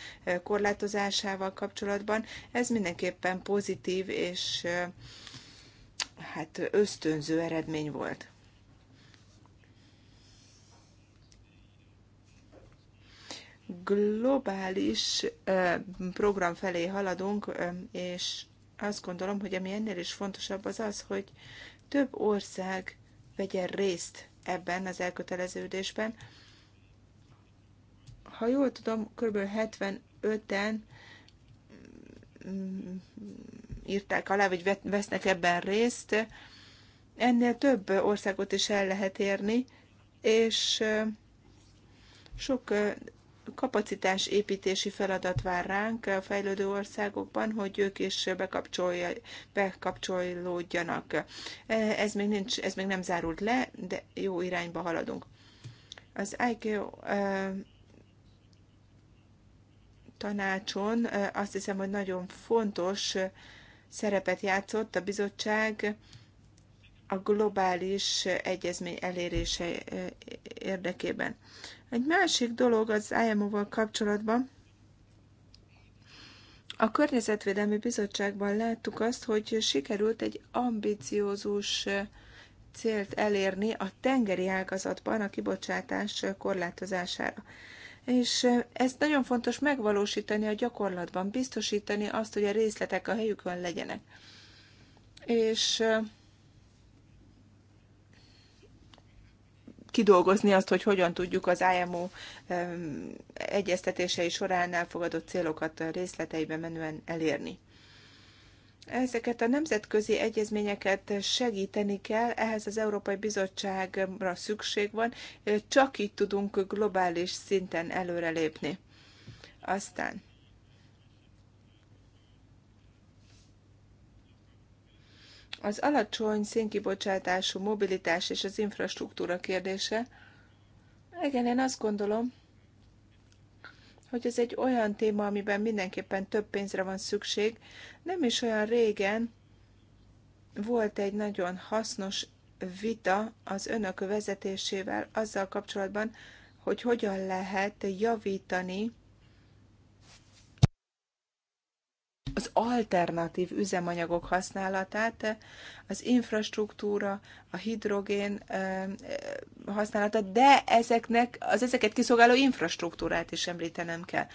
korlátozásával kapcsolatban. Ez mindenképpen pozitív és hát ösztönző eredmény volt. globális program felé haladunk, és azt gondolom, hogy ami ennél is fontosabb az az, hogy több ország vegyen részt ebben az elköteleződésben. Ha jól tudom, kb. 75-en mm, írták alá, vagy vesznek ebben részt. Ennél több országot is el lehet érni, és sok kapacitás építési feladat vár ránk a fejlődő országokban, hogy ők is bekapcsolódjanak. E, ez még, nincs, ez még nem zárult le, de jó irányba haladunk. Az IQ e, tanácson e, azt hiszem, hogy nagyon fontos szerepet játszott a bizottság a globális egyezmény elérése érdekében. Egy másik dolog az IMO-val kapcsolatban. A Környezetvédelmi Bizottságban láttuk azt, hogy sikerült egy ambiciózus célt elérni a tengeri ágazatban a kibocsátás korlátozására. És ezt nagyon fontos megvalósítani a gyakorlatban, biztosítani azt, hogy a részletek a helyükön legyenek. És kidolgozni azt, hogy hogyan tudjuk az IMO egyeztetései során elfogadott célokat részleteiben menően elérni. Ezeket a nemzetközi egyezményeket segíteni kell, ehhez az Európai Bizottságra szükség van, csak így tudunk globális szinten előrelépni. Aztán Az alacsony szénkibocsátású mobilitás és az infrastruktúra kérdése. Igen, én azt gondolom, hogy ez egy olyan téma, amiben mindenképpen több pénzre van szükség. Nem is olyan régen volt egy nagyon hasznos vita az önök vezetésével azzal kapcsolatban, hogy hogyan lehet javítani alternatív üzemanyagok használatát, az infrastruktúra, a hidrogén használatát, de ezeknek az ezeket kiszolgáló infrastruktúrát is említenem kell.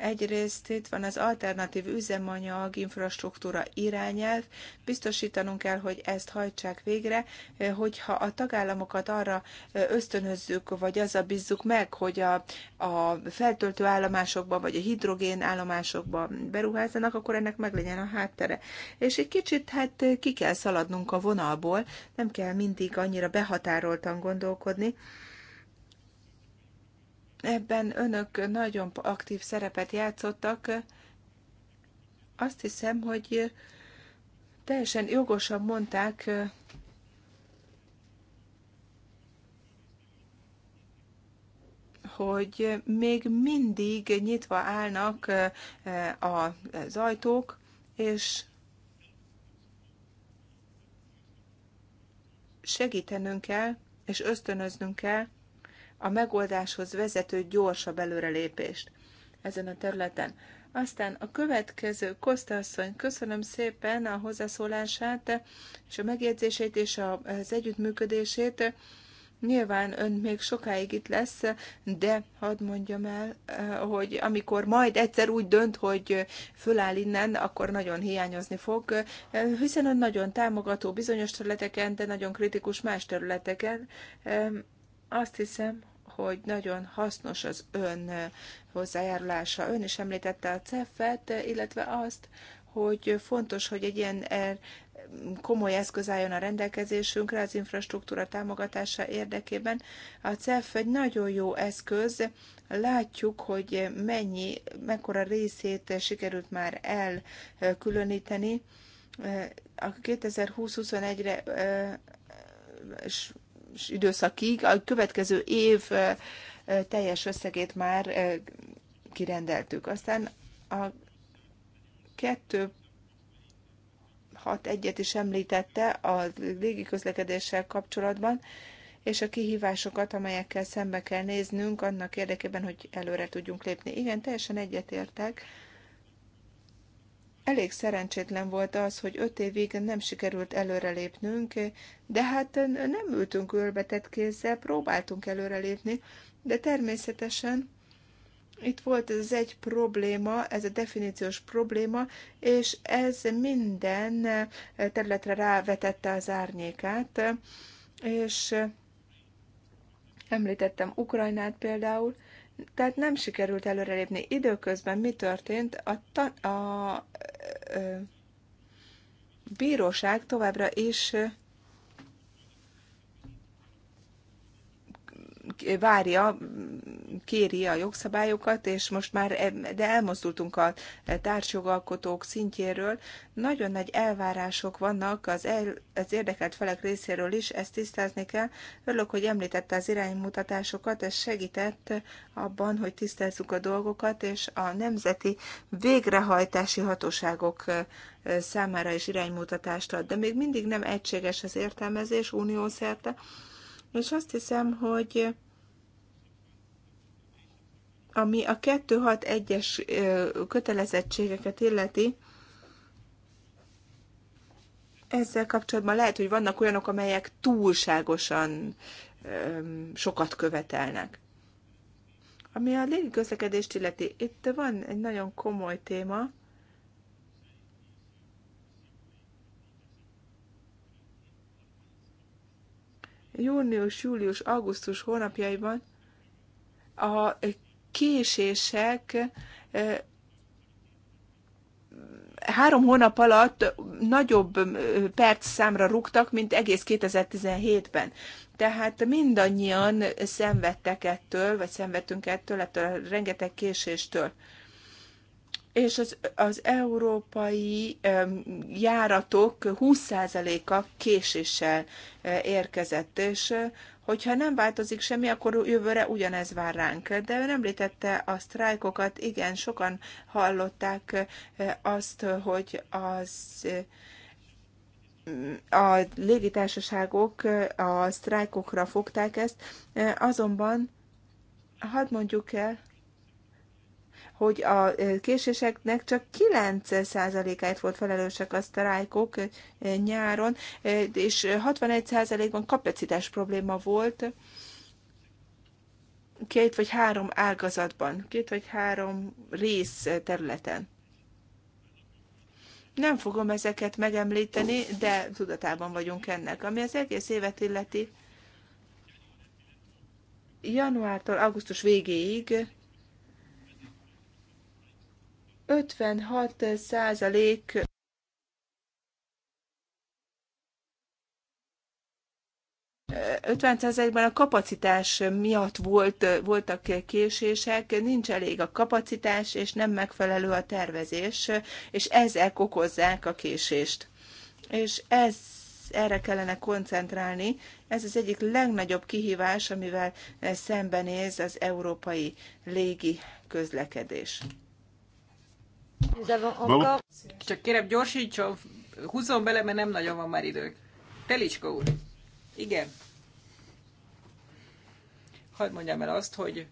Egyrészt itt van az alternatív üzemanyag infrastruktúra irányelv, biztosítanunk kell, hogy ezt hajtsák végre, eh, hogyha a tagállamokat arra eh, ösztönözzük, vagy azzal bízzuk meg, hogy a, a feltöltő állomásokba, vagy a hidrogén állomásokba beruházzanak, akkor ennek meg legyen a háttere. És egy kicsit hát eh, ki kell szaladnunk a vonalból, nem kell mindig annyira behatároltan gondolkodni, Ebben önök nagyon aktív szerepet játszottak. Azt hiszem, hogy teljesen jogosan mondták, hogy még mindig nyitva állnak eh, az ajtók, és segítenünk kell, és ösztönöznünk kell a megoldáshoz vezető gyorsabb előrelépést ezen a területen. Aztán a következő, Koszta asszony, köszönöm szépen a hozzászólását, és a megjegyzését, és az együttműködését. Nyilván ön még sokáig itt lesz, de hadd mondjam el, eh, hogy amikor majd egyszer úgy dönt, hogy föláll innen, akkor nagyon hiányozni fog, eh, hiszen ön nagyon támogató bizonyos területeken, de nagyon kritikus más területeken. Azt hiszem, hogy nagyon hasznos az ön eh, hozzájárulása. Ön is említette a CEF-et, eh, illetve azt, hogy fontos, hogy egy ilyen eh, komoly eszköz álljon a rendelkezésünkre az infrastruktúra támogatása érdekében. A CEF egy nagyon jó eszköz, látjuk, hogy mennyi, mekkora részét sikerült már elkülöníteni. A 2020-21-re időszakig, a következő év teljes összegét már kirendeltük. Aztán a kettő hat egyet is említette a közlekedéssel kapcsolatban, és a kihívásokat, amelyekkel szembe kell néznünk annak érdekében, hogy előre tudjunk lépni. Igen, teljesen egyetértek elég szerencsétlen volt az, hogy öt évig nem sikerült előrelépnünk, de hát nem ültünk ölbetett kézzel, próbáltunk előrelépni, de természetesen itt volt ez az egy probléma, ez a definíciós probléma, és ez minden területre rávetette az árnyékát, és említettem Ukrajnát például, tehát nem sikerült előrelépni. Időközben mi történt? A, ta, a ö, bíróság továbbra is várja, kéri a jogszabályokat, és most már e, de elmozdultunk a társjogalkotók szintjéről. Nagyon nagy elvárások vannak az, el, az érdekelt felek részéről is, ezt tisztázni kell. Örülök, hogy említette az iránymutatásokat, ez segített abban, hogy tisztázzuk a dolgokat, és a nemzeti végrehajtási hatóságok e, számára is iránymutatást ad. De még mindig nem egységes az értelmezés unió szerte, és azt hiszem, hogy ami a 261-es kötelezettségeket illeti, ezzel kapcsolatban lehet, hogy vannak olyanok, amelyek túlságosan sokat követelnek. Ami a légi közlekedést illeti, itt van egy nagyon komoly téma, június, július, augusztus hónapjaiban a késések három hónap alatt nagyobb perc számra rúgtak, mint egész 2017-ben. Tehát mindannyian szenvedtek ettől, vagy szenvedtünk ettől, ettől a rengeteg késéstől. És az, az európai um, járatok 20%-a késéssel érkezett, és hogyha nem változik semmi, akkor jövőre ugyanez vár ránk. De ő említette a sztrájkokat, igen, sokan hallották azt, hogy az a légitársaságok a sztrájkokra fogták ezt, azonban hadd mondjuk el, hogy a késéseknek csak 9%-át volt felelősek a sztrájkok nyáron, és 61%-ban kapacitás probléma volt két vagy három ágazatban, két vagy három rész területen. Nem fogom ezeket megemlíteni, de tudatában vagyunk ennek. Ami az egész évet illeti, januártól augusztus végéig 56 százalék ban a kapacitás miatt volt, voltak késések, nincs elég a kapacitás, és nem megfelelő a tervezés, és ezek okozzák a késést. És ez erre kellene koncentrálni. Ez az egyik legnagyobb kihívás, amivel szembenéz az európai légi közlekedés. Csak kérem, gyorsítson, húzzon bele, mert nem nagyon van már idők. Telicska úr. Igen. Hadd mondjam el azt, hogy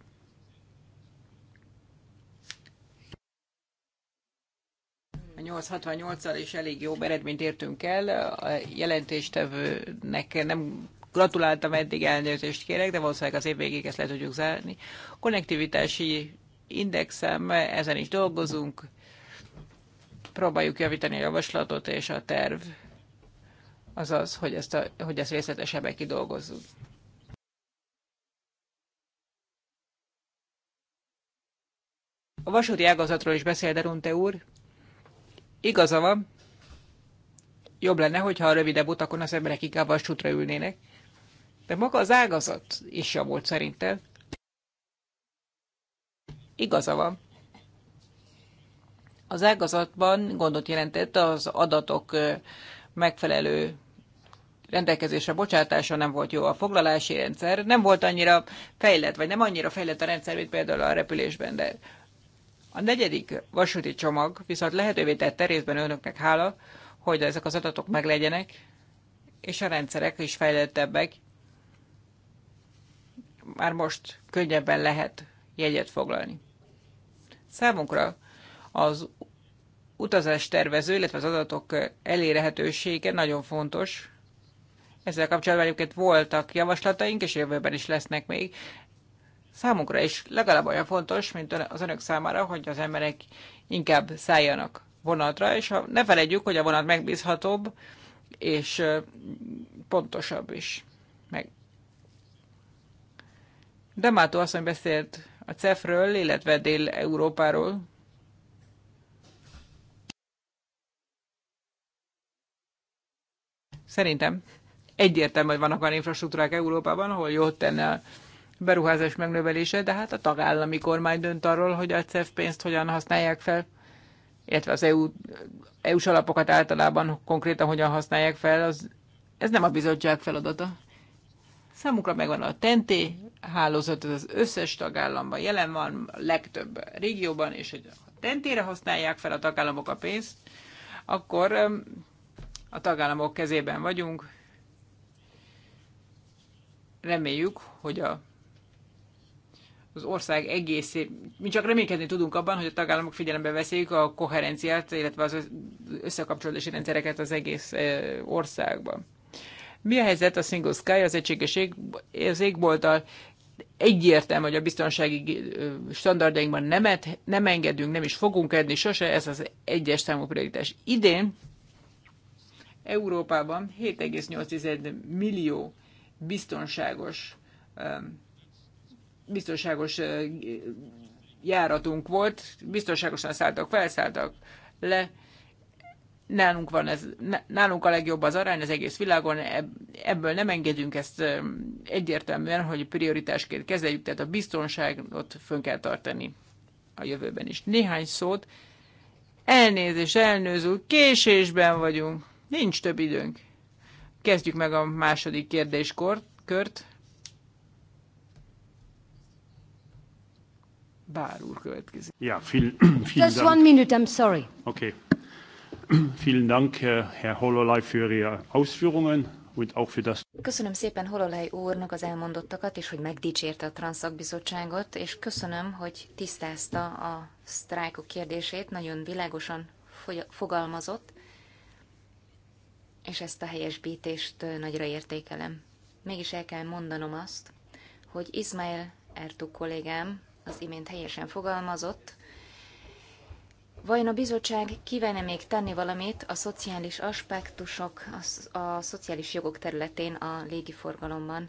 a 868-al is elég jó eredményt értünk el. A jelentéstevőnek nem gratuláltam eddig, elnézést kérek, de valószínűleg az év végéig ezt le tudjuk zárni. Konnektivitási indexem, ezen is dolgozunk, próbáljuk javítani a javaslatot, és a terv az az, hogy ezt, a, hogy ezt részletesebben kidolgozzuk. A vasúti ágazatról is beszél Derunte úr. Igaza van, jobb lenne, hogyha a rövidebb utakon az emberek inkább vasútra ülnének, de maga az ágazat is javult szerintem. Igaza van, az ágazatban gondot jelentett az adatok megfelelő rendelkezésre bocsátása nem volt jó a foglalási rendszer, nem volt annyira fejlett, vagy nem annyira fejlett a rendszer, mint például a repülésben, de a negyedik vasúti csomag viszont lehetővé tette részben önöknek hála, hogy ezek az adatok meglegyenek, és a rendszerek is fejlettebbek. Már most könnyebben lehet jegyet foglalni. Számunkra az utazás tervező, illetve az adatok elérhetősége nagyon fontos. Ezzel kapcsolatban egyébként voltak javaslataink, és jövőben is lesznek még. Számunkra is legalább olyan fontos, mint az önök számára, hogy az emberek inkább szálljanak vonatra, és ha ne felejtjük, hogy a vonat megbízhatóbb, és pontosabb is. Meg. Demátó asszony beszélt a CEF-ről, illetve Dél-Európáról, Szerintem egyértelmű, hogy vannak olyan infrastruktúrák Európában, ahol jót tenne a beruházás megnövelése, de hát a tagállami kormány dönt arról, hogy a CEF pénzt hogyan használják fel, illetve az EU, EU-s alapokat általában konkrétan hogyan használják fel, az, ez nem a bizottság feladata. Számukra megvan a TNT hálózat, ez az összes tagállamban jelen van, a legtöbb régióban, és hogy a tentére használják fel a tagállamok a pénzt, akkor a tagállamok kezében vagyunk. Reméljük, hogy a, az ország egészé, mi csak reménykedni tudunk abban, hogy a tagállamok figyelembe veszik a koherenciát, illetve az összekapcsolódási rendszereket az egész e, országban. Mi a helyzet a Single Sky, az egységes ég, az égbolttal? Egyértelmű, hogy a biztonsági e, standardjainkban nem, nem engedünk, nem is fogunk edni sose, ez az egyes számú prioritás. Idén Európában 7,8 millió biztonságos biztonságos járatunk volt, biztonságosan szálltak felszálltak le. Nálunk, van ez, nálunk a legjobb az arány az egész világon, ebből nem engedünk ezt egyértelműen, hogy prioritásként kezeljük, tehát a biztonságot fönn kell tartani a jövőben is. Néhány szót, elnézés, elnőző, késésben vagyunk. Nincs több időnk. Kezdjük meg a második kérdéskört. Bár úr következik. Ja, viel, vielen Just Dank. one minute, I'm sorry. Okay. vielen Dank, Herr Hololai, für Ihre Ausführungen. Und auch für das. Köszönöm szépen Hololai úrnak az elmondottakat, és hogy megdicsérte a Transzakbizottságot, és köszönöm, hogy tisztázta a sztrájkok kérdését, nagyon világosan fogalmazott és ezt a helyesbítést nagyra értékelem. Mégis el kell mondanom azt, hogy Izmael Ertu kollégám az imént helyesen fogalmazott, Vajon a bizottság kívánne még tenni valamit a szociális aspektusok, a, a szociális jogok területén a légiforgalomban?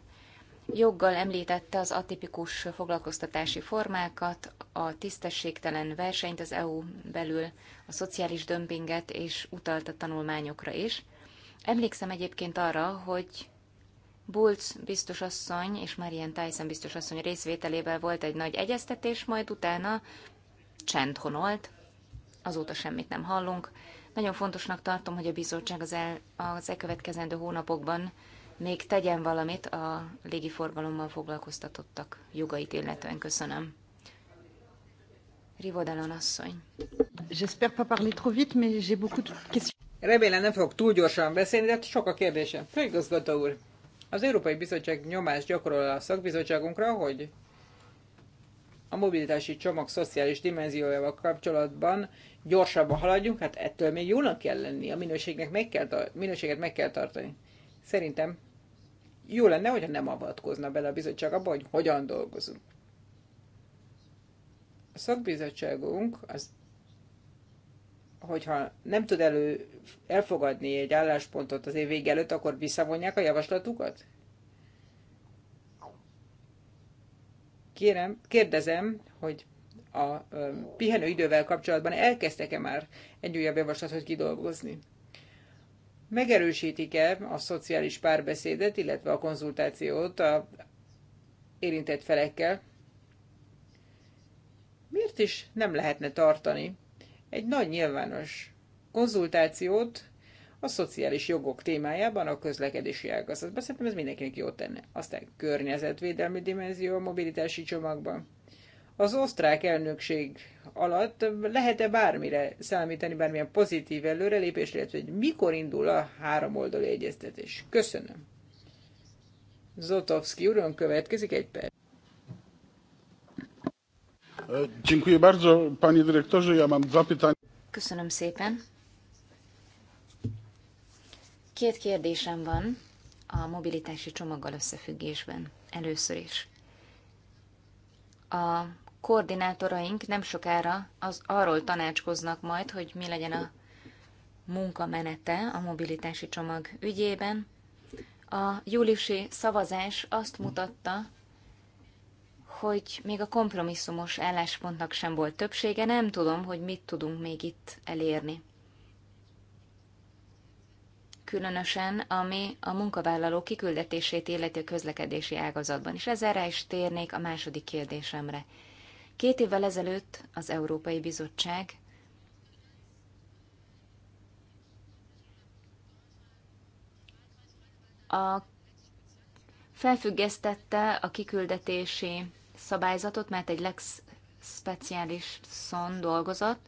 Joggal említette az atipikus foglalkoztatási formákat, a tisztességtelen versenyt az EU belül, a szociális dömpinget és utalt a tanulmányokra is. Emlékszem egyébként arra, hogy Bulc biztosasszony és Marian Tyson biztosasszony részvételével volt egy nagy egyeztetés, majd utána csend honolt, azóta semmit nem hallunk. Nagyon fontosnak tartom, hogy a bizottság az, el, az elkövetkezendő hónapokban még tegyen valamit a légiforgalommal foglalkoztatottak jogait illetően. Köszönöm. Rivodalon asszony. J'espère pas parler trop vite, mais j'ai beaucoup de questions. Remélem nem fogok túl gyorsan beszélni, de hát sok a kérdésem. Főigazgató úr, az Európai Bizottság nyomás gyakorol a szakbizottságunkra, hogy a mobilitási csomag szociális dimenziójával kapcsolatban gyorsabban haladjunk, hát ettől még jónak kell lenni, a minőségnek meg kell, minőséget meg kell tartani. Szerintem jó lenne, hogyha nem avatkozna bele a bizottság abba, hogy hogyan dolgozunk. A szakbizottságunk az hogyha nem tud elő elfogadni egy álláspontot az év vége előtt, akkor visszavonják a javaslatukat? Kérem, kérdezem, hogy a pihenőidővel kapcsolatban elkezdtek-e már egy újabb javaslatot kidolgozni? Megerősítik-e a szociális párbeszédet, illetve a konzultációt a érintett felekkel? Miért is nem lehetne tartani egy nagy nyilvános konzultációt a szociális jogok témájában a közlekedési ágazatban. Szerintem ez mindenkinek jót tenne. Aztán környezetvédelmi dimenzió a mobilitási csomagban. Az osztrák elnökség alatt lehet-e bármire számítani, bármilyen pozitív előrelépés illetve hogy mikor indul a három oldalú egyeztetés? Köszönöm. Zotovski úrön következik egy perc. Dziękuję bardzo, panie dyrektorze. Ja mam dwa pytania. Köszönöm szépen. Két kérdésem van a mobilitási csomaggal összefüggésben. Először is. A koordinátoraink nem sokára az arról tanácskoznak majd, hogy mi legyen a munkamenete a mobilitási csomag ügyében. A júliusi szavazás azt mutatta, hogy még a kompromisszumos álláspontnak sem volt többsége, nem tudom, hogy mit tudunk még itt elérni. Különösen, ami a munkavállaló kiküldetését illeti a közlekedési ágazatban, és ezzel rá is térnék a második kérdésemre. Két évvel ezelőtt az Európai Bizottság a felfüggesztette a kiküldetési szabályzatot, mert egy szon dolgozott.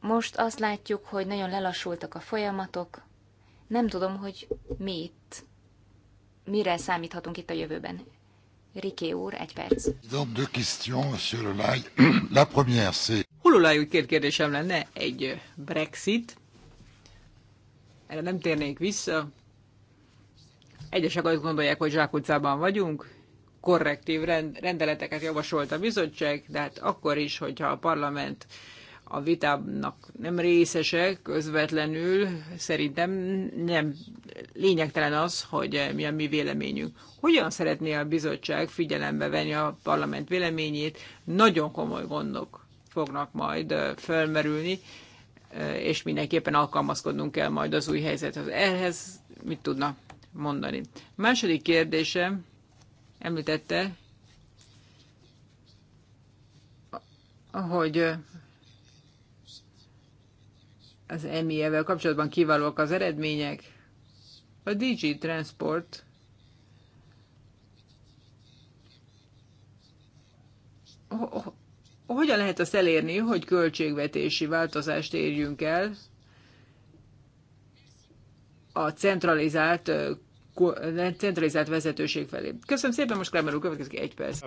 Most azt látjuk, hogy nagyon lelassultak a folyamatok. Nem tudom, hogy mit, mire számíthatunk itt a jövőben. Riké úr, egy perc. Hololáj, questions, úgy két kérdésem lenne. Egy Brexit. Erre nem térnék vissza. Egyesek azt gondolják, hogy zsákutcában vagyunk, korrektív rendeleteket javasolt a bizottság, de hát akkor is, hogyha a parlament a vitának nem részese közvetlenül, szerintem nem lényegtelen az, hogy mi a mi véleményünk. Hogyan szeretné a bizottság figyelembe venni a parlament véleményét? Nagyon komoly gondok fognak majd fölmerülni, és mindenképpen alkalmazkodnunk kell majd az új helyzethez. Ehhez mit tudna mondani? második kérdésem említette, hogy az EMI-vel kapcsolatban kiválóak az eredmények. A DG Transport hogyan lehet azt elérni, hogy költségvetési változást érjünk el a centralizált centralizált vezetőség felé. Köszönöm szépen, most Kramer úr, következik egy perc.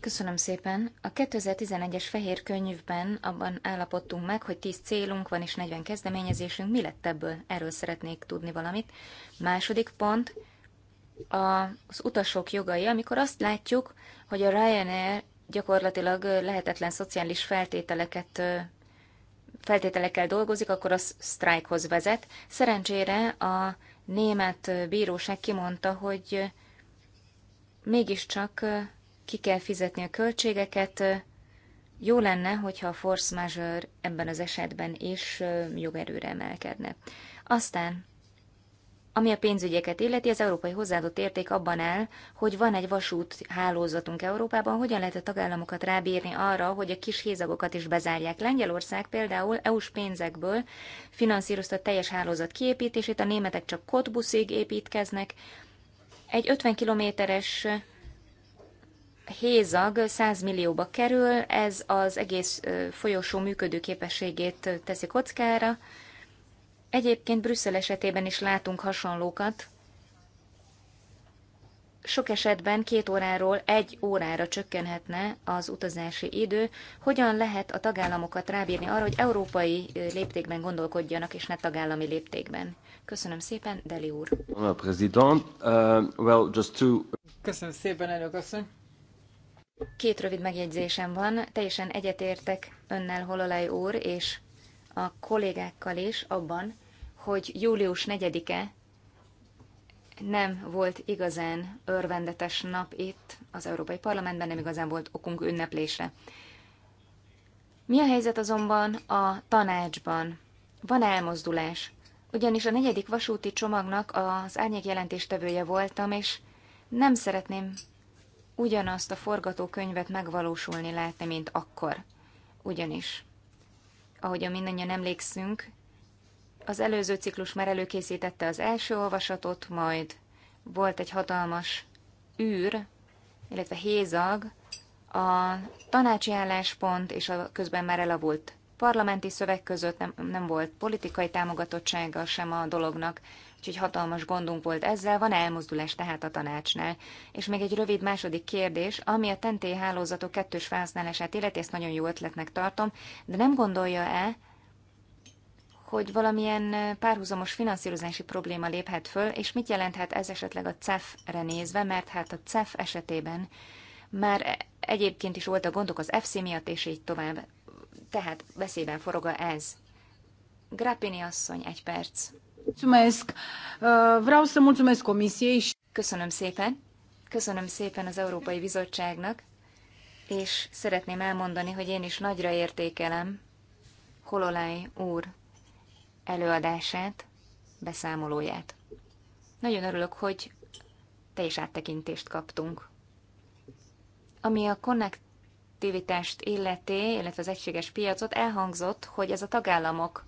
Köszönöm szépen. A 2011-es fehér könyvben abban állapodtunk meg, hogy 10 célunk van és 40 kezdeményezésünk. Mi lett ebből? Erről szeretnék tudni valamit. Második pont, az utasok jogai, amikor azt látjuk, hogy a Ryanair gyakorlatilag lehetetlen szociális feltételeket feltételekkel dolgozik, akkor az sztrájkhoz vezet. Szerencsére a német bíróság kimondta, hogy mégiscsak ki kell fizetni a költségeket, jó lenne, hogyha a force majeure ebben az esetben is jogerőre emelkedne. Aztán ami a pénzügyeket illeti, az európai hozzáadott érték abban áll, hogy van egy vasút hálózatunk Európában, hogyan lehet a tagállamokat rábírni arra, hogy a kis hézagokat is bezárják. Lengyelország például EU-s pénzekből finanszírozta a teljes hálózat kiépítését, a németek csak kotbuszig építkeznek. Egy 50 kilométeres hézag 100 millióba kerül, ez az egész folyosó működőképességét teszi kockára, Egyébként Brüsszel esetében is látunk hasonlókat. Sok esetben két óráról egy órára csökkenhetne az utazási idő. Hogyan lehet a tagállamokat rábírni arra, hogy európai léptékben gondolkodjanak, és ne tagállami léptékben? Köszönöm szépen, Deli úr. Euh, Köszönöm szépen, elnök asszony. Két rövid megjegyzésem van. Teljesen egyetértek önnel, Hololaj úr, és a kollégákkal is abban, hogy július 4-e nem volt igazán örvendetes nap itt az Európai Parlamentben, nem igazán volt okunk ünneplésre. Mi a helyzet azonban a tanácsban? Van elmozdulás, ugyanis a negyedik vasúti csomagnak az árnyék jelentéstevője voltam, és nem szeretném ugyanazt a forgatókönyvet megvalósulni látni, mint akkor. Ugyanis ahogyan mindannyian emlékszünk, az előző ciklus már előkészítette az első olvasatot, majd volt egy hatalmas űr, illetve hézag, a tanácsi álláspont és a közben már elavult parlamenti szöveg között nem, nem volt politikai támogatottsága sem a dolognak úgyhogy hatalmas gondunk volt ezzel, van elmozdulás tehát a tanácsnál. És még egy rövid második kérdés, ami a TNT hálózatok kettős felhasználását illeti, ezt nagyon jó ötletnek tartom, de nem gondolja-e, hogy valamilyen párhuzamos finanszírozási probléma léphet föl, és mit jelenthet ez esetleg a CEF-re nézve, mert hát a CEF esetében már egyébként is voltak gondok az FC miatt, és így tovább. Tehát veszélyben forog ez. Grappini asszony, egy perc. Mulțumesc! Uh, vreau să mulțumesc comisiei și... Köszönöm szépen! Köszönöm szépen az Európai Bizottságnak, és szeretném elmondani, hogy én is nagyra értékelem Hololaj úr előadását, beszámolóját. Nagyon örülök, hogy teljes áttekintést kaptunk. Ami a konnektivitást illeti, illetve az egységes piacot, elhangzott, hogy ez a tagállamok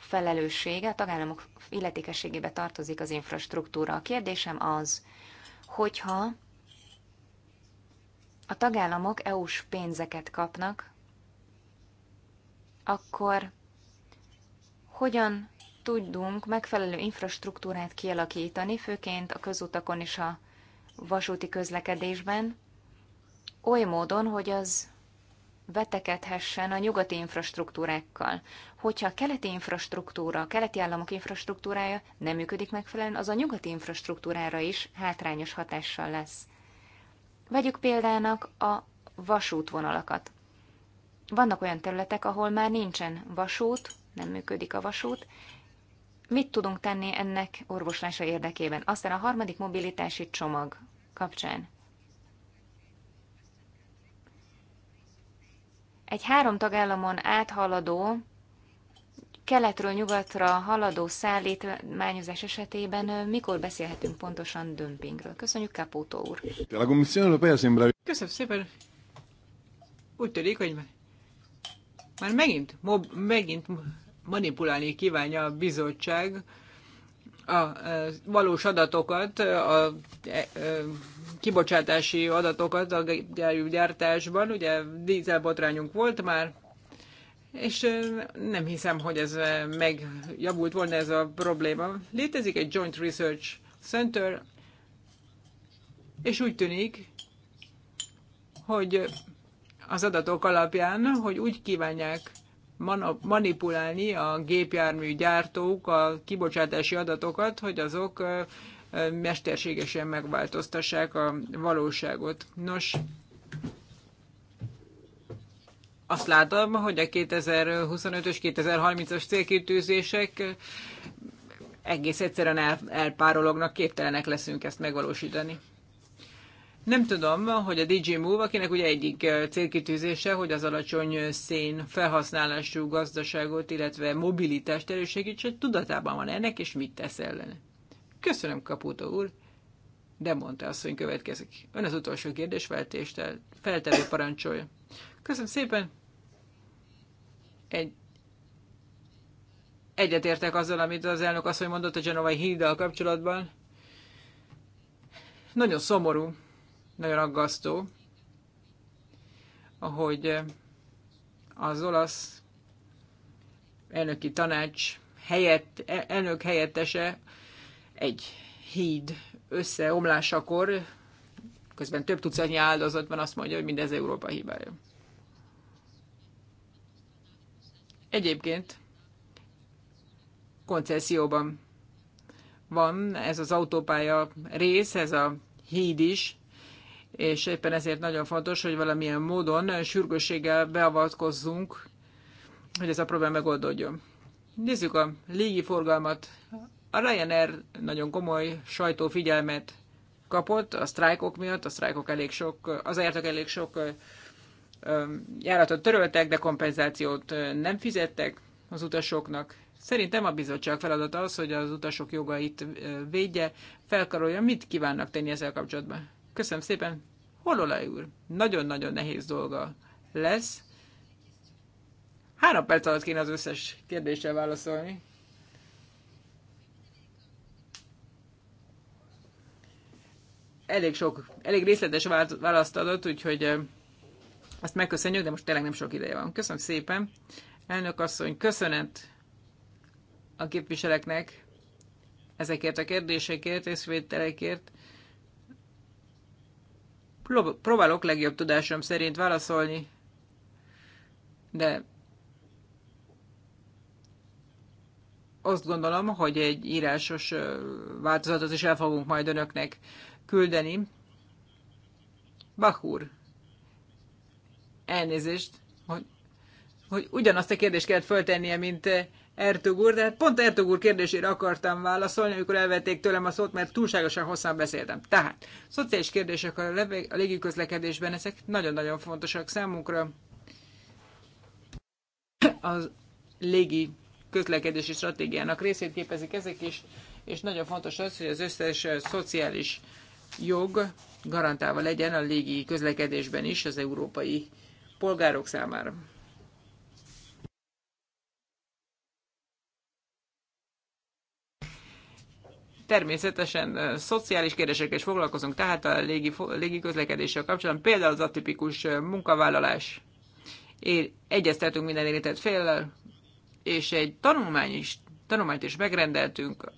felelőssége, a tagállamok illetékességébe tartozik az infrastruktúra. A kérdésem az, hogyha a tagállamok EU-s pénzeket kapnak, akkor hogyan tudunk megfelelő infrastruktúrát kialakítani, főként a közutakon és a vasúti közlekedésben, oly módon, hogy az vetekedhessen a nyugati infrastruktúrákkal. Hogyha a keleti infrastruktúra, a keleti államok infrastruktúrája nem működik megfelelően, az a nyugati infrastruktúrára is hátrányos hatással lesz. Vegyük példának a vasútvonalakat. Vannak olyan területek, ahol már nincsen vasút, nem működik a vasút. Mit tudunk tenni ennek orvoslása érdekében? Aztán a harmadik mobilitási csomag kapcsán Egy három tagállamon áthaladó, keletről nyugatra haladó szállítmányozás esetében mikor beszélhetünk pontosan dömpingről? Köszönjük, Caputo úr! Köszönöm szépen! Úgy tűnik, hogy már megint, mob, megint manipulálni kívánja a bizottság a valós adatokat, a e, e, kibocsátási adatokat a gyártásban, ugye dízelbotrányunk volt már, és nem hiszem, hogy ez megjavult volna ez a probléma. Létezik egy Joint Research Center, és úgy tűnik, hogy az adatok alapján, hogy úgy kívánják manipulálni a gépjármű gyártók a kibocsátási adatokat, hogy azok mesterségesen megváltoztassák a valóságot. Nos, azt látom, hogy a 2025-ös, 2030-as célkitűzések egész egyszerűen elpárolognak, képtelenek leszünk ezt megvalósítani. Nem tudom, hogy a DJ Move, akinek ugye egyik eh, célkitűzése, hogy az alacsony szén felhasználású gazdaságot, illetve mobilitást erősegítse, tudatában van ennek, és mit tesz ellene. Köszönöm, Kaputa úr. De mondta hogy következik. Ön az utolsó kérdés feltevő parancsolja. Köszönöm szépen. Egy egyetértek azzal, amit az elnök asszony mondott a Genovai híddal kapcsolatban. Nagyon szomorú, nagyon aggasztó, ahogy az olasz elnöki tanács helyett, e, elnök helyettese egy híd összeomlásakor, közben több tucatnyi áldozat van, azt mondja, hogy mindez Európa hibája. Egyébként koncesszióban van ez az autópálya rész, ez a híd is, és éppen ezért nagyon fontos, hogy valamilyen módon sürgősséggel beavatkozzunk, hogy ez a probléma megoldódjon. Nézzük a légi forgalmat. A Ryanair nagyon komoly sajtófigyelmet kapott a sztrájkok miatt, a sztrájkok elég sok, az ajátok elég sok járatot töröltek, de kompenzációt nem fizettek az utasoknak. Szerintem a bizottság feladata az, hogy az utasok jogait védje, felkarolja, mit kívánnak tenni ezzel kapcsolatban. Köszönöm szépen. Hololaj úr, nagyon-nagyon nehéz dolga lesz. Három perc alatt kéne az összes kérdéssel válaszolni. Elég sok, elég részletes választ adott, úgyhogy azt megköszönjük, de most tényleg nem sok ideje van. Köszönöm szépen. Elnök asszony, köszönet a képviseleknek ezekért a kérdésekért, észvételekért. Próbálok legjobb tudásom szerint válaszolni, de azt gondolom, hogy egy írásos változatot is el fogunk majd önöknek küldeni. Bach elnézést, hogy, hogy ugyanazt a kérdést kellett föltennie, mint Ertug úr, de hát pont Ertug úr kérdésére akartam válaszolni, amikor elvették tőlem a szót, mert túlságosan hosszan beszéltem. Tehát, szociális kérdések a, a légiközlekedésben, ezek nagyon-nagyon fontosak számunkra. A légi közlekedési stratégiának részét képezik ezek is, és nagyon fontos az, hogy az összes szociális jog garantálva legyen a légi közlekedésben is az európai polgárok számára. Természetesen szociális kérdésekkel is foglalkozunk, tehát a légi, légi közlekedéssel kapcsolatban például az atipikus munkavállalás. Én egyeztetünk minden érintett féllel, és egy tanulmány is, tanulmányt is megrendeltünk,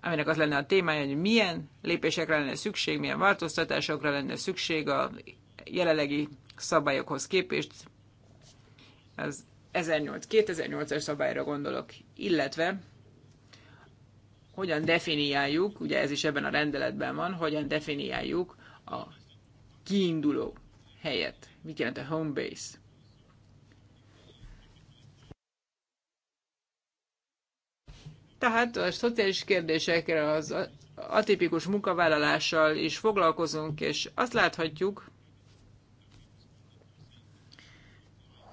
aminek az lenne a témája, hogy milyen lépésekre lenne szükség, milyen változtatásokra lenne szükség a jelenlegi szabályokhoz képest. Az 2008 as szabályra gondolok, illetve hogyan definiáljuk, ugye ez is ebben a rendeletben van, hogyan definiáljuk a kiinduló helyet. Mit jelent a home base? Tehát a szociális kérdésekre az atipikus munkavállalással is foglalkozunk, és azt láthatjuk,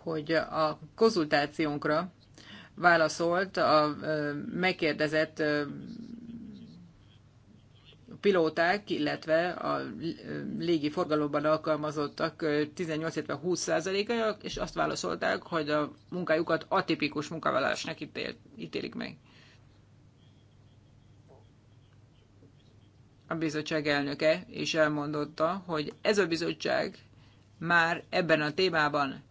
hogy a konzultációnkra válaszolt a megkérdezett pilóták, illetve a légi forgalomban alkalmazottak 18-20%-a, és azt válaszolták, hogy a munkájukat atipikus munkavállalásnak ítél, ítélik meg. A bizottság elnöke is elmondotta, hogy ez a bizottság már ebben a témában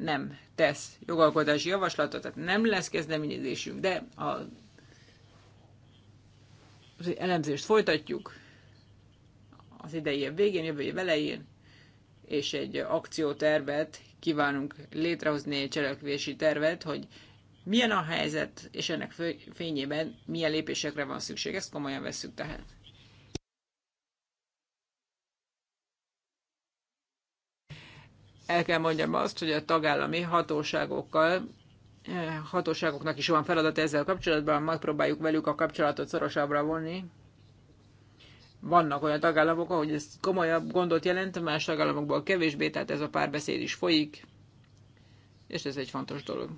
nem tesz jogalkotási javaslatot, tehát nem lesz kezdeményezésünk, de a, az elemzést folytatjuk az idei év végén, jövő év elején, és egy akciótervet kívánunk létrehozni, egy cselekvési tervet, hogy milyen a helyzet, és ennek fényében milyen lépésekre van szükség. Ezt komolyan veszük tehát. El kell mondjam azt, hogy a tagállami hatóságokkal eh, hatóságoknak is van feladat ezzel kapcsolatban, megpróbáljuk velük a kapcsolatot szorosabbra vonni. Vannak olyan tagállamok, ahogy ez komolyabb gondot jelent, más tagállamokból kevésbé, tehát ez a párbeszéd is folyik, és ez egy fontos dolog.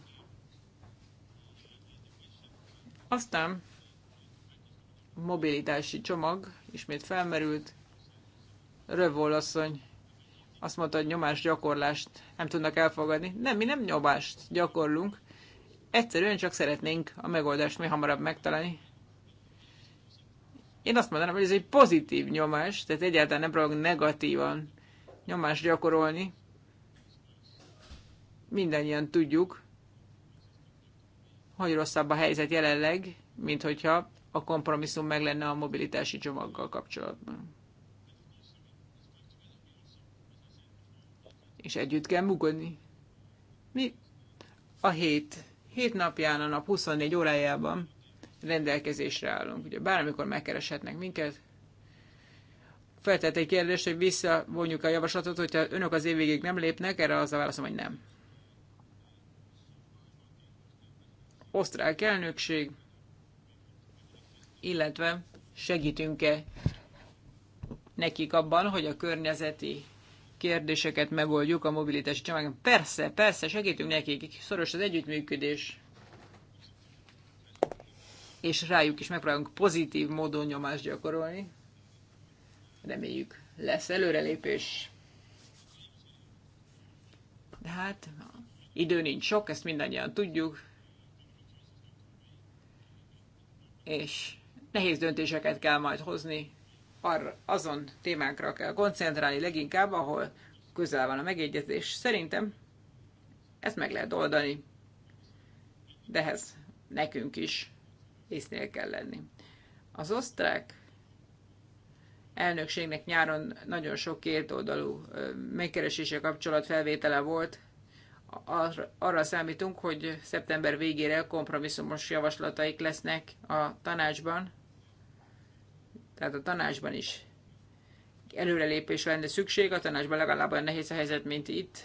Aztán mobilitási csomag ismét felmerült. Rövol asszony azt mondta, hogy gyakorlást nem tudnak elfogadni. Nem, mi nem nyomást gyakorlunk, egyszerűen csak szeretnénk a megoldást mi hamarabb megtalálni. Én azt mondanám, hogy ez egy pozitív nyomás, tehát egyáltalán nem próbálunk negatívan nyomást gyakorolni. Mindennyian tudjuk, hogy rosszabb a helyzet jelenleg, mint hogyha a kompromisszum meg lenne a mobilitási csomaggal kapcsolatban. és együtt kell mugodni. Mi a hét, hét napján, a nap 24 órájában rendelkezésre állunk. Ugye bármikor megkereshetnek minket, feltett egy kérdést, hogy visszavonjuk a javaslatot, hogyha önök az év végig nem lépnek, erre az a válaszom, hogy nem. Osztrák elnökség, illetve segítünk-e nekik abban, hogy a környezeti kérdéseket megoldjuk a mobilitási csomagon. Persze, persze, segítünk nekik, szoros az együttműködés, és rájuk is megpróbálunk pozitív módon nyomást gyakorolni. Reméljük, lesz előrelépés. De hát idő nincs sok, ezt mindannyian tudjuk. És nehéz döntéseket kell majd hozni arra, azon témákra kell koncentrálni leginkább, ahol közel van a megegyezés. Szerintem ezt meg lehet oldani, de ehhez nekünk is észnél kell lenni. Az osztrák elnökségnek nyáron nagyon sok kétoldalú megkeresése kapcsolat felvétele volt. Arra számítunk, hogy szeptember végére kompromisszumos javaslataik lesznek a tanácsban, tehát a tanácsban is előrelépésre lenne szükség, a tanácsban legalább olyan nehéz a helyzet, mint itt.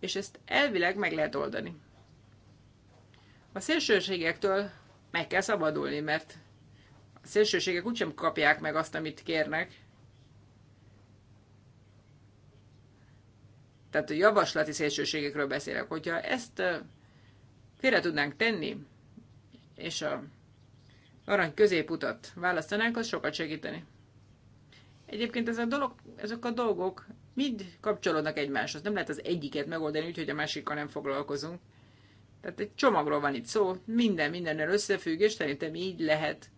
És ezt elvileg meg lehet oldani. A szélsőségektől meg kell szabadulni, mert a szélsőségek úgysem kapják meg azt, amit kérnek. Tehát a javaslati szélsőségekről beszélek. Hogyha ezt félre tudnánk tenni, és a arany középutat választanánk, az sokat segíteni. Egyébként ez a dolog, ezek a dolgok mind kapcsolódnak egymáshoz. Nem lehet az egyiket megoldani, úgyhogy a másikkal nem foglalkozunk. Tehát egy csomagról van itt szó, minden mindennel összefügg, és szerintem így lehet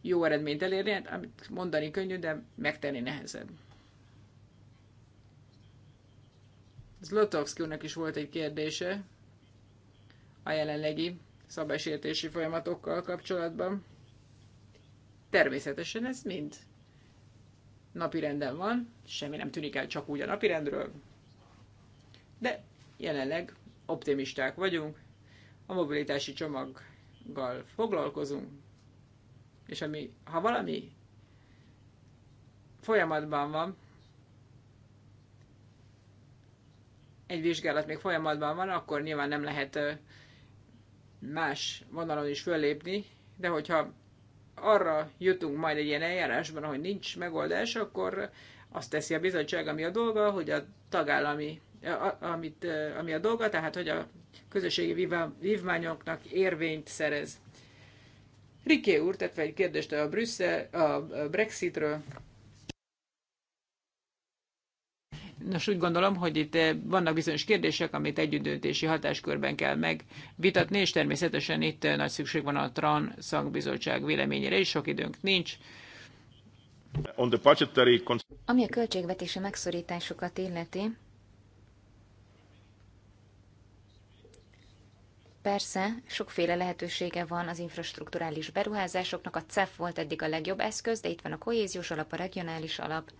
jó eredményt elérni, hát, amit mondani könnyű, de megtenni nehezebb. Zlotowski úrnak is volt egy kérdése a jelenlegi szabálysértési folyamatokkal kapcsolatban. Természetesen ez mind napirenden van, semmi nem tűnik el csak úgy a napirendről, de jelenleg optimisták vagyunk, a mobilitási csomaggal foglalkozunk, és ami, ha valami folyamatban van, egy vizsgálat még folyamatban van, akkor nyilván nem lehet más vonalon is föllépni, de hogyha arra jutunk majd egy ilyen eljárásban, hogy nincs megoldás, akkor azt teszi a bizottság, ami a dolga, hogy a tagállami, a, amit, ami a dolga, tehát hogy a közösségi vívmányoknak érvényt szerez. Riké úr tett fel egy kérdést a, Brüsszel, a Brexitről. Nos, úgy gondolom, hogy itt eh, vannak bizonyos kérdések, amit együttdöntési hatáskörben kell megvitatni, és természetesen itt eh, nagy szükség van a TRAN szakbizottság véleményére is, sok időnk nincs. On the budgetary... Ami a költségvetési megszorításokat illeti, Persze, sokféle lehetősége van az infrastruktúrális beruházásoknak. A CEF volt eddig a legjobb eszköz, de itt van a kohéziós alap, a regionális alap,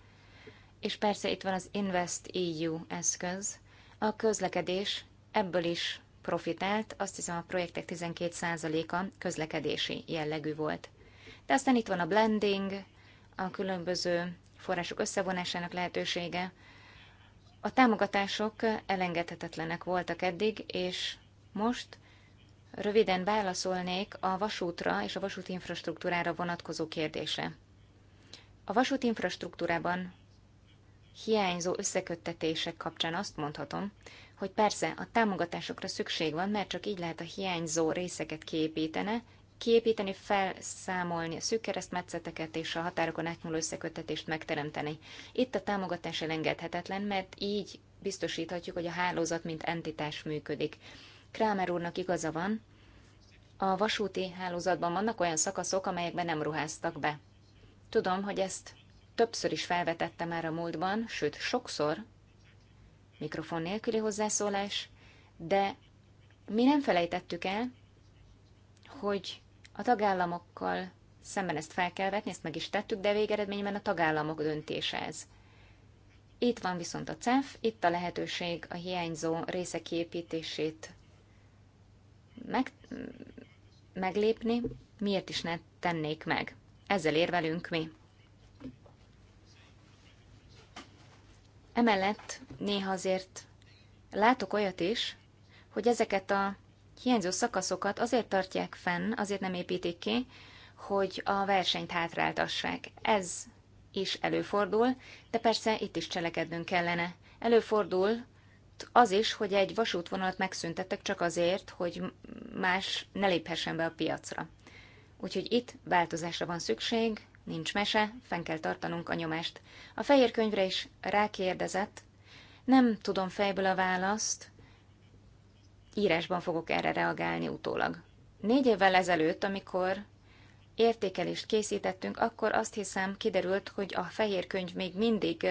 és persze itt van az Invest EU eszköz. A közlekedés ebből is profitált, azt hiszem a projektek 12%-a közlekedési jellegű volt. De aztán itt van a blending, a különböző források összevonásának lehetősége. A támogatások elengedhetetlenek voltak eddig, és most röviden válaszolnék a vasútra és a vasúti infrastruktúrára vonatkozó kérdésre. A vasúti infrastruktúrában hiányzó összeköttetések kapcsán azt mondhatom, hogy persze a támogatásokra szükség van, mert csak így lehet a hiányzó részeket kiépítene, kiépíteni, felszámolni a szűk keresztmetszeteket és a határokon átnyúló összeköttetést megteremteni. Itt a támogatás elengedhetetlen, mert így biztosíthatjuk, hogy a hálózat mint entitás működik. Krámer úrnak igaza van, a vasúti hálózatban vannak olyan szakaszok, amelyekben nem ruháztak be. Tudom, hogy ezt többször is felvetette már a múltban, sőt sokszor, mikrofon nélküli hozzászólás, de mi nem felejtettük el, hogy a tagállamokkal szemben ezt fel kell vetni, ezt meg is tettük, de végeredményben a tagállamok döntése ez. Itt van viszont a CEF, itt a lehetőség a hiányzó részek kiépítését meg, meglépni, miért is ne tennék meg. Ezzel érvelünk mi. Emellett néha azért látok olyat is, hogy ezeket a hiányzó szakaszokat azért tartják fenn, azért nem építik ki, hogy a versenyt hátráltassák. Ez is előfordul, de persze itt is cselekednünk kellene. Előfordul az is, hogy egy vasútvonalat megszüntettek csak azért, hogy más ne léphessen be a piacra. Úgyhogy itt változásra van szükség, nincs mese, fenn kell tartanunk a nyomást. A fehér könyvre is rákérdezett, nem tudom fejből a választ, írásban fogok erre reagálni utólag. Négy évvel ezelőtt, amikor értékelést készítettünk, akkor azt hiszem kiderült, hogy a fehér könyv még mindig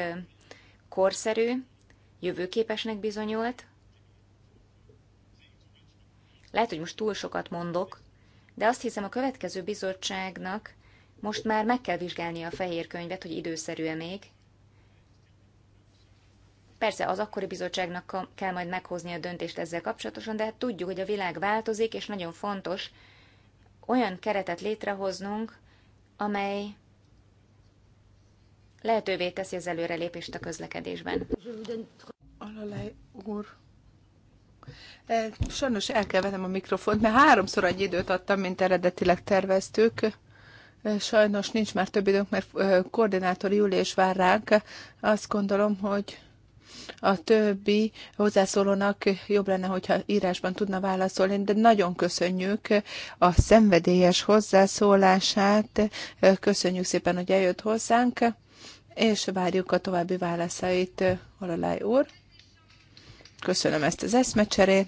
korszerű, jövőképesnek bizonyult. Lehet, hogy most túl sokat mondok, de azt hiszem a következő bizottságnak most már meg kell vizsgálni a fehér könyvet, hogy időszerű-e még. Persze az akkori bizottságnak kell majd meghozni a döntést ezzel kapcsolatosan, de hát tudjuk, hogy a világ változik, és nagyon fontos olyan keretet létrehoznunk, amely lehetővé teszi az előrelépést a közlekedésben. Alalej úr, e, sajnos el kell vennem a mikrofont, mert háromszor annyi időt adtam, mint eredetileg terveztük. Sajnos nincs már több időnk, mert koordinátori ülés vár ránk. Azt gondolom, hogy a többi hozzászólónak jobb lenne, hogyha írásban tudna válaszolni, de nagyon köszönjük a szenvedélyes hozzászólását, köszönjük szépen, hogy eljött hozzánk, és várjuk a további válaszait, Olaláj úr. Köszönöm ezt az eszmecserét.